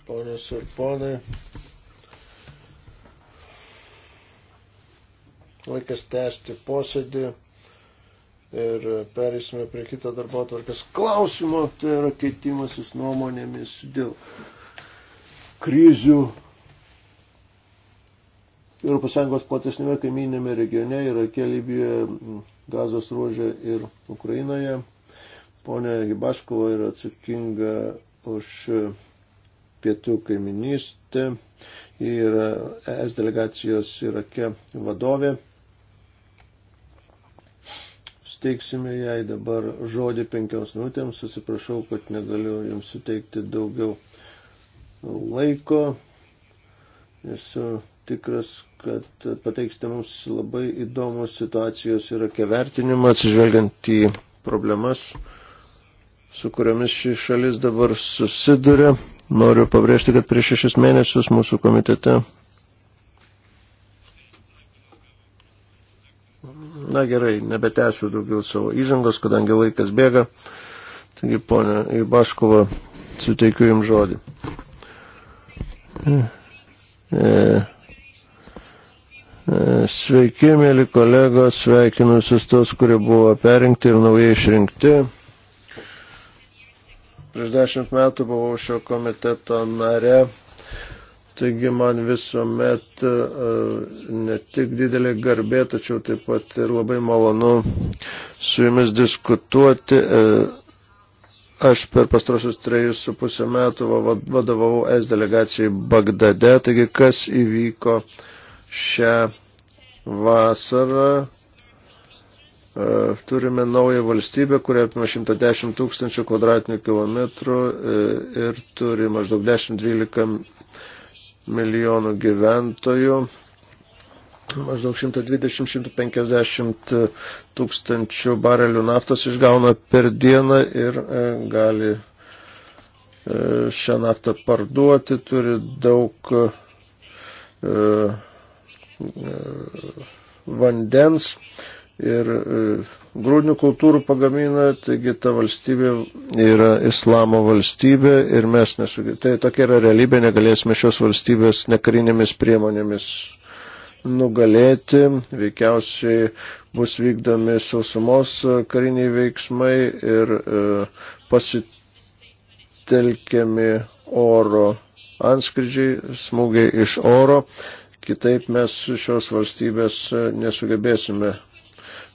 Ponios ir ponai. Laikas tęsti posėdį ir perėsime prie kito darbo tvarkės klausimo, tai yra keitimasis nuomonėmis dėl krizių ES platesnėme kaiminėme regione yra Libijoje, Gazos ruožė ir Ukrainoje. Pone Gibaškova yra atsakinga už pietų kaiminystę, ir ES delegacijos Irake vadovė. Steiksime jai dabar žodį penkioms minutėms, atsiprašau, kad negaliu jums suteikti daugiau laiko. Esu tikras, kad pateiksite mums labai įdomus situacijos ir kevertinimą, atsižvelgiant į problemas, su kuriomis ši šalis dabar susiduria. Noriu pabrėžti, kad prieš šešis mėnesius mūsų komitete. Na gerai, nebetęsiu daugiau savo įžangos, kadangi laikas bėga. Taigi, ponia Ibaškova, suteikiu jums žodį. E, e, sveiki, mėly kolegos, sveikinu visus tos, kurie buvo perinkti ir naujai išrinkti. Prieš dešimt metų buvau šio komiteto nare. Taigi man visuomet e, ne tik didelė garbė, tačiau taip pat ir labai malonu su jumis diskutuoti. E, aš per pastrosius trejus su pusę metų vadovavau S delegacijai Bagdade, taigi kas įvyko šią vasarą E, turime naują valstybę, kuria apima 110 tūkstančių kvadratinių kilometrų e, ir turi maždaug 10-12 milijonų gyventojų, maždaug 120-150 tūkstančių barelių naftos išgauna per dieną ir e, gali šią naftą parduoti, turi daug vandens ir e, grūdinių kultūrų pagamina, taigi ta valstybė yra islamo valstybė ir mes nesugebėjome. Tai tokia yra realybė, negalėsime šios valstybės nekarinėmis priemonėmis nugalėti, veikiausiai bus vykdami sausumos kariniai veiksmai ir e, pasitelkiami oro anskridžiai, smūgiai iš oro, kitaip mes šios valstybės nesugebėsime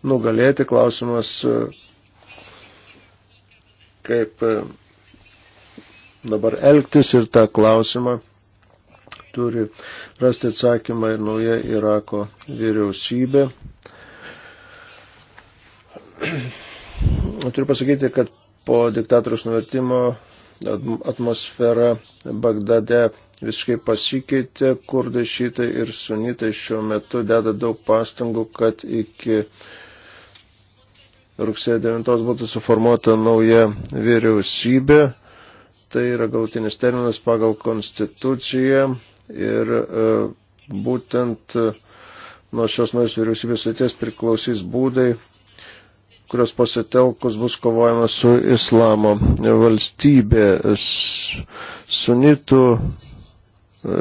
nugalėti. Klausimas, e, kaip e, dabar elgtis ir tą klausimą turi rasti atsakymą ir nauja Irako vyriausybė. Turiu pasakyti, kad po diktatoriaus nuvertimo atmosfera Bagdade visiškai pasikeitė, kurdai šitai ir sunitai šiuo metu deda daug pastangų, kad iki rugsėjo 9 būtų suformuota nauja vyriausybė. Tai yra galtinis terminas pagal konstituciją ir e, būtent e, nuo šios naujos vyriausybės ateities priklausys būdai, kurios pasitelkus bus kovojama su islamo valstybė, sunitų e,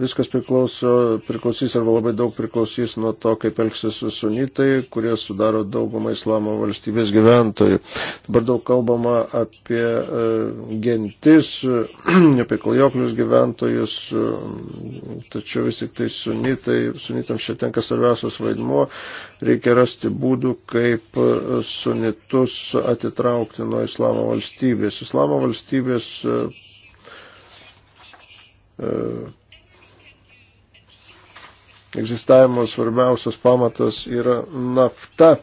Viskas priklauso, priklausys arba labai daug priklausys nuo to, kaip elgsis sunitai, kurie sudaro daugumą islamo valstybės gyventojų. Dabar daug kalbama apie e, gentis, <clears throat> apie klajoklius gyventojus, e, tačiau vis tik tai sunitai, sunitams čia tenka svarbiausias vaidmuo. Reikia rasti būdų, kaip e, sunitus atitraukti nuo islamo valstybės. Islamo valstybės egzistavimo svarbiausias pamatas yra nafta.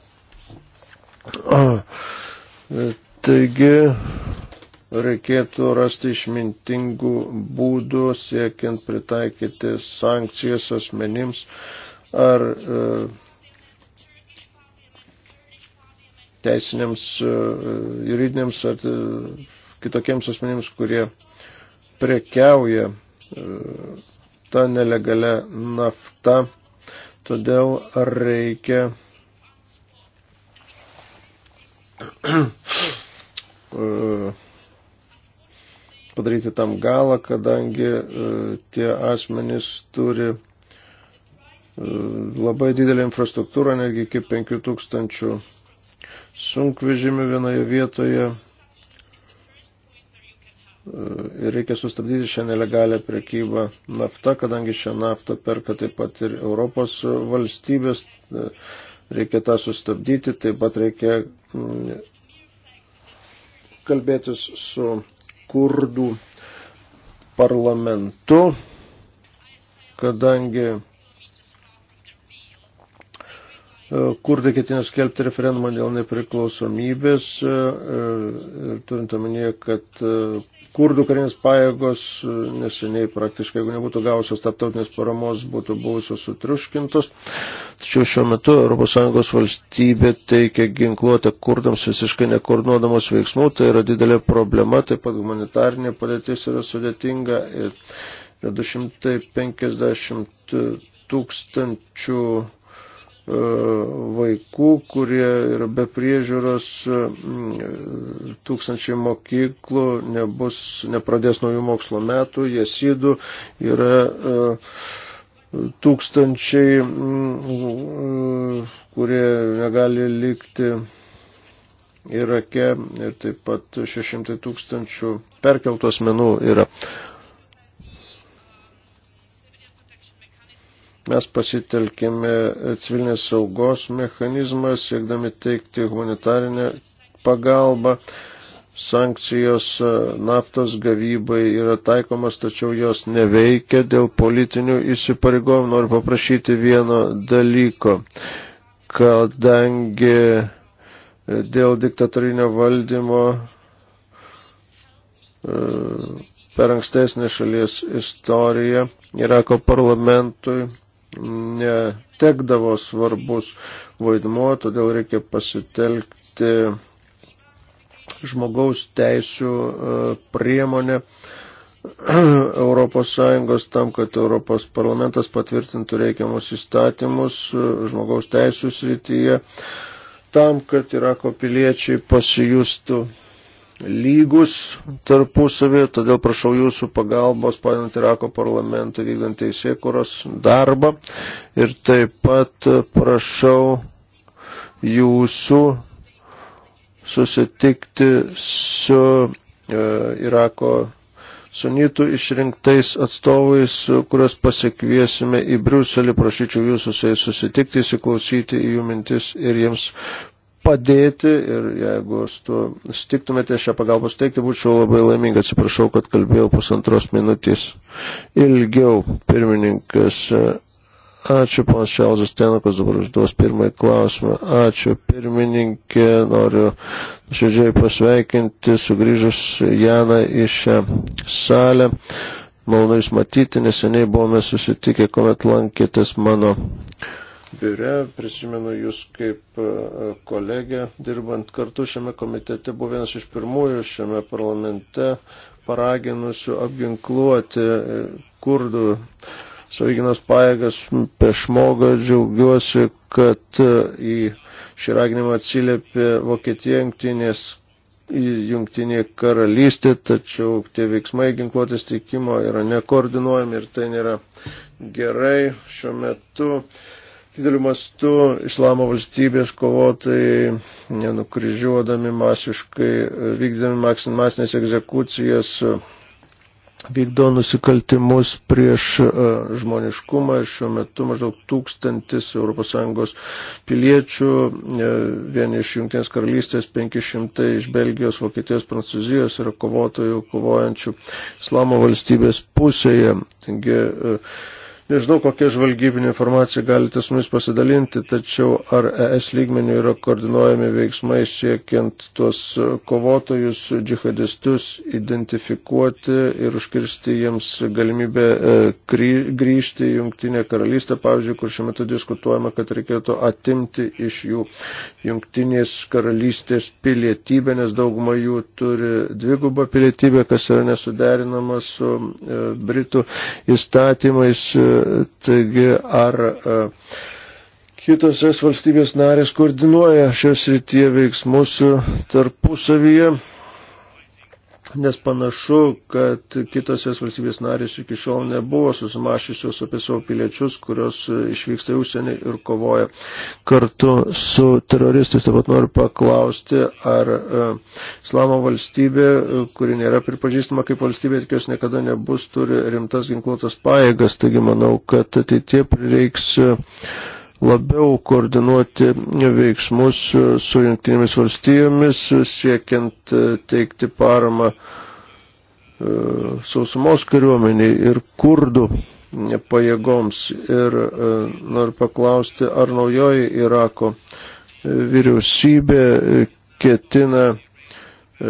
<clears throat> Taigi reikėtų rasti išmintingų būdų siekiant pritaikyti sankcijas asmenims ar e, teisiniams, e, juridiniams ar e, kitokiems asmenims, kurie prekiauja e, ta nelegalia nafta. Todėl reikia <clears throat> e, padaryti tam galą, kadangi e, tie asmenys turi e, labai didelę infrastruktūrą, netgi iki 5000 sunkvežimių vienoje vietoje ir reikia sustabdyti šią nelegalią prekybą naftą, kadangi šią naftą perka taip pat ir Europos valstybės, reikia tą sustabdyti, taip pat reikia mm, kalbėtis su kurdų parlamentu, kadangi E, kurdai ketina skelbti referendumą dėl nepriklausomybės e, e, ir turint omenyje, kad kurdų karinės pajėgos neseniai praktiškai, jeigu nebūtų gavusios tarptautinės paramos, būtų buvusios sutriuškintos. Tačiau šiuo metu ES valstybė teikia ginkluotę kurdams visiškai nekoordinuodamos veiksmų, tai yra didelė problema, taip pat humanitarinė padėtis yra sudėtinga ir 250 tūkstančių vaikų, kurie yra be priežiūros, tūkstančiai mokyklų nebus, nepradės naujų mokslo metų, jesidų yra tūkstančiai, kurie negali likti Irake ir taip pat 600 tūkstančių perkeltų asmenų yra Mes pasitelkėme civilinės saugos mechanizmą, siekdami teikti humanitarinę pagalbą. Sankcijos e, naftos gavybai yra taikomas, tačiau jos neveikia dėl politinių įsipareigojimų. Noriu paprašyti vieno dalyko, kadangi e, dėl diktatorinio valdymo e, per ankstesnę šalies istoriją Irako parlamentui netekdavo svarbus vaidmuo, todėl reikia pasitelkti žmogaus teisų e, priemonę ES tam, kad Europos parlamentas patvirtintų reikiamus įstatymus e, žmogaus teisų srityje, tam, kad Irako piliečiai pasijustų lygus tarpusavį, todėl prašau jūsų pagalbos, padant Irako parlamentui vykdant teisėkuros darbą ir taip pat prašau jūsų susitikti su e, Irako sunytų išrinktais atstovais, kuriuos pasikviesime į Briuselį, prašyčiau jūsų su jais susitikti, įsiklausyti į jų mintis ir jiems padėti ir jeigu tu stiktumėte šią pagalbą steigti, būčiau labai laimingas. Atsiprašau, kad kalbėjau pusantros minutės ilgiau pirmininkas. Ačiū, panas Šiauzas Tenakas, dabar užduos pirmąjį klausimą. Ačiū, pirmininkė, noriu širdžiai pasveikinti, sugrįžus Janą į šią salę. Malonu Jūs matyti, neseniai buvome susitikę, kuomet lankėtės mano uh, biure, prisimenu jūs kaip e, kolegę, dirbant kartu šiame komitete, buvo vienas iš pirmųjų šiame parlamente paraginusių apginkluoti e, kurdų savyginas paėgas pešmogą. Džiaugiuosi, kad e, į šį raginimą atsiliepė Vokietija jungtinės jungtinė karalystė, tačiau tie veiksmai ginkluotės teikimo yra nekoordinuojami ir tai nėra gerai. Šiuo metu dideliu mastu islamo valstybės kovotojai, nenukryžiuodami masiškai, vykdami masinės egzekucijas, vykdo nusikaltimus prieš e, žmoniškumą. Šiuo metu maždaug tūkstantis ES piliečių, e, vieni iš Junktinės karalystės, 500 iš Belgijos, Vokietijos, Prancūzijos yra kovotojų kovojančių islamo valstybės pusėje. Taigi, e, Nežinau, kokią žvalgybinę informaciją galite su mumis pasidalinti, tačiau ar ES lygmenių yra koordinuojami veiksmai siekiant tuos kovotojus, džihadistus identifikuoti ir užkirsti jiems galimybę e, grįžti į Jungtinę karalystę, pavyzdžiui, kur šiuo metu diskutuojama, kad reikėtų atimti iš jų Jungtinės karalystės pilietybę, nes dauguma jų turi dvigubą pilietybę, kas yra nesuderinama su e, Britų įstatymais e, Taigi, ar e, kitos es valstybės narės koordinuoja šios rytie veiksmus tarpusavyje? nes panašu, kad kitosios valstybės narės iki šiol nebuvo susimašysios apie savo piliečius, kurios išvyksta į užsienį ir kovoja kartu su teroristais. Taip pat noriu paklausti, ar e, islamo valstybė, e, kuri nėra pripažįstama kaip valstybė, tik jos niekada nebus, turi rimtas ginkluotas pajėgas. Taigi manau, kad ateitie prireiks. Uh, labiau koordinuoti veiksmus su jungtinėmis valstijomis, siekiant e, teikti paramą e, sausumos kariuomeniai ir kurdų pajėgoms. Ir e, noriu paklausti, ar naujoji Irako vyriausybė ketina E,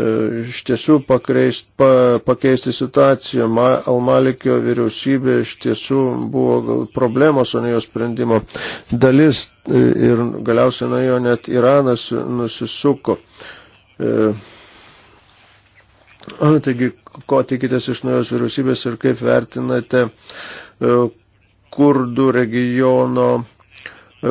iš tiesų pakreist, pa, pakeisti situaciją. Ma, Almalikio vyriausybė iš tiesų buvo problemos, o ne jo sprendimo dalis e, ir galiausiai nuo jo net Iranas nusisuko. E, taigi, ko tikitės iš naujos vyriausybės ir kaip vertinate e, kurdų regiono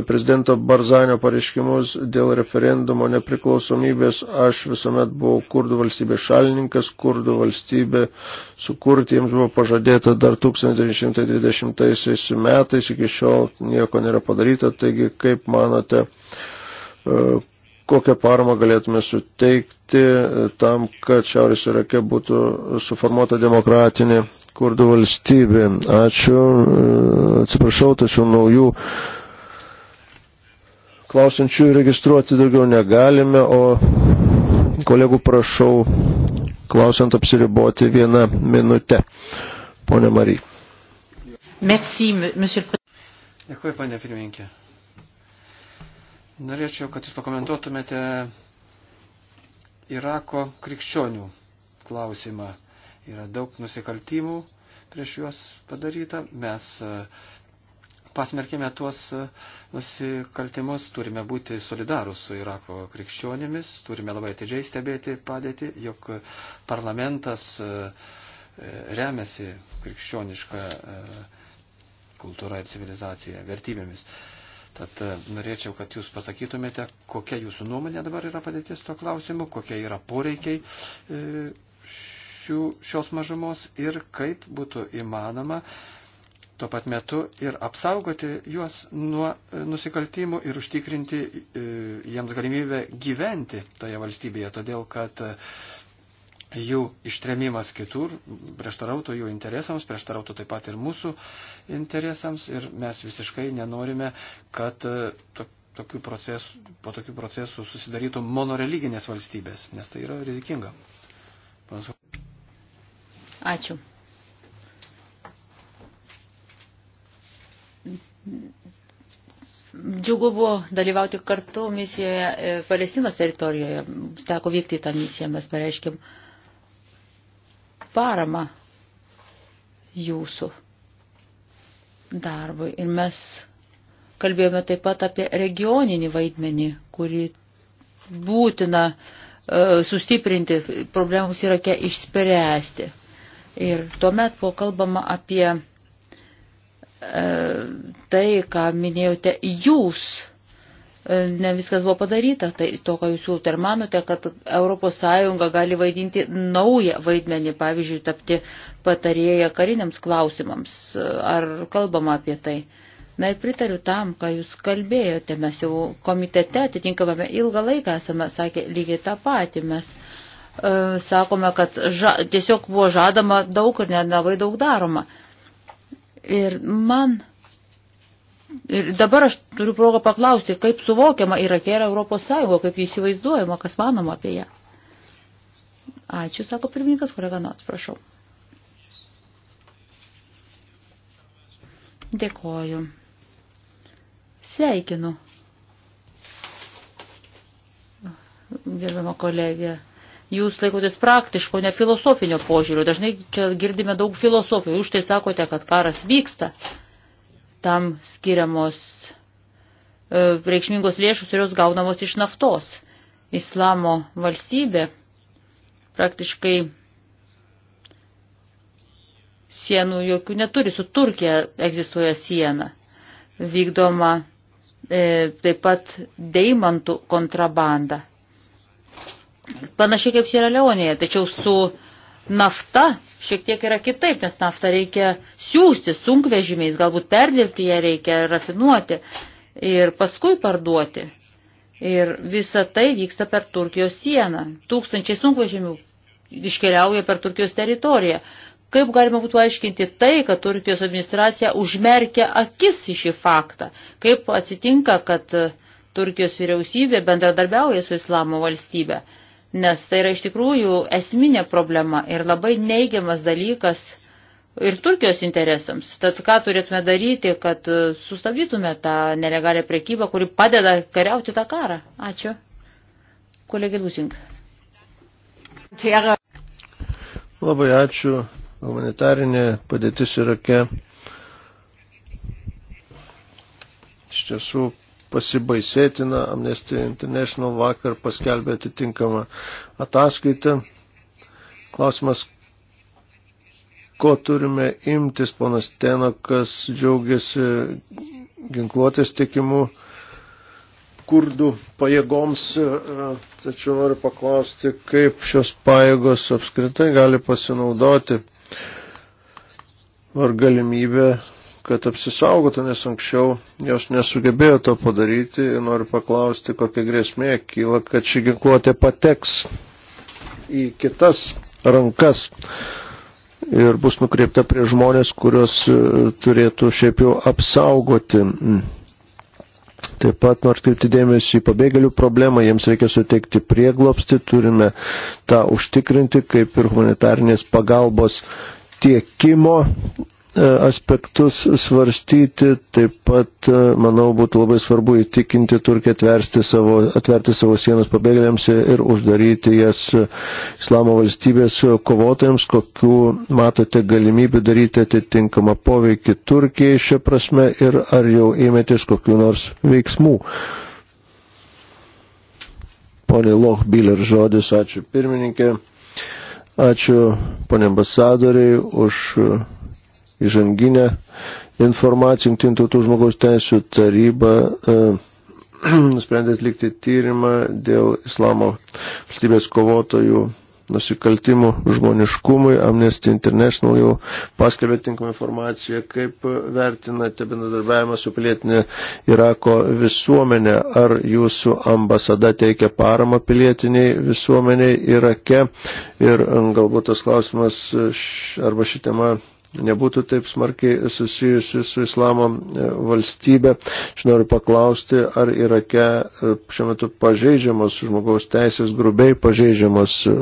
prezidento Barzanio pareiškimus dėl referendumo nepriklausomybės, aš visuomet buvau kurdų valstybės šalininkas, kurdų valstybė sukurti jiems buvo pažadėta dar 1920 metais, iki šiol nieko nėra padaryta, taigi kaip manote, e, kokią paramą galėtume suteikti e, tam, kad Šiaurės Irake būtų suformuota demokratinė kurdų valstybė. Ačiū, e, atsiprašau, tačiau naujų klausančių registruoti daugiau negalime, o kolegų prašau klausant apsiriboti vieną minutę. Pone Mary. Merci, monsieur. Dėkui, pane pirmininkė. Norėčiau, kad jūs pakomentuotumėte Irako krikščionių klausimą. Yra daug nusikaltimų prieš juos padaryta. Mes uh, pasmerkėme tuos e, nusikaltimus, turime būti solidarūs su Irako krikščionimis, turime labai atidžiai stebėti padėtį, jog parlamentas e, e, remiasi krikščionišką kultūrą ir civilizaciją, vertybėmis. Tad norėčiau, kad jūs pasakytumėte, kokia jūsų nuomonė dabar yra padėtis tuo klausimu, kokie yra poreikiai šių, šios mažumos ir kaip būtų įmanoma tuo pat metu ir apsaugoti juos nuo e, nusikaltimų ir užtikrinti e, jiems galimybę gyventi toje valstybėje, todėl kad e, jų ištremimas kitur prieštarautų jų interesams, prieštarautų taip pat ir mūsų interesams ir mes visiškai nenorime, kad to, tokių procesų, po tokių procesų susidarytų monoreliginės valstybės, nes tai yra rizikinga. Ačiū. Džiugu buvo dalyvauti kartu misijoje e, Palestinos teritorijoje. Teko vykti į tą misiją, mes pareiškėm paramą jūsų darbui. Ir mes kalbėjome taip pat apie regioninį vaidmenį, kurį būtina e, sustiprinti, problemus yra išspręsti. Ir tuomet buvo kalbama apie E, tai, ką minėjote jūs, e, ne viskas buvo padaryta, tai to, ką jūs siūlote ir manote, kad ES gali vaidinti naują vaidmenį, pavyzdžiui, tapti patarėję kariniams klausimams, e, ar kalbama apie tai. Na ir pritariu tam, ką jūs kalbėjote, mes jau komitete atitinkamame ilgą laiką esame, sakė, lygiai tą patį, mes uh, sakome, kad ža, tiesiog buvo žadama daug ir net labai daug daroma. Uh, Ir man, ir dabar aš turiu progą paklausti, kaip suvokiama Irake yra Europos Sąjungo, kaip jis įvaizduojama, kas manoma apie ją. Ačiū, sako pirmininkas, kolega Not, prašau. Dėkoju. Sveikinu. Gerbiama kolegė Jūs laikotės praktiško, ne filosofinio požiūrio. Dažnai čia girdime daug filosofijų. Už tai sakote, kad karas vyksta. Tam skiriamos e, reikšmingos lėšus ir jos gaunamos iš naftos. Islamo valstybė praktiškai sienų jokių neturi. Su Turkija egzistuoja siena. Vykdoma e, taip pat deimantų kontrabanda panašiai kaip Sierra Leonėje, tačiau su nafta šiek tiek yra kitaip, nes naftą reikia siūsti sunkvežimiais, galbūt perdirbti ją reikia, rafinuoti ir paskui parduoti. Ir visa tai vyksta per Turkijos sieną. Tūkstančiai sunkvežimių iškeliauja per Turkijos teritoriją. Kaip galima būtų aiškinti tai, kad Turkijos administracija užmerkia akis į šį faktą? Kaip atsitinka, kad Turkijos vyriausybė bendradarbiauja su Islamo valstybe? nes tai yra iš tikrųjų esminė problema ir labai neigiamas dalykas ir Turkijos interesams. Tad ką turėtume daryti, kad sustabdytume tą nelegalę prekybą, kuri padeda kariauti tą karą? Ačiū. Kolegė Lusink. Labai ačiū. Humanitarinė padėtis Irake iš tiesų pasibaisėtina. Amnesty International vakar paskelbė atitinkamą ataskaitę. Klausimas, ko turime imtis, ponas Tenokas džiaugiasi ginkluotės tikimu kurdų pajėgoms, tačiau noriu paklausti, kaip šios pajėgos apskritai gali pasinaudoti ar galimybę kad apsisaugotų, nes anksčiau jos nesugebėjo to padaryti ir noriu paklausti, kokia grėsmė kyla, kad ši ginkluotė pateks į kitas rankas ir bus nukreipta prie žmonės, kurios e, turėtų šiaip jau apsaugoti. Taip pat noriu atkreipti dėmesį į pabėgėlių problemą, jiems reikia suteikti prieglopsti, turime tą užtikrinti, kaip ir humanitarnės pagalbos tiekimo E, aspektus svarstyti, taip pat, e, manau, būtų labai svarbu įtikinti Turkiją atverti savo, atverti savo sienas pabėgėliams ir uždaryti jas islamo valstybės kovotojams, kokiu matote galimybių daryti atitinkamą poveikį Turkijai šią prasme ir ar jau ėmėtės kokiu nors veiksmų. Pone Lochbiller žodis, ačiū pirmininkė, ačiū pone ambasadoriai už įžanginę informaciją. Jungtinių tautų žmogaus teisų taryba e, <clears throat> nusprendė atlikti tyrimą dėl islamo valstybės kovotojų nusikaltimų žmoniškumui. Amnesty International jau paskelbė tinkamą informaciją, kaip vertinate bendradarbiavimą su pilietinė Irako visuomenė. Ar jūsų ambasada teikia paramą pilietiniai visuomeniai Irake? Ir galbūt tas klausimas arba ši tema nebūtų taip smarkiai susijusi su islamo e, valstybė. Aš noriu paklausti, ar Irake e, šiuo metu pažeidžiamos žmogaus teisės, grubiai pažeidžiamos e,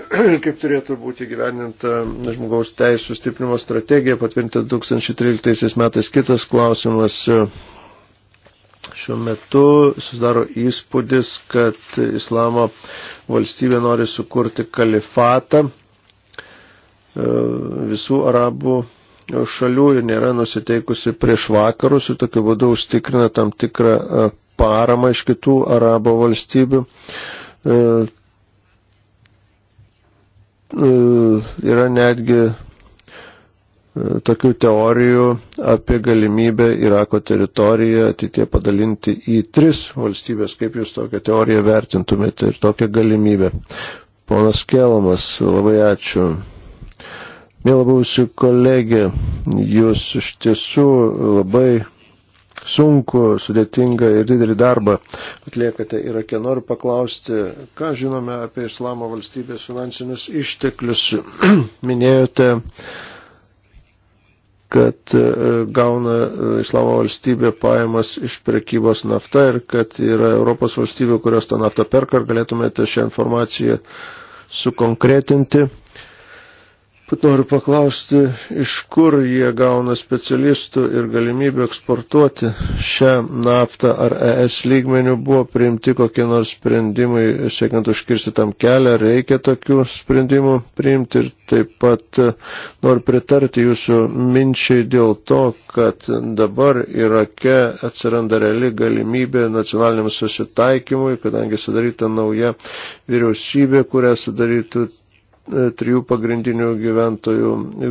<clears throat> kaip turėtų būti gyveninta žmogaus teisų stiprinimo strategija patvirtinta 2013 metais. Kitas klausimas. Šiuo metu susidaro įspūdis, kad islamo valstybė nori sukurti kalifatą E, visų arabų šalių ir nėra nusiteikusi prieš vakarus ir tokiu būdu užtikrina tam tikrą e, paramą iš kitų arabo valstybių. E, yra netgi tokių teorijų apie galimybę Irako teritoriją ateitie padalinti į tris valstybės. Kaip jūs tokią teoriją vertintumėte ir tokią galimybę? Ponas Kelmas, labai ačiū. Mėla buvusi kolegė, jūs iš tiesų labai sunku, sudėtingą ir didelį darbą atliekate Irake. Noriu paklausti, ką žinome apie Islamo valstybės finansinius išteklius. <clears throat> Minėjote, kad e, gauna e, Islamo valstybė pajamas iš prekybos nafta ir kad yra Europos valstybių, kurios tą naftą perka, ar galėtumėte šią informaciją sukonkretinti. Pat noriu paklausti, iš kur jie gauna specialistų ir galimybę eksportuoti šią naftą, ar ES lygmenių buvo priimti kokie nors sprendimai, siekiant užkirsti tam kelią, reikia tokių sprendimų priimti ir taip pat e, noriu pritarti jūsų minčiai dėl to, kad dabar Irake atsiranda reali galimybė nacionaliniam susitaikymui, kadangi sudaryta nauja vyriausybė, kurią sudarytų E, trijų pagrindinių gyventojų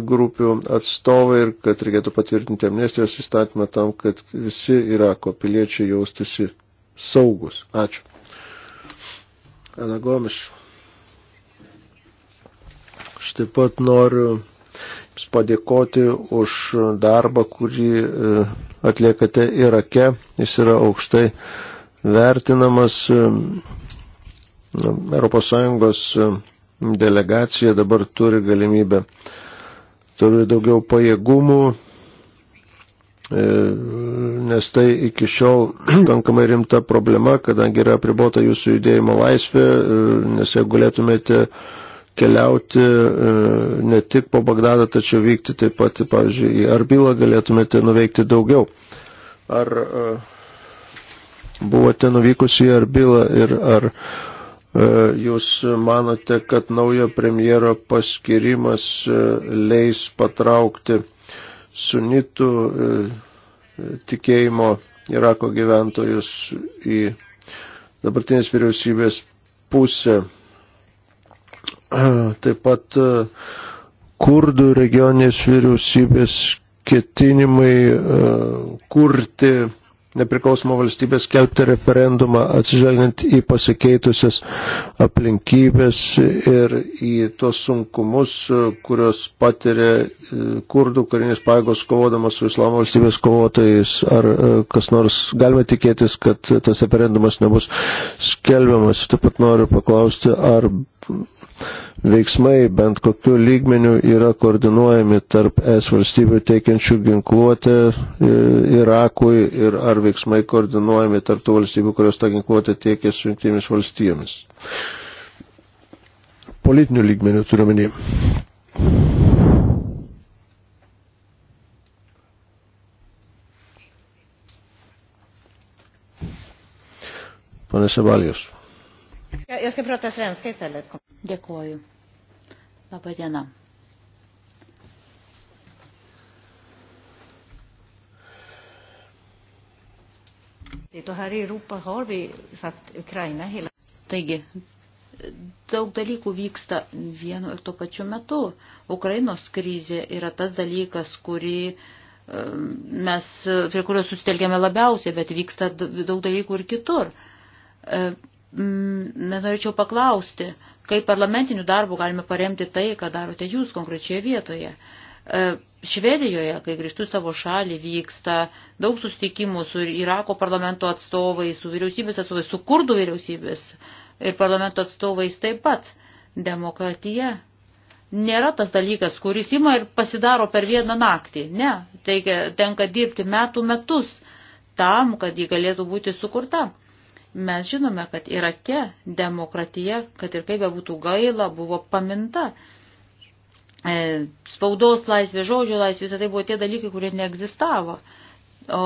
grupių atstovai ir kad reikėtų patvirtinti amnestijos įstatymą tam, kad visi Irako piliečiai jaustųsi saugus. Ačiū. Ana Gomiš. Aš taip pat noriu Jums padėkoti už darbą, kurį e, atliekate Irake. Jis yra aukštai vertinamas. E, Europos Sąjungos delegacija dabar turi galimybę, turi daugiau pajėgumų, e, nes tai iki šiol <clears throat> kankamai rimta problema, kadangi yra apribota jūsų judėjimo laisvė, e, nes jeigu galėtumėte keliauti e, ne tik po Bagdadą, tačiau vykti taip pat, pavyzdžiui, į Arbilą galėtumėte nuveikti daugiau. Ar buvote nuvykusi į Arbilą ir ar E, jūs manote, kad naujo premjero paskirimas e, leis patraukti sunitų e, tikėjimo Irako gyventojus į dabartinės vyriausybės pusę. Taip pat kurdų regionės vyriausybės ketinimai kurti nepriklausomą valstybę skelbti referendumą atsižvelgiant į pasikeitusias aplinkybės ir į tos sunkumus, kurios patiria e, kurdų karinės paėgos kovodamas su islamo valstybės kovotojais, ar e, kas nors galima tikėtis, kad tas referendumas nebus skelbiamas. Taip pat noriu paklausti, ar veiksmai bent kokiu lygmeniu yra koordinuojami tarp es valstybių teikiančių ginkluotę e, Irakui ir ar veiksmai koordinuojami tarp tų valstybių, kurios tą ginkluotę tiekia su jungtinėmis valstybėmis. Politinių lygmenių turiu menį. Pane Sebalijos. Dėkuoju. Labadiena. Taigi, daug dalykų vyksta vienu ir tuo pačiu metu. Ukrainos krizė yra tas dalykas, kurį mes, prie kurio susitelkėme labiausiai, bet vyksta daug dalykų ir kitur. E, Mm, norėčiau paklausti, kaip parlamentiniu darbu galime paremti tai, ką darote jūs konkrečioje vietoje. E, Švedijoje, kai grįžtu savo šalį, vyksta daug sustikimų su Irako parlamento atstovais, su vyriausybės atstovais, su kurdų vyriausybės ir parlamento atstovais taip pat. Demokratija nėra tas dalykas, kuris ima ir pasidaro per vieną naktį. Ne, teikia, tenka dirbti metų metus tam, kad ji galėtų būti sukurta. Mes žinome, kad Irake demokratija, kad ir kaip bebūtų gaila, buvo paminta. E, spaudos laisvė, žodžio laisvė, visą tai buvo tie dalykai, kurie neegzistavo. O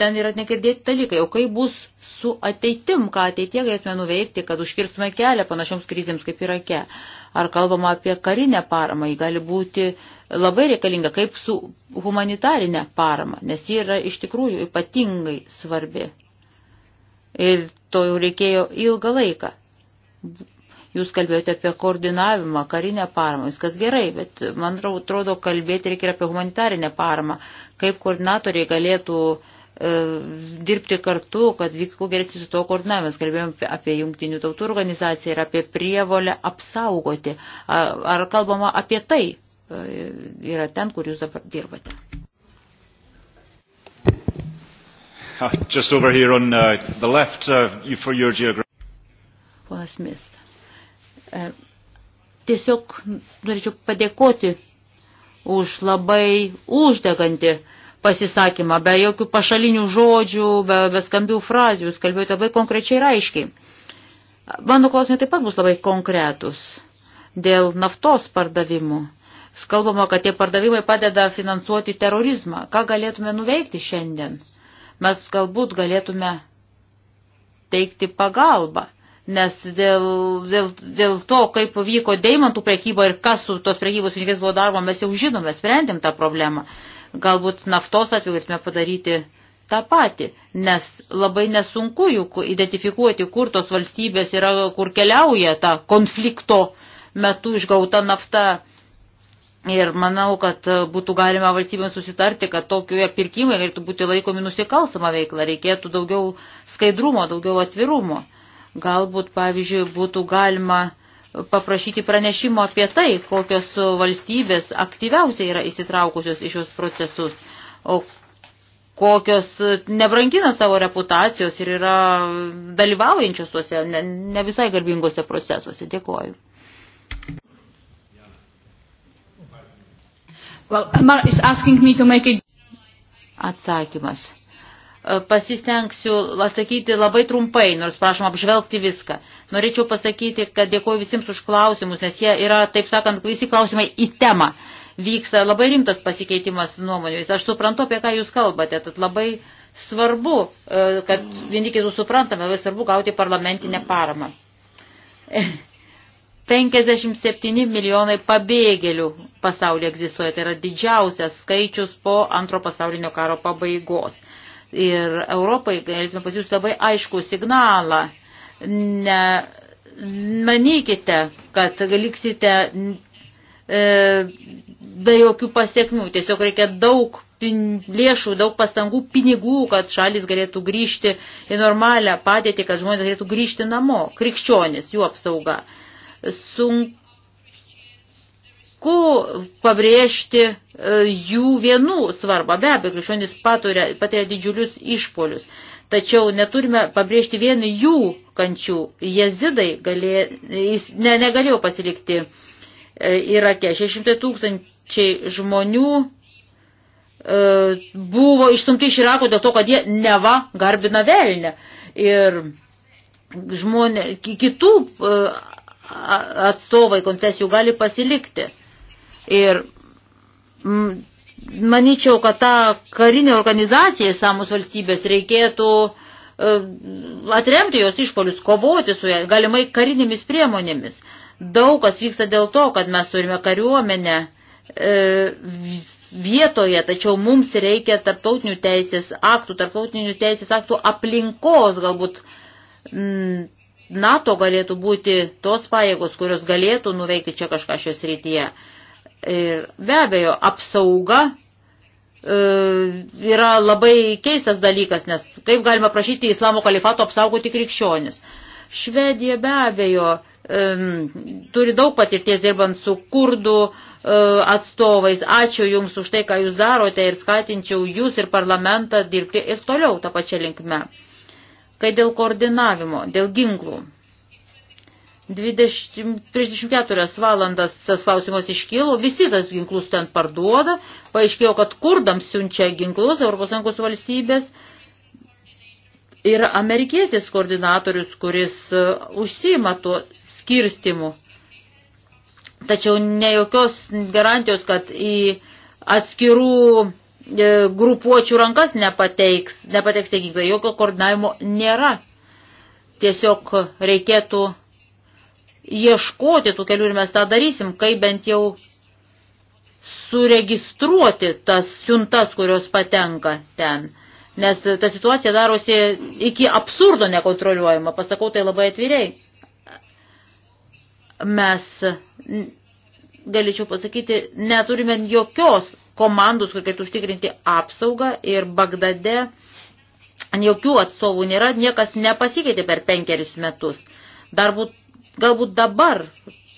ten yra nekirdėti dalykai. O kaip bus su ateitim, ką ateitie galėtume nuveikti, kad užkirstume kelią panašioms krizėms kaip Irake? Ar kalbama apie karinę paramą, ji gali būti labai reikalinga, kaip su humanitarinė parama, nes ji yra iš tikrųjų ypatingai svarbi ir to jau reikėjo ilgą laiką. Jūs kalbėjote apie koordinavimą, karinę paramą, viskas gerai, bet man atrodo kalbėti reikia ir apie humanitarinę paramą, kaip koordinatoriai galėtų e, dirbti kartu, kad vyktų geresnis su to koordinavimas. Kalbėjom apie, apie jungtinių tautų organizaciją ir apie prievolę apsaugoti. Ar, ar kalbama apie tai e, yra ten, kur jūs dabar dirbate? Uh, just over here on uh, the left uh, for your geography. Ponas Smith. Uh, tiesiog norėčiau padėkoti už labai uždegantį pasisakymą, be jokių pašalinių žodžių, be, be skambių frazių, jūs kalbėjote labai konkrečiai ir aiškiai. Mano klausimai taip pat bus labai konkretus dėl naftos pardavimų. Skalbama, kad tie pardavimai padeda finansuoti terorizmą. Ką galėtume nuveikti šiandien? mes galbūt galėtume teikti pagalbą. Nes dėl, dėl, dėl to, kaip vyko deimantų prekyba ir kas su tos prekybos pinigais buvo daroma, mes jau žinome, sprendėm tą problemą. Galbūt naftos atveju galėtume padaryti tą patį, nes labai nesunku juk identifikuoti, kur tos valstybės yra, kur keliauja ta konflikto metu išgauta nafta Ir manau, kad e, būtų galima valstybėms susitarti, kad tokioje pirkimai galėtų būti laikomi nusikalstama veikla, reikėtų daugiau skaidrumo, daugiau atvirumo. Galbūt, pavyzdžiui, būtų galima paprašyti pranešimo apie tai, kokios valstybės aktyviausiai yra įsitraukusios į šios procesus, o kokios nebrangina savo reputacijos ir yra dalyvaujančios tuose ne, ne visai garbingose procesuose. Dėkuoju. Well, Amar is asking me to make it. Atsakymas. E, pasistengsiu atsakyti labai trumpai, nors prašom apžvelgti viską. Norėčiau pasakyti, kad dėkuoju visiems už klausimus, nes jie yra, taip sakant, visi klausimai į temą. Vyksta labai rimtas pasikeitimas nuomonėmis. Aš suprantu, apie ką jūs kalbate, tad labai svarbu, e, kad vieni kitų suprantame, labai svarbu gauti parlamentinę paramą. 57 milijonai pabėgėlių pasaulyje egzistuoja, tai yra didžiausias skaičius po antro pasaulinio karo pabaigos. Ir Europai galėtume pasiūsti labai aišku signalą. Ne, manykite, kad liksite e, be jokių pasiekmių. Tiesiog reikia daug lėšų, daug pastangų, pinigų, kad šalis galėtų grįžti į normalią padėtį, kad žmonės galėtų grįžti namo. Krikščionis, jų apsauga. E, sunku pabrėžti e, jų vienų svarbą. Be abejo, krikščionys patiria didžiulius išpolius. Tačiau neturime pabrėžti vien jų kančių. Jezidai galė, jis ne, negalėjo pasilikti e, Irake. 600 tūkstančiai žmonių e, buvo išstumti iš Irako dėl to, kad jie neva garbina velnę. Ir žmonė, kitų atstovai konfesijų gali pasilikti. Ir manyčiau, kad tą karinę organizaciją samus valstybės reikėtų e, atremti jos išpolius, kovoti su ją, galimai karinėmis priemonėmis. Daug kas vyksta dėl to, kad mes turime kariuomenę e, vietoje, tačiau mums reikia tarptautinių teisės aktų, tarptautinių teisės aktų aplinkos galbūt m, NATO galėtų būti tos pajėgos, kurios galėtų nuveikti čia kažką šios rytyje. Ir be abejo, apsauga e, yra labai keistas dalykas, nes kaip galima prašyti islamo kalifato apsaugoti krikščionis. Švedija be abejo e, turi daug patirties dirbant su kurdų e, atstovais. Ačiū Jums už tai, ką Jūs darote ir skatinčiau Jūs ir parlamentą dirbti ir toliau tą pačią linkmę. E, Kai dėl koordinavimo, dėl ginklų. 20, prieš 24 valandas tas klausimas iškilo, visi tas ginklus ten parduoda, paaiškėjo, kad kurdams siunčia ginklus ES valstybės ir amerikietis koordinatorius, kuris e, užsima tuo skirstimu. Tačiau ne jokios garantijos, kad į atskirų E, grupuočių rankas nepateiks, nepateiks tie ginklai, jokio koordinavimo nėra. Tiesiog reikėtų ieškoti tų kelių ir mes tą darysim, kaip bent jau suregistruoti tas siuntas, kurios patenka ten. Nes ta situacija darosi iki absurdo nekontroliuojama, pasakau tai labai atviriai. Mes, galėčiau pasakyti, neturime jokios komandų, kad užtikrinti apsaugą ir Bagdade jokių atstovų nėra, niekas nepasikeitė per penkerius metus. Darbut, galbūt dabar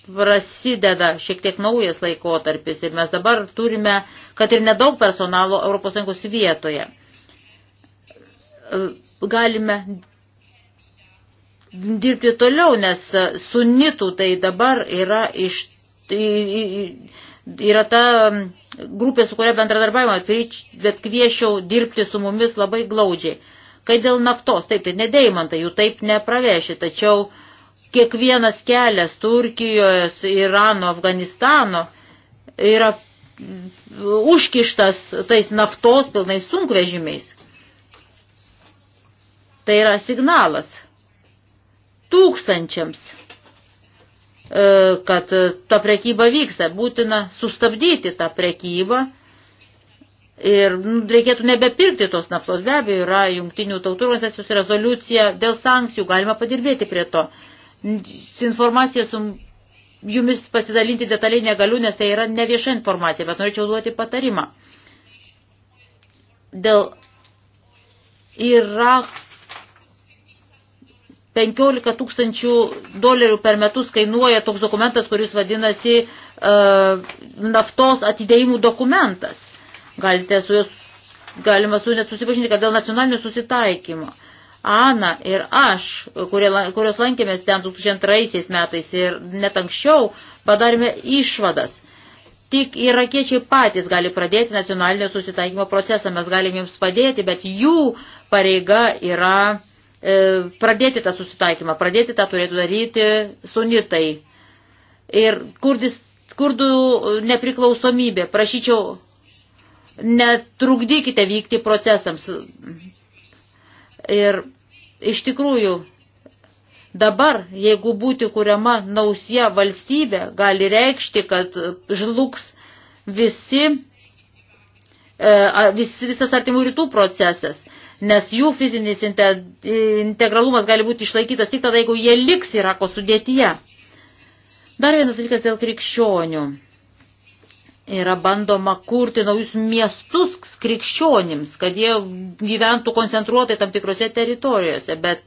prasideda šiek tiek naujas laikotarpis ir mes dabar turime, kad ir nedaug personalo ES vietoje. E, galime dirbti toliau, nes sunitų tai dabar yra iš, yra ta grupė, su kuria bendradarbiavimą, bet kviešiau dirbti su mumis labai glaudžiai. Kai dėl naftos, taip, tai nedeimantai, jų taip nepraveši, tačiau kiekvienas kelias Turkijoje, Irano, Afganistano yra užkištas tais naftos pilnais sunkvežimiais. Tai yra signalas tūkstančiams E, kad ta prekyba vyksta. Būtina sustabdyti tą prekybą ir nu, reikėtų nebepirkti tos naftos. Be abejo, yra jungtinių tautų organizacijos rezoliucija dėl sankcijų, galima padirbėti prie to. Informacija su jumis pasidalinti detaliai negaliu, nes tai yra nevieša informacija, bet norėčiau duoti patarimą. Dėl Irako 15 tūkstančių dolerių per metus kainuoja toks dokumentas, kuris vadinasi e, naftos atidėjimų dokumentas. Galite su jos, galima su net susipažinti, kad dėl nacionalinio susitaikymo. Ana ir aš, kurie, kurios lankėmės ten 2002 metais ir net anksčiau, padarėme išvadas. Tik irakiečiai patys gali pradėti nacionalinio susitaikymo procesą, mes galim jiems padėti, bet jų pareiga yra E, pradėti tą susitaikymą, pradėti tą turėtų daryti sunitai. Ir kurdis, kurdų nepriklausomybė, prašyčiau, netrukdykite vykti procesams. Ir iš tikrųjų, dabar, jeigu būti kuriama nausia valstybė, gali reikšti, kad žlugs visi, e, vis, visas artimų rytų procesas nes jų fizinis integralumas gali būti išlaikytas tik tada, jeigu jie liks Irako sudėtyje. Dar vienas dalykas dėl krikščionių. Yra bandoma kurti naujus miestus krikščionims, kad jie gyventų koncentruotai tam tikrose teritorijose, bet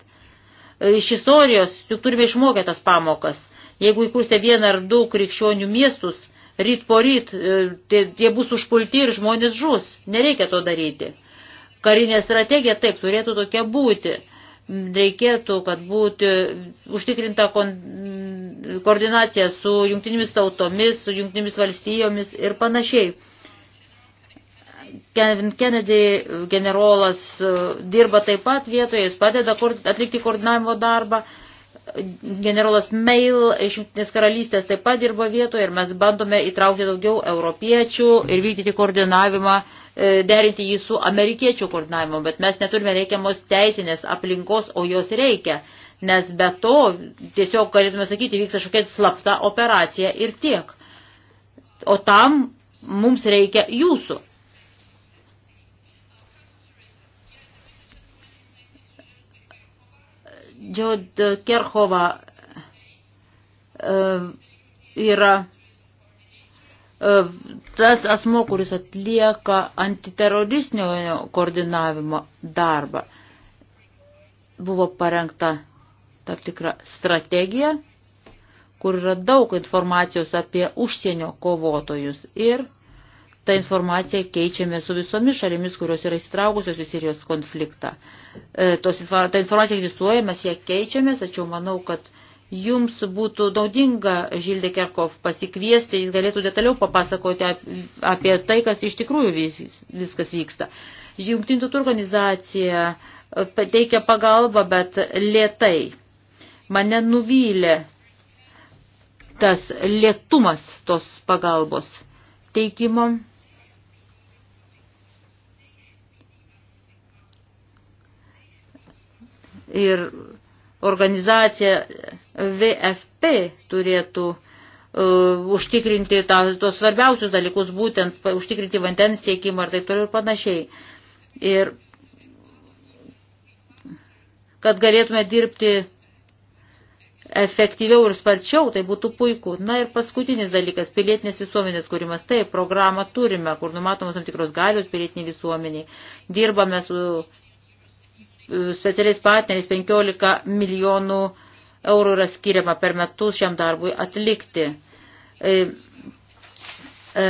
iš istorijos juk turime išmokę tas pamokas. Jeigu įkursite vieną ar du krikščionių miestus, ryt po ryt, e, tie, tie bus užpulti ir žmonės žus. Nereikia to daryti. Karinė strategija taip turėtų tokia būti. Reikėtų, kad būtų užtikrinta kon, koordinacija su jungtinėmis tautomis, su jungtinėmis valstijomis ir panašiai. Kennedy generolas e, dirba taip pat vietoje, jis padeda atlikti koordinavimo darbą. Generolas Mail iš Junktinės karalystės taip pat dirba vietoje ir mes bandome įtraukti daugiau europiečių ir vykdyti koordinavimą uh, E, derinti jį su amerikiečių koordinavimu, bet mes neturime reikiamos teisinės aplinkos, o jos reikia, nes be to tiesiog, galėtume sakyti, vyksta kažkokia slapta operacija ir tiek. O tam mums reikia jūsų. Džod Kerhova e, yra E, tas asmo, kuris atlieka antiteroristinio koordinavimo darbą. Buvo parengta tam tikra strategija, kur yra daug informacijos apie užsienio kovotojus ir tą informaciją keičiame su visomis šalimis, kurios yra įstraugusios į Sirijos konfliktą. E, tos, ta informacija egzistuoja, mes ją keičiamės, tačiau manau, kad jums būtų naudinga Žildė Kerkov pasikviesti, jis galėtų detaliau papasakoti apie tai, kas iš tikrųjų vis, viskas vyksta. Jungtinių tautų organizacija e, teikia pagalbą, bet lietai. Mane nuvylė tas lietumas tos pagalbos teikimo. Ir organizacija VFP turėtų uh, užtikrinti tą, tos svarbiausius dalykus, būtent užtikrinti vandens tiekimą ir taip toliau ir panašiai. Ir kad galėtume dirbti efektyviau ir sparčiau, tai būtų puiku. Na ir paskutinis dalykas – pilietinės visuomenės kūrimas. Taip, programą turime, kur numatomos tam tikros galios pilietiniai visuomeniai. Dirbame su specialiais partneriais 15 milijonų eurų yra skiriama per metus šiam darbui atlikti. E, e,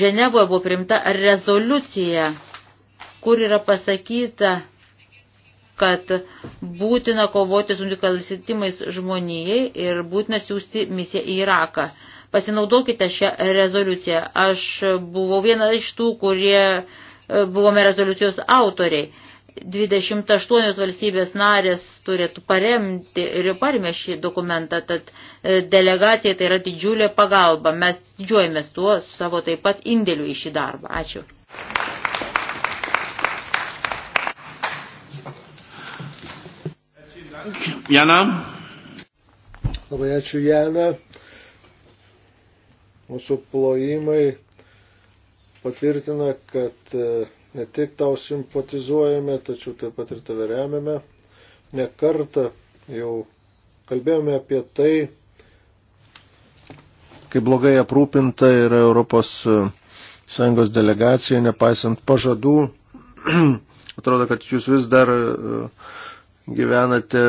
Ženevoje buvo priimta rezoliucija, kur yra pasakyta, kad būtina kovoti su nusikaltimais žmonijai ir būtina siūsti misiją į Iraką. Pasinaudokite šią rezoliuciją. Aš buvau viena iš tų, kurie e, buvome rezoliucijos autoriai. 28 valstybės narės turėtų paremti ir paremė šį dokumentą, tad e, delegacija tai yra didžiulė pagalba. Mes didžiuojamės tuo savo taip pat indėliu į šį darbą. Ačiū. Jana. Labai ačiū Jana. Mūsų plojimai patvirtina, kad uh, ne tik tau simpatizuojame, tačiau taip pat ir tave remiame. Ne kartą jau kalbėjome apie tai, kaip blogai aprūpinta yra Europos e, Sąjungos delegacija, nepaisant pažadų. <clears throat> Atrodo, kad jūs vis dar e, gyvenate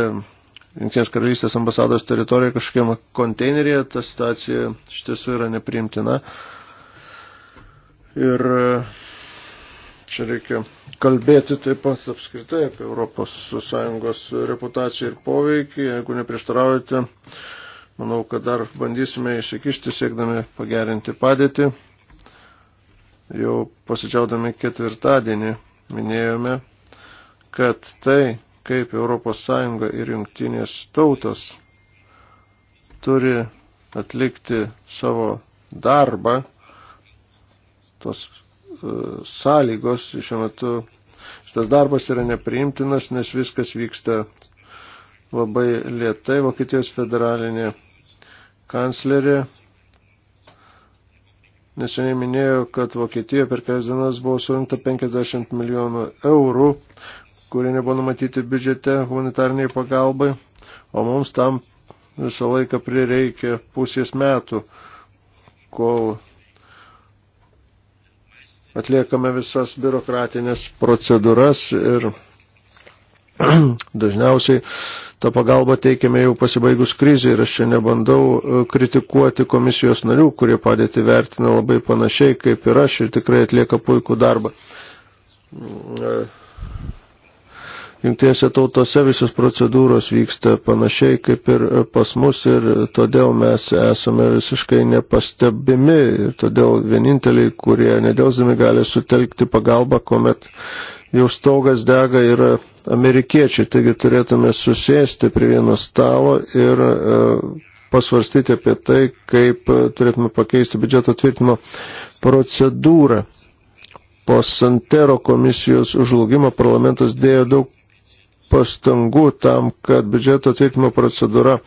Junktinės karalystės ambasados teritorijoje kažkokiam konteineryje, ta situacija iš tiesų yra nepriimtina. Ir e, Čia reikia kalbėti taip pat apskritai apie ES reputaciją ir poveikį. Jeigu neprieštaraujate, manau, kad dar bandysime įsikišti, siekdami pagerinti padėtį. Jau pasidžiaudami ketvirtadienį minėjome, kad tai, kaip ES ir jungtinės tautos turi atlikti savo darbą, tos E, sąlygos šiuo metu šitas darbas yra nepriimtinas, nes viskas vyksta labai lietai. Vokietijos federalinė kanclerė neseniai minėjo, kad Vokietijoje per kelias dienas buvo surinkta 50 milijonų eurų, kurie nebuvo numatyti biudžete humanitarniai pagalbai, o mums tam visą laiką prireikė pusės metų, kol atliekame visas biurokratinės procedūras ir <clears throat> dažniausiai tą pagalbą teikiame jau pasibaigus krizį ir aš čia nebandau e, kritikuoti komisijos narių, kurie padėti vertina labai panašiai kaip ir aš ir tikrai atlieka puikų darbą. Mm, e, Jungtinėse tautose visos procedūros vyksta panašiai kaip ir pas mus ir todėl mes esame visiškai nepastebimi ir todėl vieninteliai, kurie nedėlzami gali sutelkti pagalbą, kuomet jau stogas dega yra amerikiečiai. Taigi turėtume susėsti prie vieno stalo ir e, pasvarstyti apie tai, kaip turėtume pakeisti biudžeto tvirtimo procedūrą. Po Santero komisijos žlugimo parlamentas dėjo daug pastangų tam, kad biudžeto tvirtimo procedūra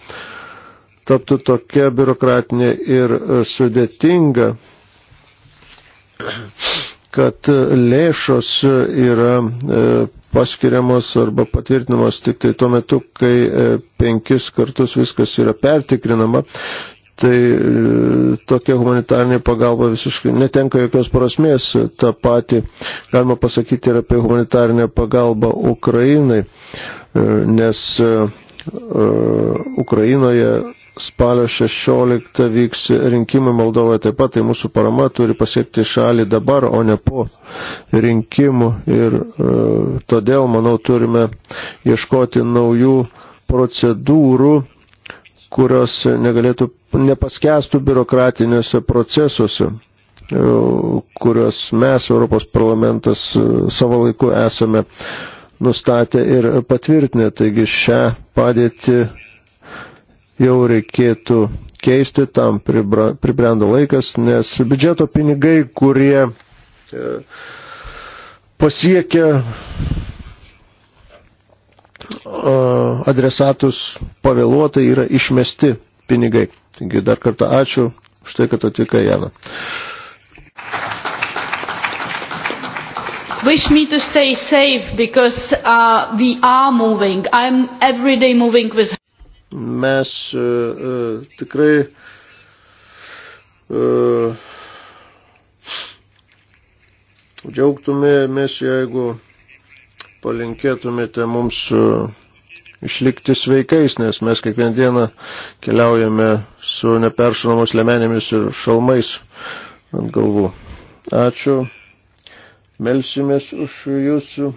taptų tokia biurokratinė ir e, sudėtinga, kad e, lėšos e, yra paskiriamos arba patvirtinamos tik tai tuo metu, kai penkis kartus viskas yra pertikrinama tai e, tokia humanitarinė pagalba visiškai netenka jokios prasmės. Ta pati galima pasakyti ir apie humanitarinę pagalbą Ukrainai, e, nes e, Ukrainoje spalio 16 vyks rinkimai Moldovoje taip pat, tai mūsų parama turi pasiekti šalį dabar, o ne po rinkimų ir todėl, manau, turime ieškoti naujų procedūrų, kurios negalėtų nepaskestų biurokratinėse procesuose, e, kuriuos mes, Europos parlamentas, e, savo laiku esame nustatę ir patvirtinę. Taigi šią padėtį jau reikėtų keisti, tam pribra, pribrendo laikas, nes biudžeto pinigai, kurie e, pasiekia adresatus pavėluotai, yra išmesti pinigai. Taigi dar kartą ačiū už tai, kad atvykai, Jana. wish me to stay safe because uh, we are moving. I'm every day moving with. Mes uh, uh, tikrai uh, džiaugtumėmės, jeigu palinkėtumėte mums uh, išlikti sveikais, nes mes kiekvieną dieną keliaujame su neperšunamos lemenėmis ir šalmais ant galvų. Ačiū. Melsimės už jūsų.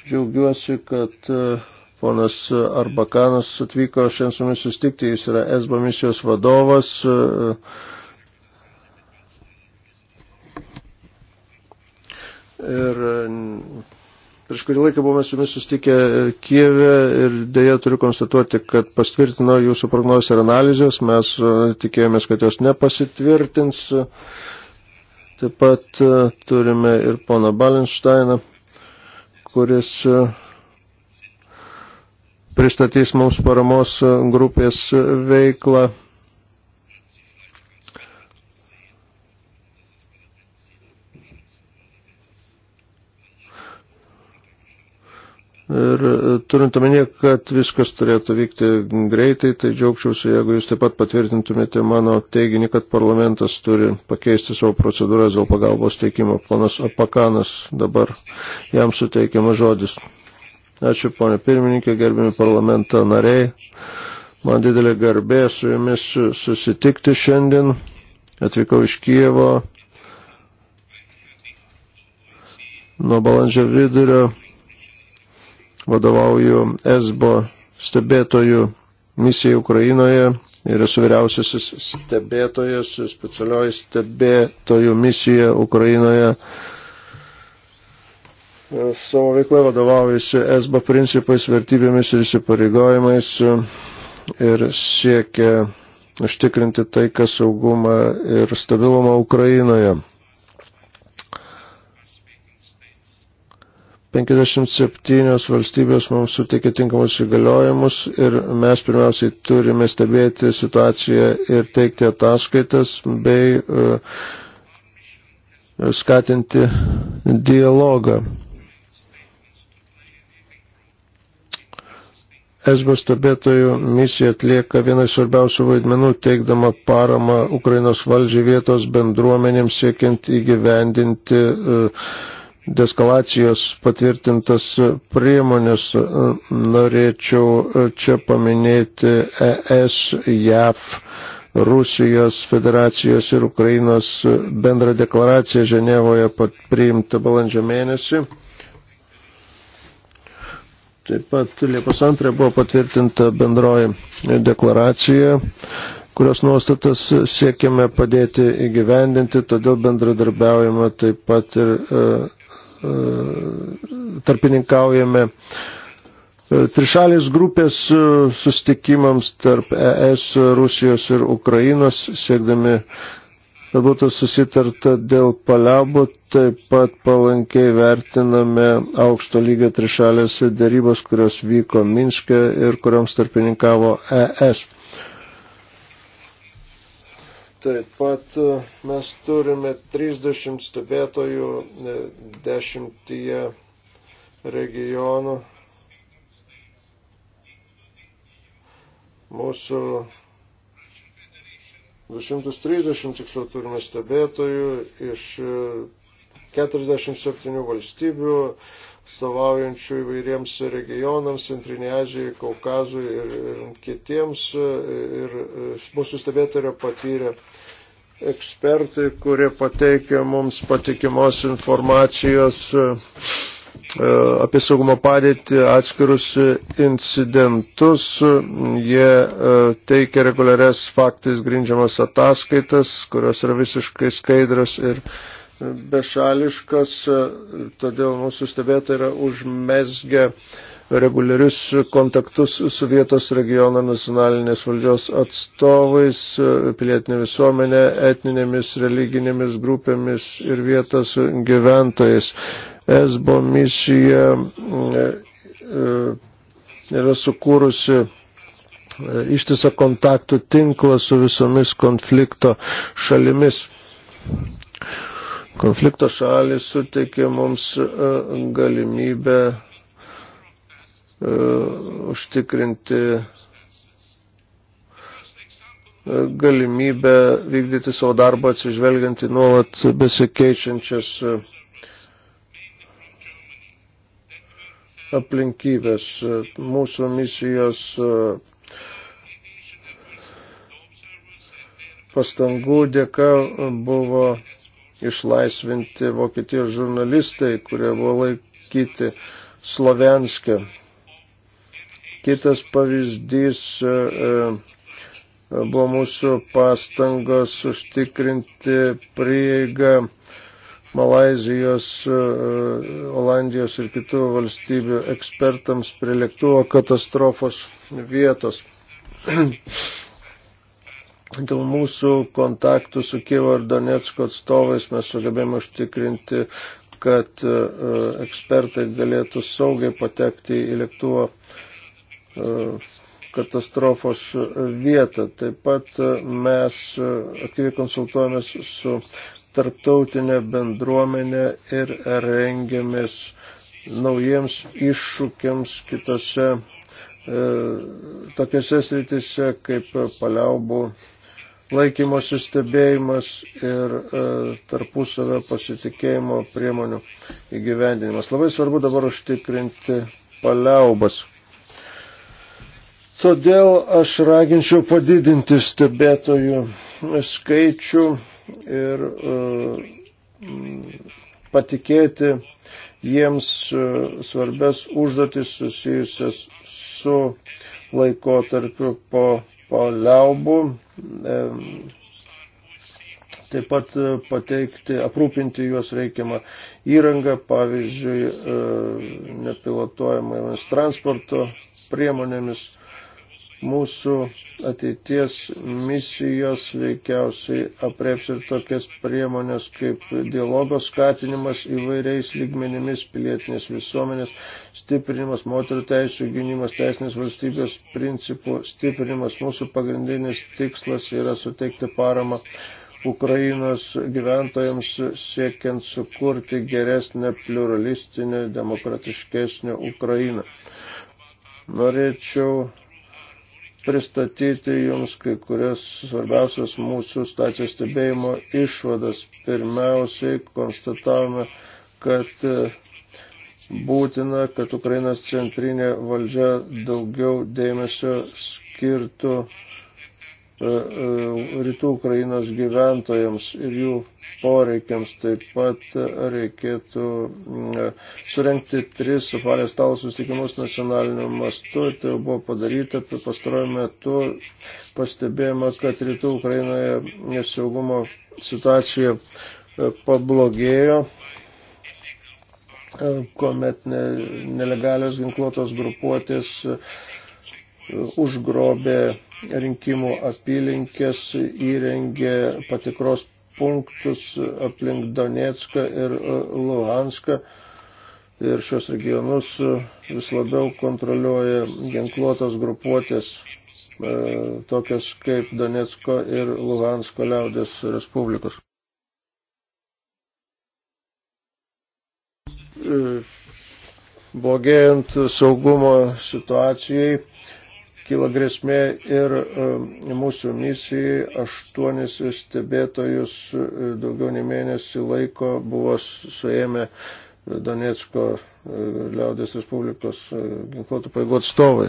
Džiaugiuosi, kad e, ponas Arbakanas atvyko šiandien su mumis sustikti. Jis yra ESBO misijos vadovas. E, ir Prieš kurį laiką buvome su jumis sustikę e, Kijeve ir dėja turiu konstatuoti, kad pastvirtino jūsų prognozes ir analizės. Mes e, tikėjomės, kad jos nepasitvirtins. Taip pat e, turime ir poną Balinšteiną, kuris pristatys mums paramos grupės veiklą Ir e, turint omenyje, kad viskas turėtų vykti greitai, tai džiaugčiausi, jeigu jūs taip pat patvirtintumėte mano teiginį, kad parlamentas turi pakeisti savo procedūras dėl pagalbos teikimo. Ponas Apakanas dabar jam suteikiamas žodis. Ačiū, ponė pirmininkė, gerbimi parlamento nariai. Man didelė garbė su jumis susitikti šiandien. Atvykau iš Kievo nuo balandžio vidurio vadovauju ESBO stebėtojų misijai Ukrainoje ir esu vyriausiasis stebėtojas, specialioji stebėtojų misija Ukrainoje. Savo veiklą vadovaujasi ESBO principais, vertybėmis ir įsipareigojimais ir siekia užtikrinti taiką saugumą ir stabilumą Ukrainoje. 57 valstybės mums sutikė tinkamus įgaliojimus ir mes pirmiausiai turime stebėti situaciją ir teikti ataskaitas bei e, skatinti dialogą. Esbo stebėtojų misija atlieka vieną svarbiausių vaidmenų, teikdama paramą Ukrainos valdžiai vietos bendruomenėms siekiant įgyvendinti uh, deskalacijos patvirtintas priemonės. Norėčiau čia paminėti ES, JAF, Rusijos federacijos ir Ukrainos bendrą deklaraciją Ženevoje priimta balandžio mėnesį. Taip pat Liepos antrąją buvo patvirtinta bendroji deklaracija kurios nuostatas siekiame padėti įgyvendinti, todėl bendradarbiaujame taip pat ir e, E, tarpininkaujame e, trišalės grupės e, sustikimams tarp ES, Rusijos ir Ukrainos, siekdami, kad būtų susitarta dėl paliabų, taip pat palankiai vertiname aukšto lygio trišalės darybos, kurios vyko Minske ir kuriams tarpininkavo ES. Taip pat e, mes turime 30 stebėtojų 10 e, regionų. Mūsų 230 tiksliau turime stebėtojų iš 47 e, valstybių, atstovaujančių įvairiems regionams, Centrinė Azijai, Kaukazui ir, ir kitiems. Ir mūsų stebėtojo patyrė ekspertai, kurie pateikė mums patikimos informacijos e, apie saugumo padėtį atskirus incidentus. Jie e, teikia reguliarias faktais grindžiamas ataskaitas, kurios yra visiškai skaidras ir bešališkas, todėl mūsų stebėtai yra užmesgę reguliarius kontaktus su vietos regiono nacionalinės valdžios atstovais, pilietinė visuomenė, etninėmis, religinėmis grupėmis ir vietos gyventojais. ESBO misija e, e, yra sukūrusi e, ištisą kontaktų tinklą su visomis konflikto šalimis. Konflikto šalis suteikė mums e, galimybę e, užtikrinti e, galimybę vykdyti savo darbą atsižvelgiant į nuolat besikeičiančias aplinkybės. Mūsų misijos pastangų dėka buvo išlaisvinti Vokietijos žurnalistai, kurie buvo laikyti Slovenskė. Kitas pavyzdys e, e, buvo mūsų pastangos užtikrinti prieigą Malazijos, e, Olandijos ir kitų valstybių ekspertams prie lėktuvo katastrofos vietos. <clears throat> Dėl mūsų kontaktų su Kievo ir Donetsko atstovais mes sugebėjome užtikrinti, kad e, ekspertai galėtų saugiai patekti į lėktuvo e, katastrofos vietą. Taip pat e, mes aktyviai konsultuojamės su tarptautinė bendruomenė ir rengiamės naujiems iššūkiams kitose tokiose sritise kaip paliaubų laikymosi stebėjimas ir e, tarpusavio pasitikėjimo priemonių įgyvendinimas. Labai svarbu dabar užtikrinti paliaubas. Todėl aš raginčiau padidinti stebėtojų skaičių ir e, patikėti jiems e, svarbės užduotis susijusias su laikotarpiu po paliaubų, taip pat e, pateikti, aprūpinti juos reikiamą įrangą, pavyzdžiui, e, nepilotuojamomis transporto priemonėmis mūsų ateities misijos veikiausiai apreps ir tokias priemonės kaip dialogo skatinimas įvairiais lygmenimis, pilietinės visuomenės stiprinimas, moterų teisų gynimas, teisinės valstybės principų stiprinimas. Mūsų pagrindinis tikslas yra suteikti paramą. Ukrainos gyventojams siekiant sukurti geresnę, pluralistinę, demokratiškesnę Ukrainą. Norėčiau pristatyti jums kai kurias svarbiausias mūsų stacijos stebėjimo išvadas. Pirmiausiai konstatavome, kad e, būtina, kad Ukrainos centrinė valdžia daugiau dėmesio skirtų uh, E, e, rytų Ukrainos gyventojams ir jų poreikiams. Taip pat reikėtų e, surenkti tris su Palestalo susitikimus nacionaliniu mastu. Tai jau buvo padaryta per pastarojų metų. Pastebėjome, kad rytų Ukrainoje nesaugumo situacija pablogėjo kuomet ne, nelegalios ginkluotos grupuotės uh, užgrobė rinkimų apylinkės, įrengė patikros punktus aplink Donetską ir e, Luhanską. Ir šios regionus e, vis labiau kontroliuoja ginkluotos grupuotės, e, tokias kaip Donetsko ir Luhansko liaudės respublikos. Blogėjant saugumo situacijai, kyla grėsmė ir e, mūsų misijai. Aštuonis stebėtojus e, daugiau nei mėnesį laiko buvo suėmę Donetsko e, liaudės Respublikos ginkluotų paėgų atstovai.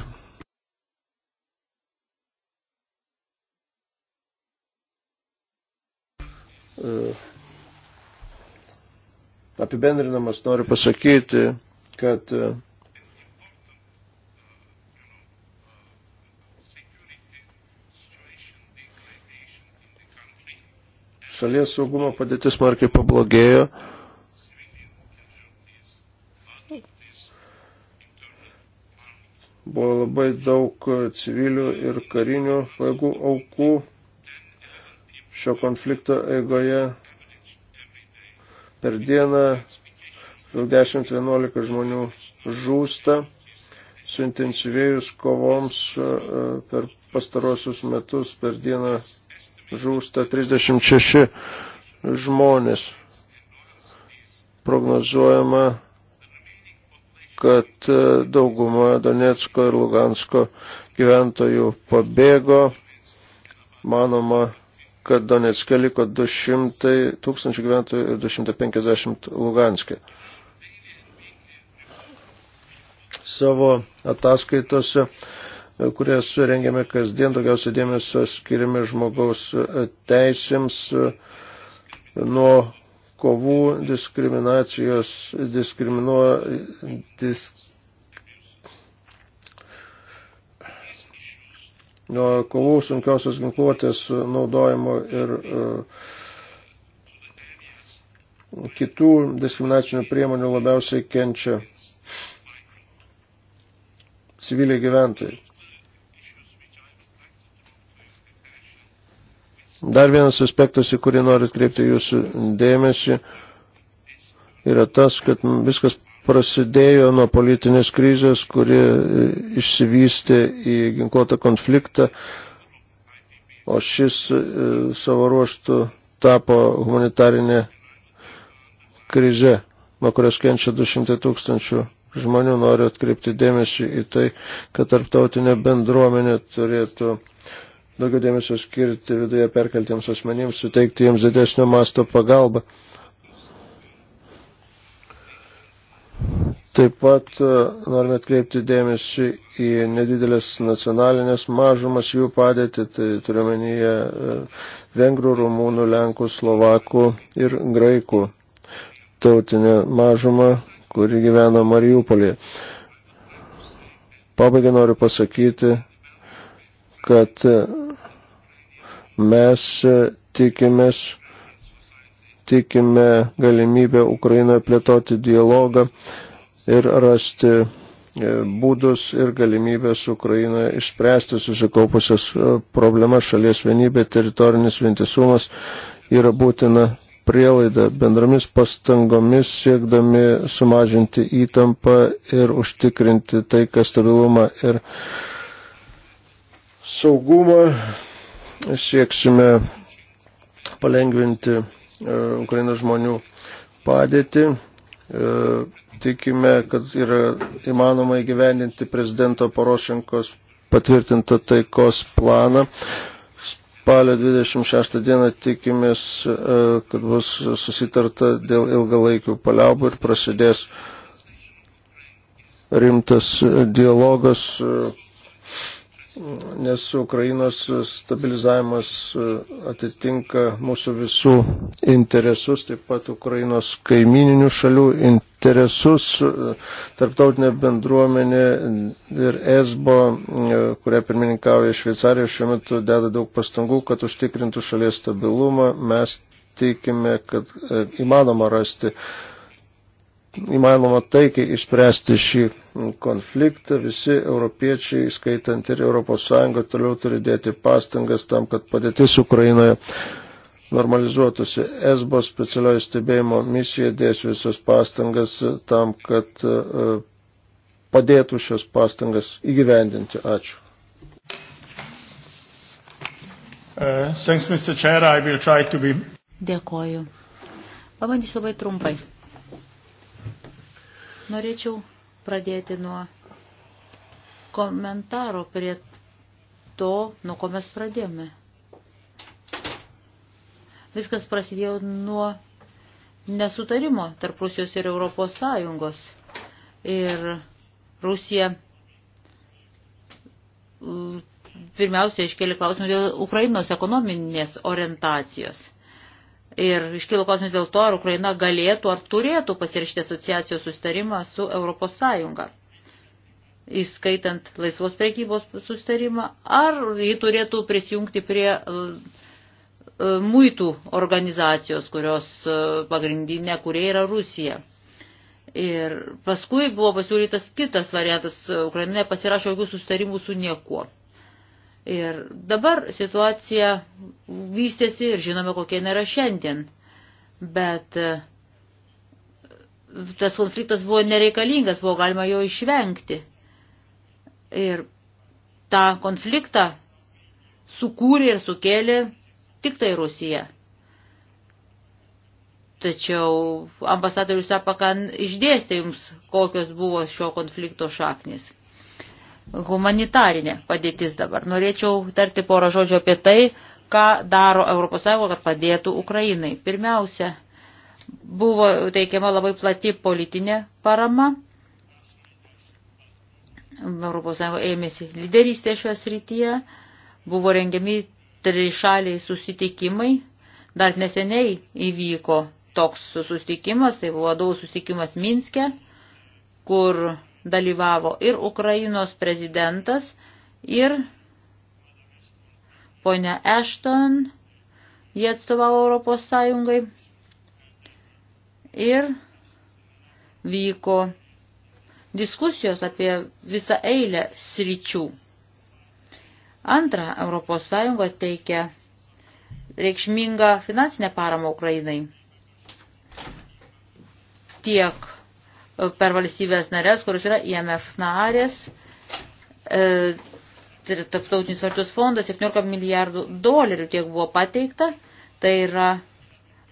Apibendrinamas noriu pasakyti, kad Šalies saugumo padėtis markiai pablogėjo. Buvo labai daug civilių ir karinių pajėgų aukų šio konflikto eigoje. Per dieną 10-11 žmonių žūsta suintensyvėjus kovoms e, per pastarosius metus per dieną žūsta 36 žmonės. Prognozuojama, kad e, dauguma Donetsko ir Lugansko gyventojų pabėgo. Manoma, kad Donetske liko 200 tūkstančių gyventojų ir 250 Luganskė. Savo ataskaitose kurias rengiame kasdien, daugiausia dėmesio skiriame žmogaus teisėms nuo kovų diskriminacijos, diskriminuo, disk, nuo kovų sunkiosios ginkluotės naudojimo ir uh, kitų diskriminacinių priemonių labiausiai kenčia civiliai gyventojai. Dar vienas aspektas, į kurį noriu atkreipti jūsų dėmesį, yra tas, kad viskas prasidėjo nuo politinės krizės, kuri išsivystė į ginkluotą konfliktą, o šis e, savo ruoštų tapo humanitarinė krize, nuo kurios kenčia 200 tūkstančių žmonių. Noriu atkreipti dėmesį į tai, kad tarptautinė bendruomenė turėtų uh, daugiau dėmesio skirti viduje perkeltiems asmenims, suteikti jiems didesnio masto pagalbą. Taip pat e, norime atkreipti dėmesį į nedidelės nacionalinės mažumas jų padėtį, tai turiuomenyje e, vengrų, rumūnų, lenkų, slovakų ir graikų tautinę mažumą, kuri gyvena Mariupolėje. Pabaigai noriu pasakyti, kad e, Mes e, tikimės, tikime galimybę Ukrainoje plėtoti dialogą ir rasti e, būdus ir galimybės Ukrainoje išspręsti susikaupusias e, problemas šalies vienybė, teritorinis vientisumas yra būtina prielaida bendromis pastangomis siekdami sumažinti įtampą ir užtikrinti taiką stabilumą ir saugumą sieksime palengvinti e, Ukrainos žmonių padėtį. E, tikime, kad yra įmanoma įgyveninti prezidento Porošenkos patvirtintą taikos planą. Spalio 26 dieną tikimės, e, kad bus susitarta dėl ilgalaikių paliaubų ir prasidės rimtas dialogas, nes Ukrainos stabilizavimas e, atitinka mūsų visų interesus, taip pat Ukrainos kaimininių šalių interesus, e, tarptautinė bendruomenė ir ESBO, e, kuria pirmininkauja Šveicarija, šiuo metu deda daug pastangų, kad užtikrintų šalies stabilumą. Mes tikime, kad įmanoma rasti įmanoma taikiai išspręsti šį konfliktą. Visi europiečiai, skaitant ir ES, toliau turi dėti pastangas tam, kad padėtis Ukrainoje normalizuotųsi. ESBO specialioji stebėjimo misija dės visas pastangas tam, kad e, padėtų šios pastangas įgyvendinti. Ačiū. Uh, thanks, Mr. Chair. I will try to be... Dėkoju. Pabandysiu labai trumpai. Norėčiau pradėti nuo komentaro prie to, nuo ko mes pradėjome. Viskas prasidėjo nuo nesutarimo tarp Rusijos ir Europos Sąjungos. Ir Rusija pirmiausia iškėlė klausimą dėl Ukrainos ekonominės orientacijos. Ir iškilo klausimas dėl to, ar Ukraina galėtų ar turėtų pasirašyti asociacijos sustarimą su Europos Sąjunga, įskaitant laisvos prekybos sustarimą, ar jį turėtų prisijungti prie e, e, muitų organizacijos, kurios e, pagrindinė, kurie yra Rusija. Ir paskui buvo pasiūlytas kitas variantas, Ukraina nepasirašo jokių sustarimų su niekuo. Ir dabar situacija vystėsi ir žinome, kokie jinai yra šiandien. Bet e, tas konfliktas buvo nereikalingas, buvo galima jo išvengti. Ir tą konfliktą sukūrė ir sukėlė tik tai Rusija. Tačiau ambasadorius apakan išdėstė jums, kokios buvo šio konflikto šaknis. Humanitarinė padėtis dabar. Norėčiau tarti porą žodžių apie tai, ką daro ES, kad padėtų Ukrainai. Pirmiausia, buvo teikiama labai plati politinė parama. ES ėmėsi lyderystė šioje srityje, buvo rengiami trišaliai susitikimai, dar neseniai įvyko toks susitikimas, tai buvo daug susitikimas Minske, kur dalyvavo ir Ukrainos prezidentas, ir Pone Ešton, jie atstovavo Europos Sąjungai ir vyko diskusijos apie visą eilę sričių. Antra, Europos Sąjunga teikia reikšmingą finansinę paramą Ukrainai tiek per valstybės narės, kurios yra IMF narės, e, Tai Tarptautinis valiutos fondas 17 milijardų dolerių tiek buvo pateikta, tai yra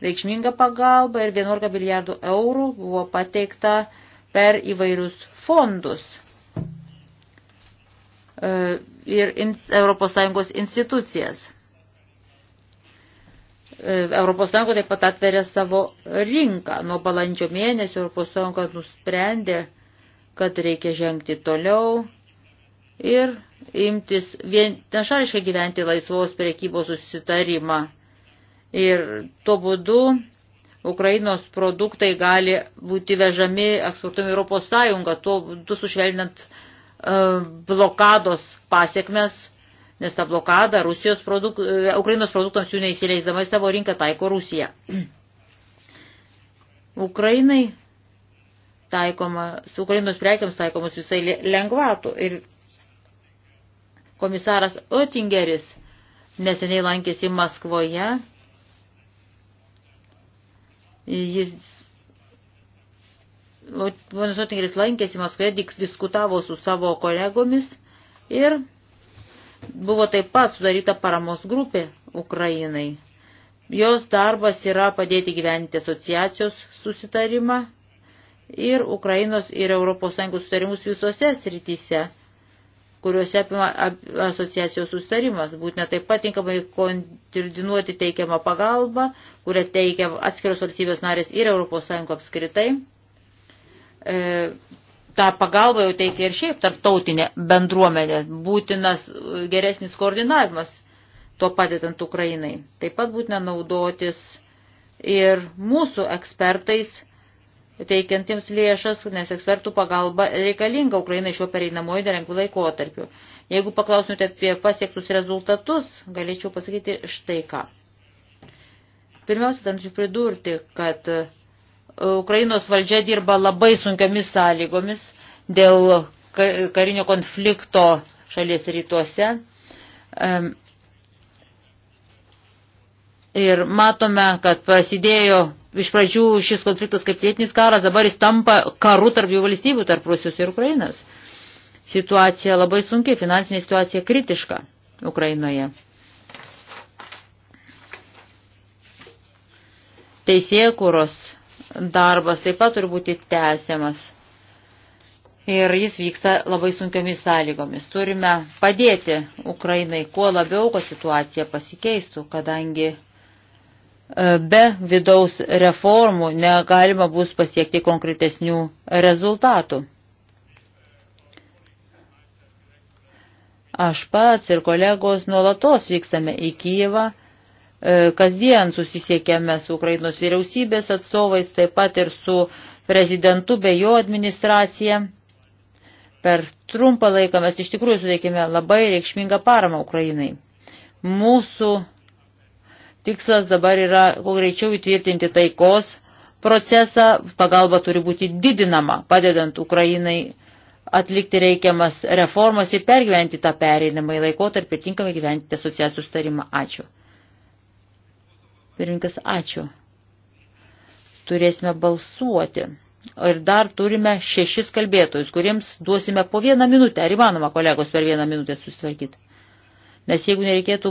reikšminga pagalba ir 11 milijardų eurų buvo pateikta per įvairius fondus e, ir ES institucijas. ES taip pat atveria savo rinką. Nuo balandžio mėnesio ES nusprendė, kad reikia žengti toliau ir imtis vienašališkai gyventi laisvos priekybos susitarimą. Ir tuo būdu Ukrainos produktai gali būti vežami, eksportuojami Europos Sąjungą, tuo būdu sušvelninant uh, e, blokados pasiekmes, nes tą blokadą Rusijos produk, uh, Ukrainos produktams jų neįsileisdama į savo rinką taiko Rusija. <clears throat> Ukrainai taikoma, su Ukrainos prekiams taikomas visai lengvatų ir Komisaras Oettingeris neseniai lankėsi Maskvoje. Jis Ponas Otingeris lankėsi Maskvoje, diskutavo su savo kolegomis ir buvo taip pat sudaryta paramos grupė Ukrainai. Jos darbas yra padėti gyventi asociacijos susitarimą ir Ukrainos ir ES susitarimus visose srityse kuriuose apima asociacijos sustarimas. Būtina taip pat tinkamai kontirdinuoti teikiamą pagalbą, kurią teikia atskiros valstybės narės ir ES apskritai. E, tą pagalbą jau teikia ir šiaip tarptautinė bendruomenė. Būtinas e, geresnis koordinavimas tuo padedant Ukrainai. Taip pat būtina naudotis ir mūsų ekspertais teikiantiems lėšas, nes ekspertų pagalba reikalinga Ukrainai šiuo pereinamoju derengų laikotarpiu. Jeigu paklausimėte apie pasiektus rezultatus, galėčiau pasakyti štai ką. Pirmiausia, tamčiau pridurti, kad e, Ukrainos valdžia dirba labai sunkiomis sąlygomis dėl karinio konflikto šalies rytuose. Ir matome, kad prasidėjo iš pradžių šis konfliktas kaip lėtinis karas, dabar jis tampa karu tarp jų valstybių, tarp Rusijos ir Ukrainos. Situacija labai sunkiai, finansinė situacija kritiška Ukrainoje. Teisėkūros darbas taip pat turi būti tęsiamas. Ir jis vyksta labai sunkiomis sąlygomis. Turime padėti Ukrainai kuo labiau, kad situacija pasikeistų, kadangi E, be vidaus reformų negalima bus pasiekti konkretesnių rezultatų. Aš pats ir kolegos nuolatos vykstame į Kyivą, e, kasdien susisiekėme su Ukrainos vyriausybės atstovais, taip pat ir su prezidentu bei jo administracija. Per trumpą laiką mes iš tikrųjų suteikėme labai reikšmingą paramą Ukrainai. Mūsų Tikslas dabar yra kuo greičiau įtvirtinti taikos procesą, pagalba turi būti didinama, padedant Ukrainai atlikti reikiamas reformas ir pergyventi tą pereinamą į laikotarpį ir tinkamai gyventi asociacijų starimą. Ačiū. Pirinkas, ačiū. Turėsime balsuoti. Ir dar turime šešis kalbėtojus, kuriems duosime po vieną minutę. Ar įmanoma, kolegos, per vieną minutę susitvarkyti? Nes jeigu, nereikėtų,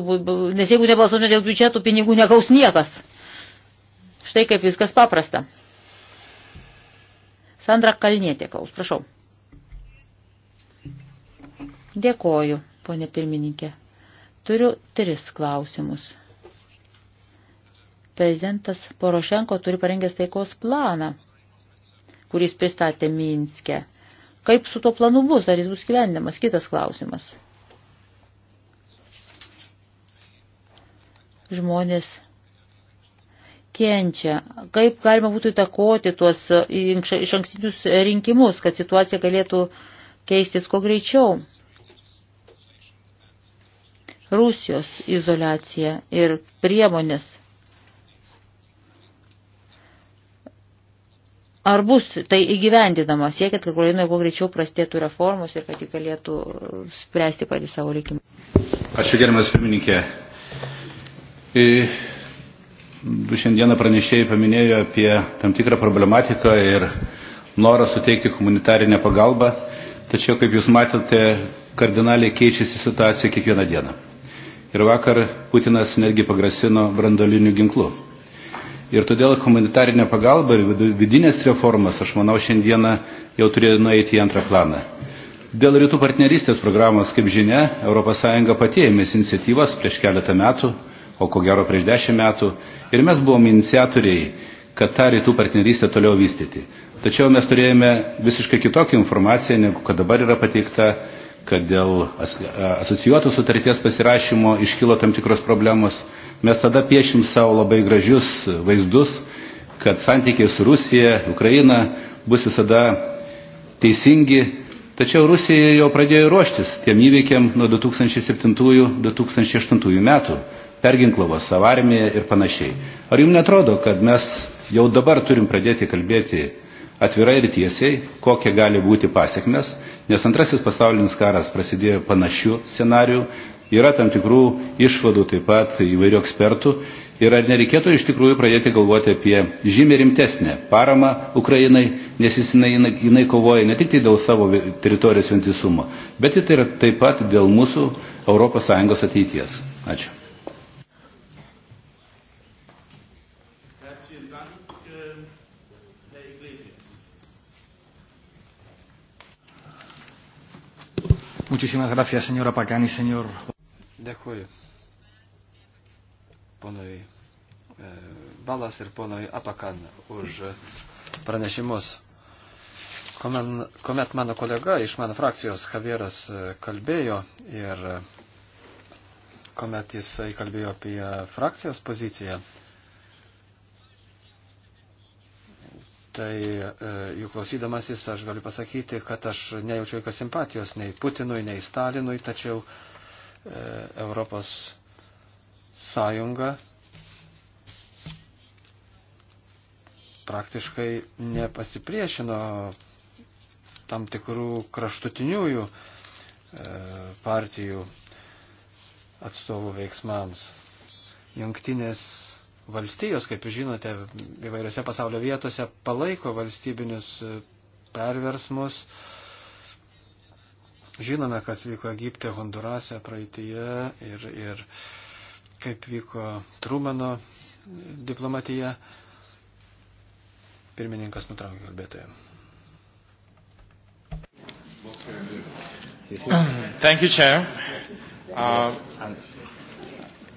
nes jeigu nebalsuotume dėl biudžetų, pinigų negaus niekas. Štai kaip viskas paprasta. Sandra Kalnietė klaus, prašau. Dėkoju, ponė pirmininkė. Turiu tris klausimus. Prezidentas Porošenko turi parengęs taikos planą, kuris pristatė Minske. Kaip su tuo planu bus, ar jis bus gyvendamas? Kitas klausimas. žmonės kenčia. Kaip galima būtų įtakoti tuos e, iš ankstinius rinkimus, kad situacija galėtų keistis kuo greičiau. Rusijos izolacija ir priemonės. Ar bus tai įgyvendinama, siekit, kad Ukrainoje kuo greičiau prastėtų reformos ir kad jį galėtų e, spręsti patį savo likimą? Ačiū gerimas pirmininkė. Kai du šiandieną pranešėjai paminėjo apie tam tikrą problematiką ir norą suteikti humanitarinę pagalbą, tačiau, kaip jūs matote, kardinaliai keičiasi situacija kiekvieną dieną. Ir vakar Putinas netgi pagrasino brandoliniu ginklu. Ir todėl humanitarinė pagalba ir vidinės reformas, aš manau, šiandieną jau turėjo nueiti į antrą planą. Dėl rytų partnerystės programos, kaip žinia, ES pati ėmėsi iniciatyvas prieš keletą metų o ko gero prieš dešimt metų. Ir mes buvom iniciatoriai, kad tą rytų partnerystę toliau vystyti. Tačiau mes turėjome visiškai kitokią informaciją, negu kad dabar yra pateikta, kad dėl asocijuotų sutarties pasirašymo iškilo tam tikros problemos. Mes tada piešim savo labai gražius vaizdus, kad santykiai su Rusija, Ukraina bus visada teisingi, Tačiau Rusija jau pradėjo ruoštis tiem įvykiam nuo 2007-2008 metų perginklavo savo armiją ir panašiai. Ar jums netrodo, kad mes jau dabar turim pradėti kalbėti atvirai ir tiesiai, kokie gali būti pasiekmes, nes antrasis pasaulinis karas prasidėjo panašių scenarių, yra tam tikrų išvadų taip pat įvairių ekspertų ir ar nereikėtų iš tikrųjų pradėti galvoti apie žymiai rimtesnę paramą Ukrainai, nes jis jinai, jinai kovoja ne tik tai dėl savo teritorijos vientisumo, bet ir tai taip pat dėl mūsų ES ateities. Ačiū. Muchísimas gracias, señora Pacani, señor. Dėkuoju. Ponui e, Balas ir ponui Apakan už pranešimus. Komet mano kolega iš mano frakcijos Javieras e, kalbėjo ir e, kuomet jisai kalbėjo apie frakcijos poziciją, Tai e, jų klausydamasis aš galiu pasakyti, kad aš nejaučiu jokios simpatijos nei Putinui, nei Stalinui, tačiau e, Europos sąjunga praktiškai nepasipriešino tam tikrų kraštutiniųjų e, partijų atstovų veiksmams. Jungtinės valstijos, kaip jūs žinote, įvairiose pasaulio vietose palaiko valstybinius e, perversmus. Žinome, kas vyko Egipte, Hondurase praeitėje ir, ir kaip vyko Trumano diplomatija. Pirmininkas nutraukė kalbėtoją. Thank you, Chair. Uh,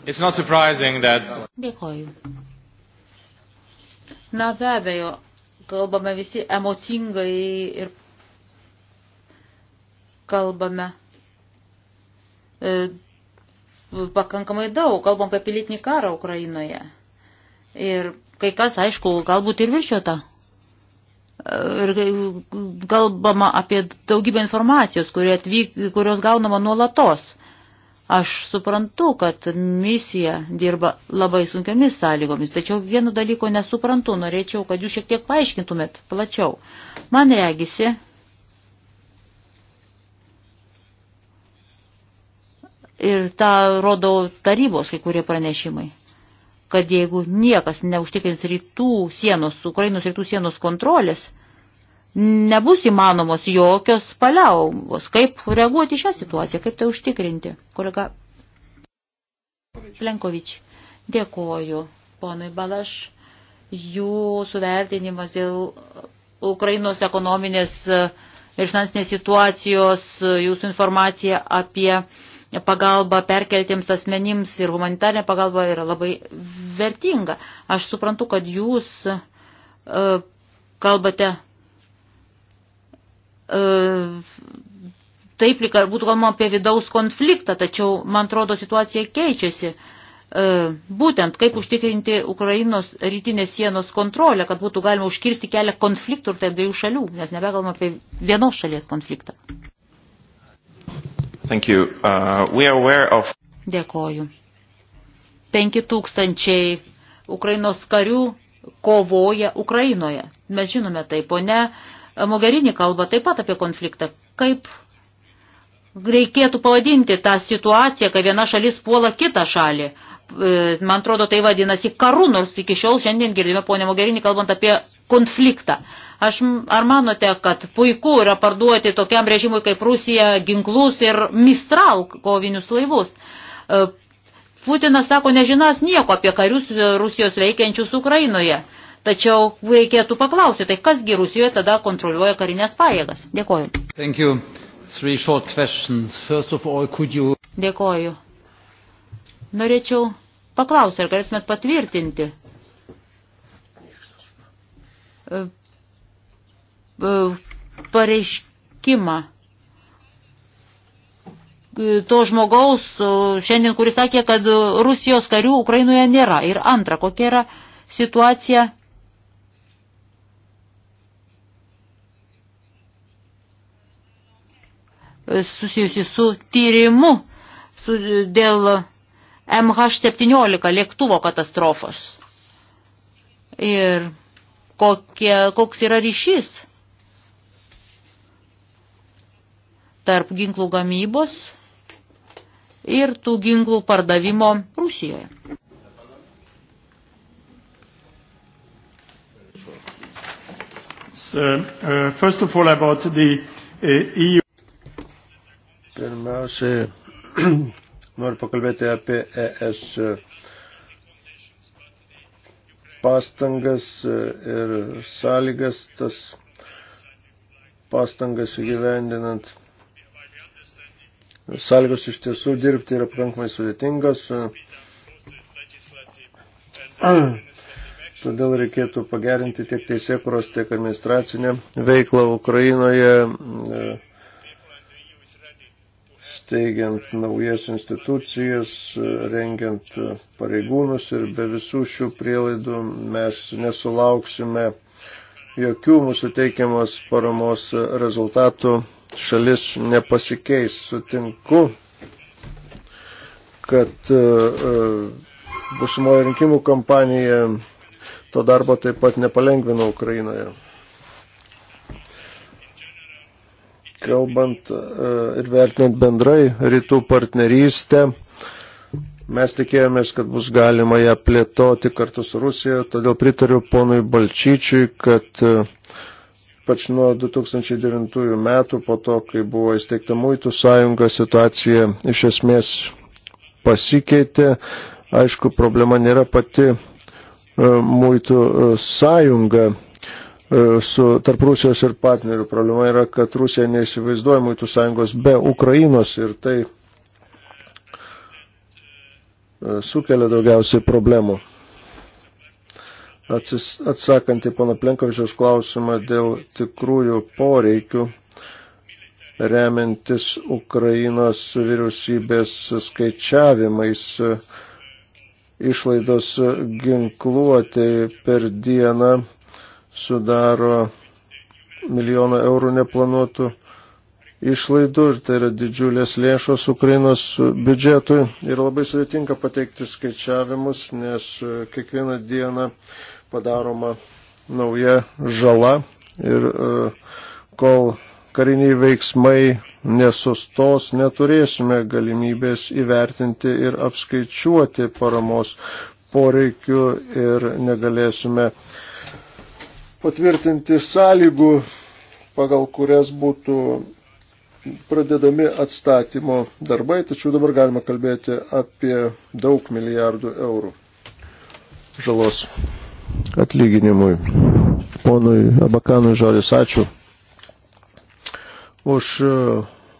That... Dėkoju. Na be abejo, kalbame visi emocingai ir kalbame e, pakankamai daug, kalbam apie pilietinį karą Ukrainoje. Ir kai kas, aišku, galbūt ir viršio tą. E, ir kalbama apie daugybę informacijos, atvyk, kurios gaunama nuolatos. Aš suprantu, kad misija dirba labai sunkiamis sąlygomis, tačiau vieno dalyko nesuprantu, norėčiau, kad jūs šiek tiek paaiškintumėt plačiau. Man regisi, ir tą rodo tarybos kai kurie pranešimai, kad jeigu niekas neužtikrins rytų sienos, Ukrainos rytų sienos kontrolės, nebus įmanomos jokios paliaubos. Kaip reaguoti šią situaciją, kaip tai užtikrinti? Kolega Plenkovič, dėkoju ponui Balaš. Jų suvertinimas dėl Ukrainos ekonominės ir finansinės situacijos, jūsų informacija apie pagalba perkeltiems asmenims ir humanitarinė pagalba yra labai vertinga. Aš suprantu, kad jūs e, kalbate E, taip lyg būtų kalbama apie vidaus konfliktą, tačiau, man atrodo, situacija keičiasi. E, būtent kaip užtikrinti Ukrainos rytinės sienos kontrolę, kad būtų galima užkirsti kelią konfliktų ir tai abiejų šalių, nes nebekalbam apie vienos šalies konfliktą. Thank you. Uh, we are aware of... Dėkoju. 5000 Ukrainos karių kovoja Ukrainoje. Mes žinome tai, ponia. Uh, Mogerini kalba taip pat apie konfliktą. Kaip reikėtų pavadinti tą situaciją, kai viena šalis puola kitą šalį? E, man atrodo, tai vadinasi karu, nors iki šiol šiandien girdime ponę Mogerinį kalbant apie konfliktą. Aš, ar manote, kad puiku yra parduoti tokiam režimui kaip Rusija ginklus ir mistral kovinius laivus? E, Putinas sako, nežinas nieko apie karius Rusijos veikiančius Ukrainoje. Tačiau reikėtų paklausyti, tai kasgi Rusijoje tada kontroliuoja karinės pajėgas. Dėkoju. Thank you. Three short questions. First of all, could you... Dėkoju. Norėčiau paklausti, ar galėtumėt patvirtinti e, e, pareiškimą e, to žmogaus šiandien, kuris sakė, kad Rusijos karių Ukrainoje nėra. Ir antra, kokia yra situacija susijusi su tyrimu su, dėl MH17 lėktuvo katastrofos. Ir kokie, koks yra ryšys tarp ginklų gamybos ir tų ginklų pardavimo Rusijoje. So, uh, first of all about the uh, EU Pirmiausiai <clears throat> noriu pakalbėti apie ES pastangas ir sąlygas, tas pastangas įgyvendinant. Sąlygos iš tiesų dirbti yra pakankamai sudėtingos, <clears throat> todėl reikėtų pagerinti tiek teisėkuros, tiek administracinę veiklą Ukrainoje. E, steigiant naujas institucijas, rengiant pareigūnus ir be visų šių prielaidų mes nesulauksime jokių mūsų teikiamos paramos rezultatų, šalis nepasikeis. Sutinku, kad e, e, busimoje rinkimų kampanija to darbo taip pat nepalengvino Ukrainoje. kalbant e, ir vertinant bendrai rytų partnerystę, mes tikėjomės, kad bus galima ją plėtoti kartu su Rusija, todėl pritariu ponui Balčyčiui, kad e, pač nuo 2009 metų, po to, kai buvo įsteigta Muitų sąjunga, situacija iš esmės pasikeitė. Aišku, problema nėra pati e, Muitų sąjunga E, su tarp Rusijos ir partnerių. Problema yra, kad Rusija neįsivaizduoja muitų sąjungos be Ukrainos ir tai e, sukelia daugiausiai problemų. Atsis, atsakant į pana Plenkovičiaus klausimą dėl tikrųjų poreikių, remiantis Ukrainos vyriausybės skaičiavimais, e, išlaidos ginkluoti per dieną sudaro milijoną eurų neplanuotų išlaidų ir tai yra didžiulės lėšos Ukrainos biudžetui ir labai sudėtinga pateikti skaičiavimus, nes kiekvieną dieną padaroma nauja žala ir e, kol kariniai veiksmai nesustos, neturėsime galimybės įvertinti ir apskaičiuoti paramos poreikių ir negalėsime uh, patvirtinti sąlygų, pagal kurias būtų pradedami atstatymo darbai, tačiau dabar galima kalbėti apie daug milijardų eurų žalos atlyginimui. Ponui Abakanui žodis ačiū už e,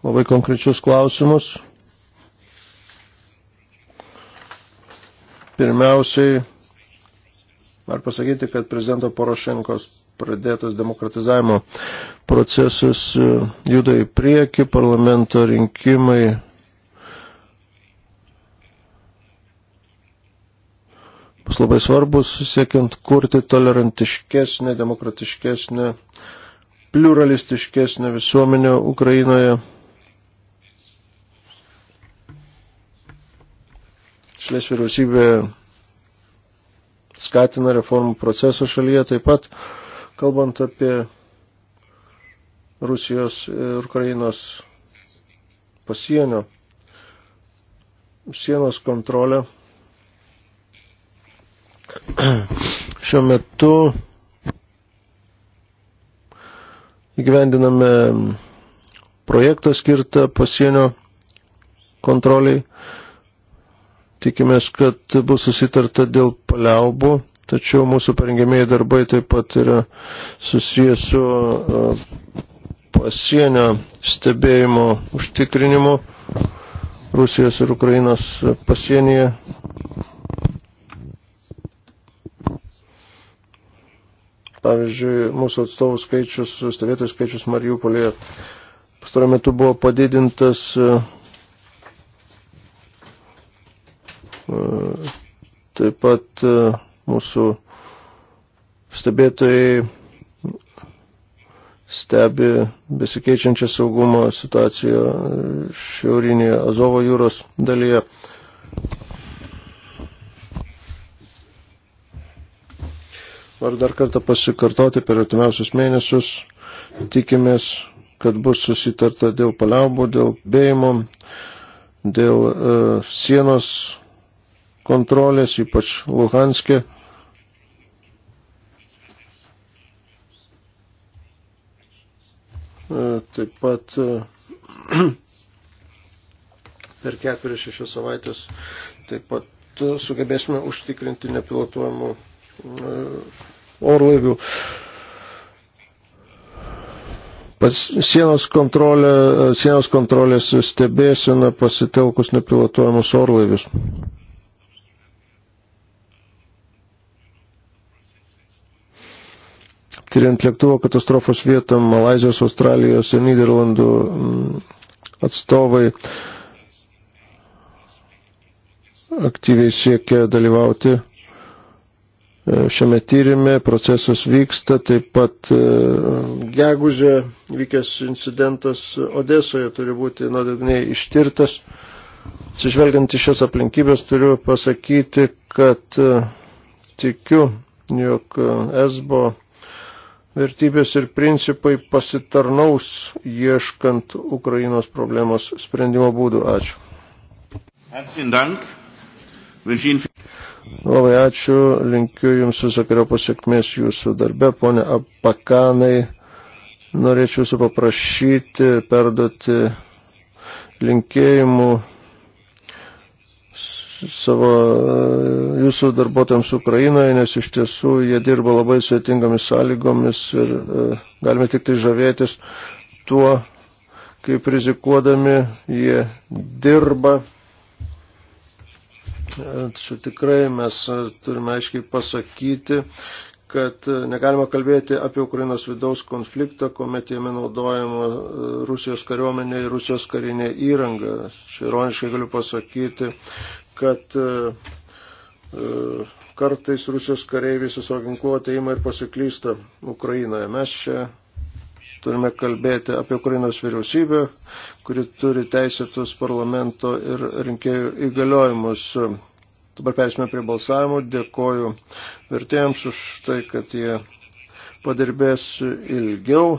labai konkrečius klausimus. Pirmiausiai Ar pasakyti, kad prezidento Porošenkos pradėtas demokratizavimo procesas e, juda į priekį, parlamento rinkimai bus labai svarbus, siekiant kurti tolerantiškesnę, demokratiškesnę, pluralistiškesnę visuomenę Ukrainoje. Šlės vyriausybė skatina reformų procesą šalyje. Taip pat, kalbant apie Rusijos ir Ukrainos pasienio sienos kontrolę, <clears throat> šiuo metu įgyvendiname projektą skirtą pasienio kontroliai Tikimės, kad bus susitarta dėl paliaubų, tačiau mūsų parengėmėjai darbai taip pat yra susijęs su e, pasienio stebėjimo užtikrinimu Rusijos ir Ukrainos pasienyje. Pavyzdžiui, mūsų atstovų skaičius, stebėtojų skaičius Marijupolėje pastaruo metu buvo padidintas e, E, taip pat e, mūsų stebėtojai stebi besikeičiančią saugumo situaciją šiaurinėje Azovo jūros dalyje. Ar dar kartą pasikartoti per artimiausius mėnesius, tikimės, kad bus susitarta dėl paliaubų, dėl bėjimo, dėl uh, sienos kontrolės, ypač Luhanskė. E, taip pat e, <clears throat> per ketverias šešias savaitės taip pat e, sugebėsime užtikrinti nepilotuojamų orlaivių. Pats sienos, kontrolė, sienos kontrolės stebėsena pasitelkus nepilotuojamus orlaivius. tyriant lėktuvo katastrofos vietą Malazijos, Australijos ir Niderlandų mm, atstovai aktyviai siekia dalyvauti e, šiame tyrimė, procesas vyksta, taip pat e, gegužė vykęs incidentas Odesoje turi būti nuodugniai ištirtas. Atsižvelgiant į šias aplinkybės turiu pasakyti, kad e, tikiu, jog esbo vertybės ir principai pasitarnaus ieškant Ukrainos problemos sprendimo būdų. Ačiū. Labai ačiū, linkiu Jums visokio pasiekmės Jūsų darbe, ponė Apakanai. Norėčiau Jūsų paprašyti perduoti linkėjimų savo e, jūsų darbuotojams Ukrainoje, nes iš tiesų jie dirba labai sveitingomis sąlygomis ir e, galime tik tai žavėtis tuo, kaip rizikuodami jie dirba. Čia e, tikrai mes turime aiškiai pasakyti, kad e, negalima kalbėti apie Ukrainos vidaus konfliktą, kuomet jame naudojama e, Rusijos kariuomenė ir Rusijos karinė įranga. Široniškai galiu pasakyti, kad e, kartais Rusijos kareiviai su savo ginkluotė ima ir pasiklysta Ukrainoje. Mes čia turime kalbėti apie Ukrainos vyriausybę, kuri turi teisėtus parlamento ir rinkėjų įgaliojimus Dabar persime prie balsavimo. Dėkoju vertėjams už tai, kad jie padirbės ilgiau.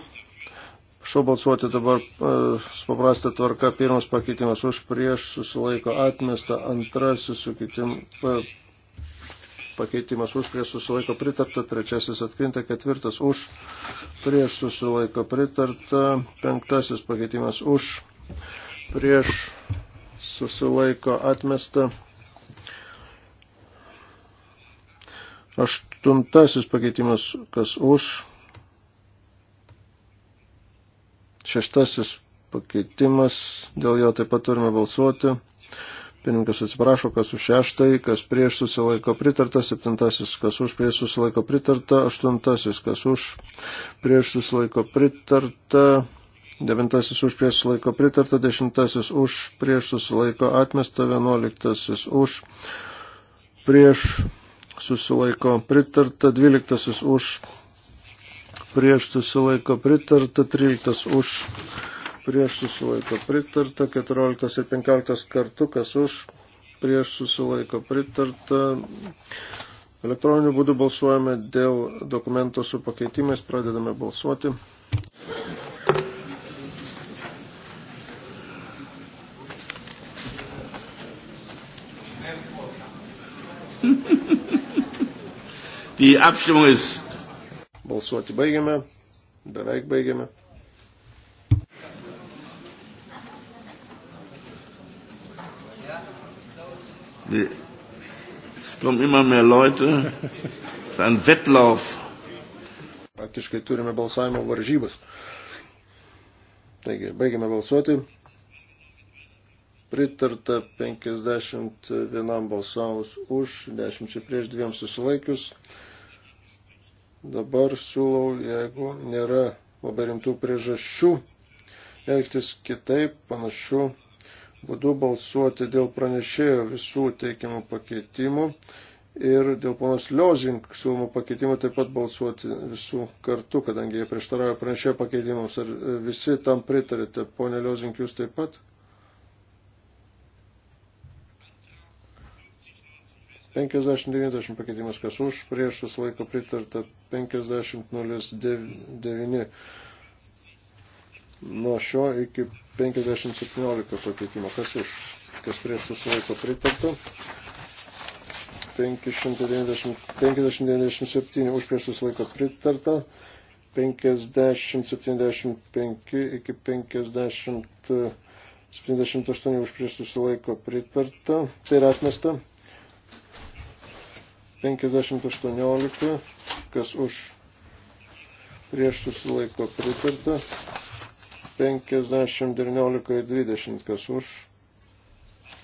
Šau balsuoti dabar e, supaprastą tvarką. Pirmas pakeitimas už prieš susilaiko atmesta. Antrasis sukeitim, e, pakeitimas už prieš susilaiko pritarta. Trečiasis atkrinta. Ketvirtas už prieš susilaiko pritarta. Penktasis pakeitimas už prieš susilaiko atmesta. Aštuntasis pakeitimas, kas už. Šeštasis pakeitimas, dėl jo taip pat turime balsuoti. Pininkas atsiprašo, kas už šeštąjį, kas prieš susilaiko pritarta, septintasis, kas už prieš susilaiko pritarta, aštuntasis, kas už prieš susilaiko pritarta, devintasis už prieš susilaiko pritarta, dešimtasis už prieš susilaiko atmesta, vienuoliktasis už prieš susilaiko pritarta, 12 už, prieš susilaiko pritarta, 13 už, prieš susilaiko pritarta, 14 ir 15 kartu, kas už, prieš susilaiko pritarta. Elektroniniu būdu balsuojame dėl dokumento su pakeitimais, pradedame balsuoti. <laughs> Die Abstimmung ist. Balsuoti baigiame. Beveik baigiame. Es kommen immer mehr Leute. Es ist ein Wettlauf. Praktiškai turime balsavimo varžybas. Taigi, baigiame balsuoti. Pritarta 51 balsavus už, 10 prieš 2 susilaikius. Dabar siūlau, jeigu nėra labai rimtų priežasčių, elgtis kitaip, panašių būdų balsuoti dėl pranešėjo visų teikiamų pakeitimų ir dėl ponos Liozink siūlomų pakeitimų taip pat balsuoti visų kartu, kadangi jie prieštarauja pranešėjo pakeitimams. Ar visi tam pritarėte? Pone Liozink, jūs taip pat? 50-90 pakeitimas, kas už, prieš susilaiko pritarta 50-09 nuo šio iki 50-17 pakeitimo, kas už, kas prieš susilaiko pritarta 50-97 už prieš susilaiko pritarta 50-75 iki 50-78 už prieš susilaiko pritarta, tai yra atmesta. 5018, kas už prieš susilaiko pritarta, 5019 ir 20, kas už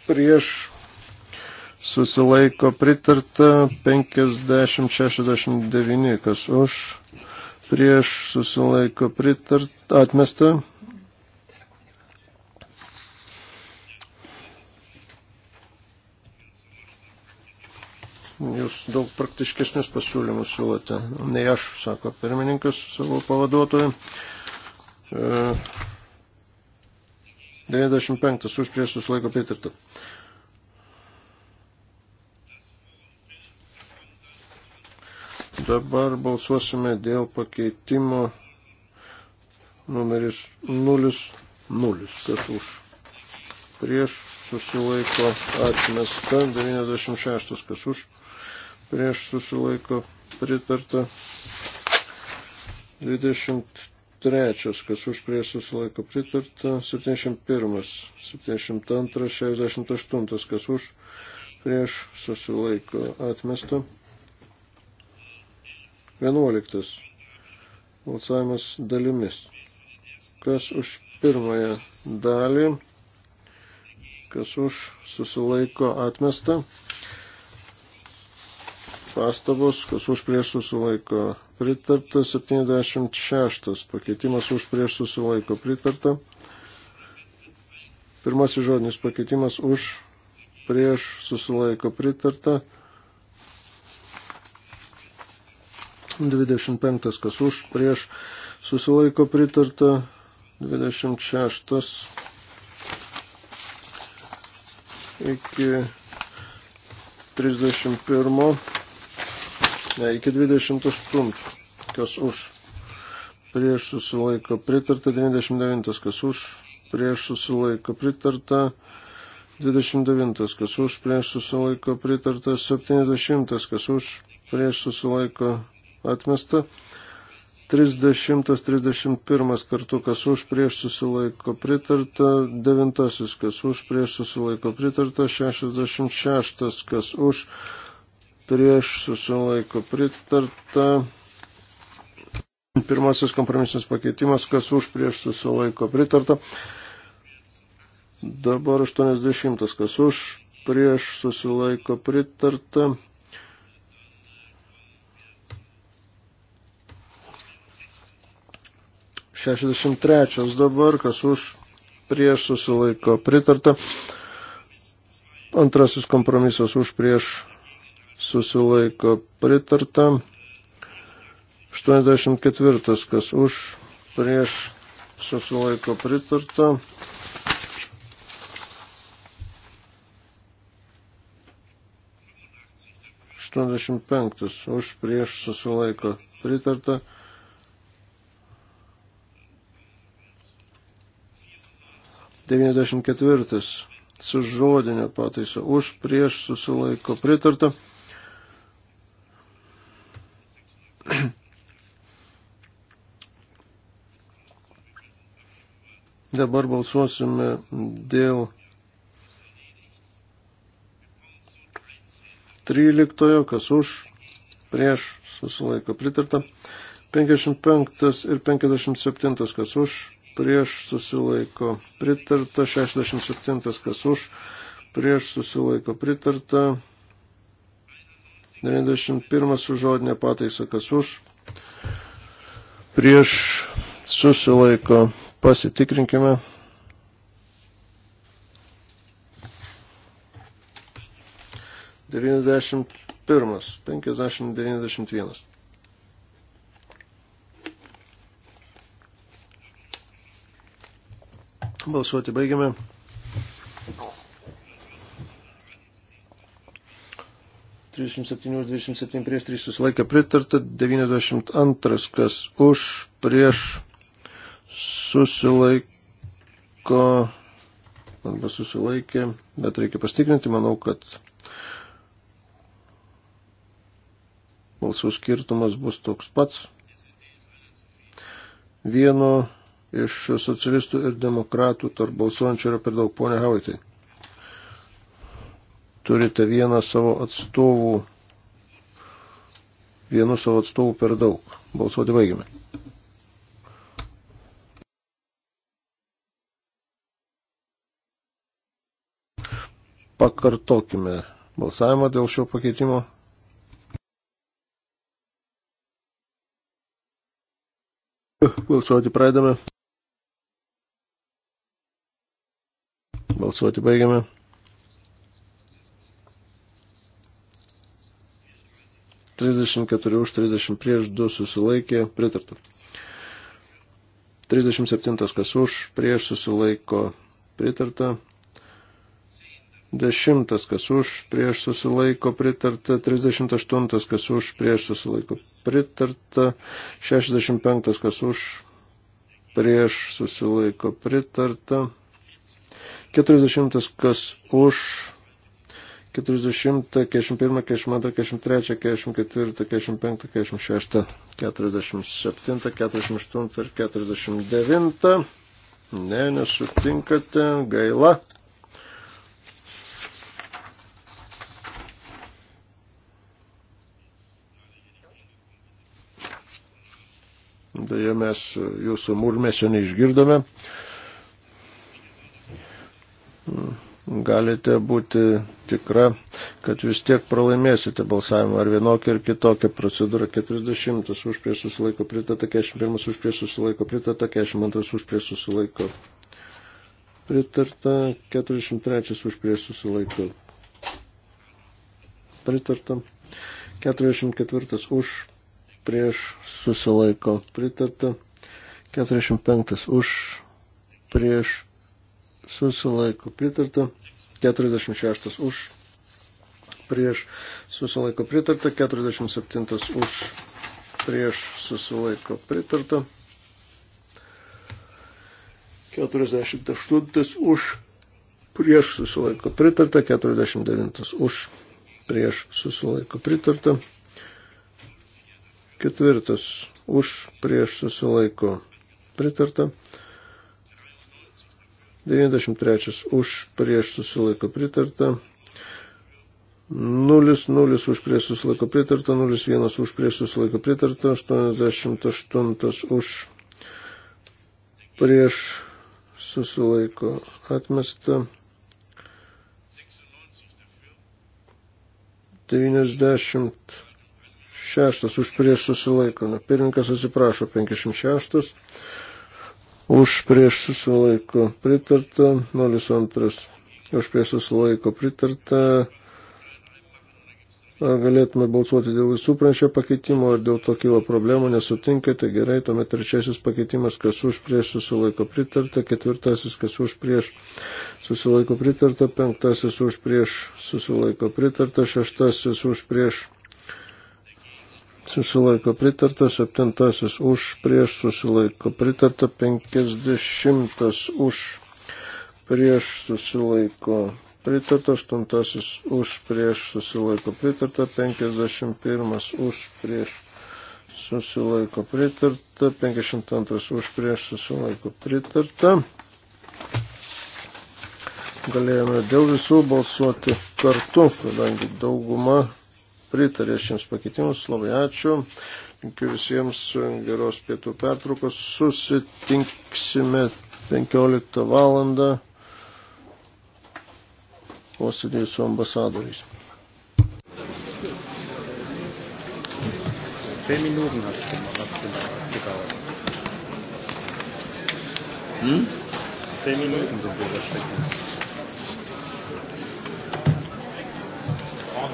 prieš susilaiko pritarta, 5069, kas už prieš susilaiko pritarta, atmesta. daug praktiškesnius pasiūlymus siūlote. Ne aš, sako pirmininkas savo pavaduotojui. 95 už priešus laiko pritartą. Dabar balsuosime dėl pakeitimo numeris 0, 0, kas už prieš susilaiko atmesta 96, kas už prieš susilaiko pritarta. 23, kas už prieš susilaiko pritarta. 71, 72, 68, kas už prieš susilaiko atmesta. 11. Balsavimas dalimis. Kas už pirmąją dalį, kas už susilaiko atmesta pastabos, kas už prieš susilaiko pritarta, 76 pakeitimas už prieš susilaiko pritarta, pirmasis žodinis pakeitimas už prieš susilaiko pritarta, 25 kas už prieš susilaiko pritarta, 26 iki 31 Ne, iki 28. Kas už? Prieš susilaiko pritarta. 99. Kas už? Prieš susilaiko pritarta. 29. Kas už? Prieš susilaiko pritarta. 70. Kas už? Prieš susilaiko atmesta. 30-31 kartu, kas už prieš susilaiko pritarta, 9 kas už prieš susilaiko pritarta, 66 kas už prieš susilaiko pritarta. Pirmasis kompromisinis pakeitimas, kas už prieš susilaiko pritarta. Dabar 80, kas už prieš susilaiko pritarta. Šešdešimt trečias dabar, kas už prieš susilaiko pritarta. Antrasis kompromisas už prieš susilaiko pritarta. 84. Kas už, prieš, susilaiko pritarta. Aštuoniasdešimt penktas už prieš susilaiko pritarta. Devyniasdešimt ketvirtas su žodinė pataisa už prieš susilaiko pritarta. Dabar balsuosime dėl 13, kas už, prieš, susilaiko pritarta. 55 ir 57, kas už, prieš, susilaiko pritarta. 67, kas už, prieš, susilaiko pritarta. 91 su žodinė pataisa, kas už, prieš, susilaiko pritarta Pasitikrinkime. Devyniasdešimt pirmas, penkiasdešimt devyniasdešimt vienas. Balsuoti baigiame. Trisdešimt septynius, dvidešimt septyni prieš trys susilaikė pritarta, devyniasdešimt antras, kas už, prieš susilaiko arba susilaikė, bet reikia pastikrinti, manau, kad balsų skirtumas bus toks pats. Vieno iš socialistų ir demokratų tarp balsuojančių yra per daug, ponia Hauitai. Turite vieną savo atstovų, vienu savo atstovų per daug. Balsuoti baigiame. pakartokime balsavimą dėl šio pakeitimo. Balsuoti pradame. Balsuoti baigiame. Trisdešimt keturi už, trisdešimt prieš, du susilaikė, pritarta. Trisdešimt septintas kas už, prieš susilaiko, pritarta. Dešimtas, kas už, prieš susilaiko pritarta. 38, kas už, prieš susilaiko pritarta. 65, kas už, prieš susilaiko pritarta. 40, kas už, 40, 41, 42, 43, 44, 45, 46, 47, 48 ir 49. Ne, nesutinkate, gaila. Deja, mes jūsų murmesio neišgirdome. Galite būti tikra, kad vis tiek pralaimėsite balsavimą ar vienokią ar kitokią procedūrą. 40 už prie susilaiko pritata, 41 už prie susilaiko pritata, 42 už prie susilaiko pritarta, 43 už prie susilaiko pritarta, 44 už prieš susilaiko pritarta, 45 už prieš susilaiko pritarta, 46 už prieš susilaiko pritarta, 47 už prieš susilaiko pritarta, 48 už prieš susilaiko pritarta, 49 už prieš susilaiko pritarta. Ketvirtas. Už prieš susilaiko pritarta. 93. Už prieš susilaiko pritarta. 0, 0 už prieš susilaiko pritarta, 0, 1 už prieš susilaiko pritarta, 88 už prieš susilaiko atmesta, 90 56 už prieš susilaiko. Pirmininkas atsiprašo 56 už prieš susilaiko pritarta 02 už prieš susilaiko pritarta. Ar galėtume balsuoti dėl visų pranešio pakeitimo, ar dėl to kilo problemų, nesutinkate, gerai, tuomet trečiasis pakeitimas, kas už prieš susilaiko pritarta, ketvirtasis, kas už prieš susilaiko pritarta, penktasis už prieš susilaiko pritarta, šeštasis už prieš susilaiko pritarta, septintasis už, prieš susilaiko pritarta, penkisdešimtas už, prieš susilaiko pritarta, aštuntasis už, prieš susilaiko pritarta, penkisdešimt pirmas už, prieš susilaiko pritarta, penkisdešimt antras už, prieš susilaiko pritarta. Galėjome dėl visų balsuoti kartu, kadangi dauguma pritarė šiems pakeitimus. Labai ačiū. Linkiu visiems geros pietų pertraukos. Susitinksime 15 valandą posėdėje su ambasadoriais. 10 Minuten hat es gedauert. Hm? 10 Minuten sind wir überschritten.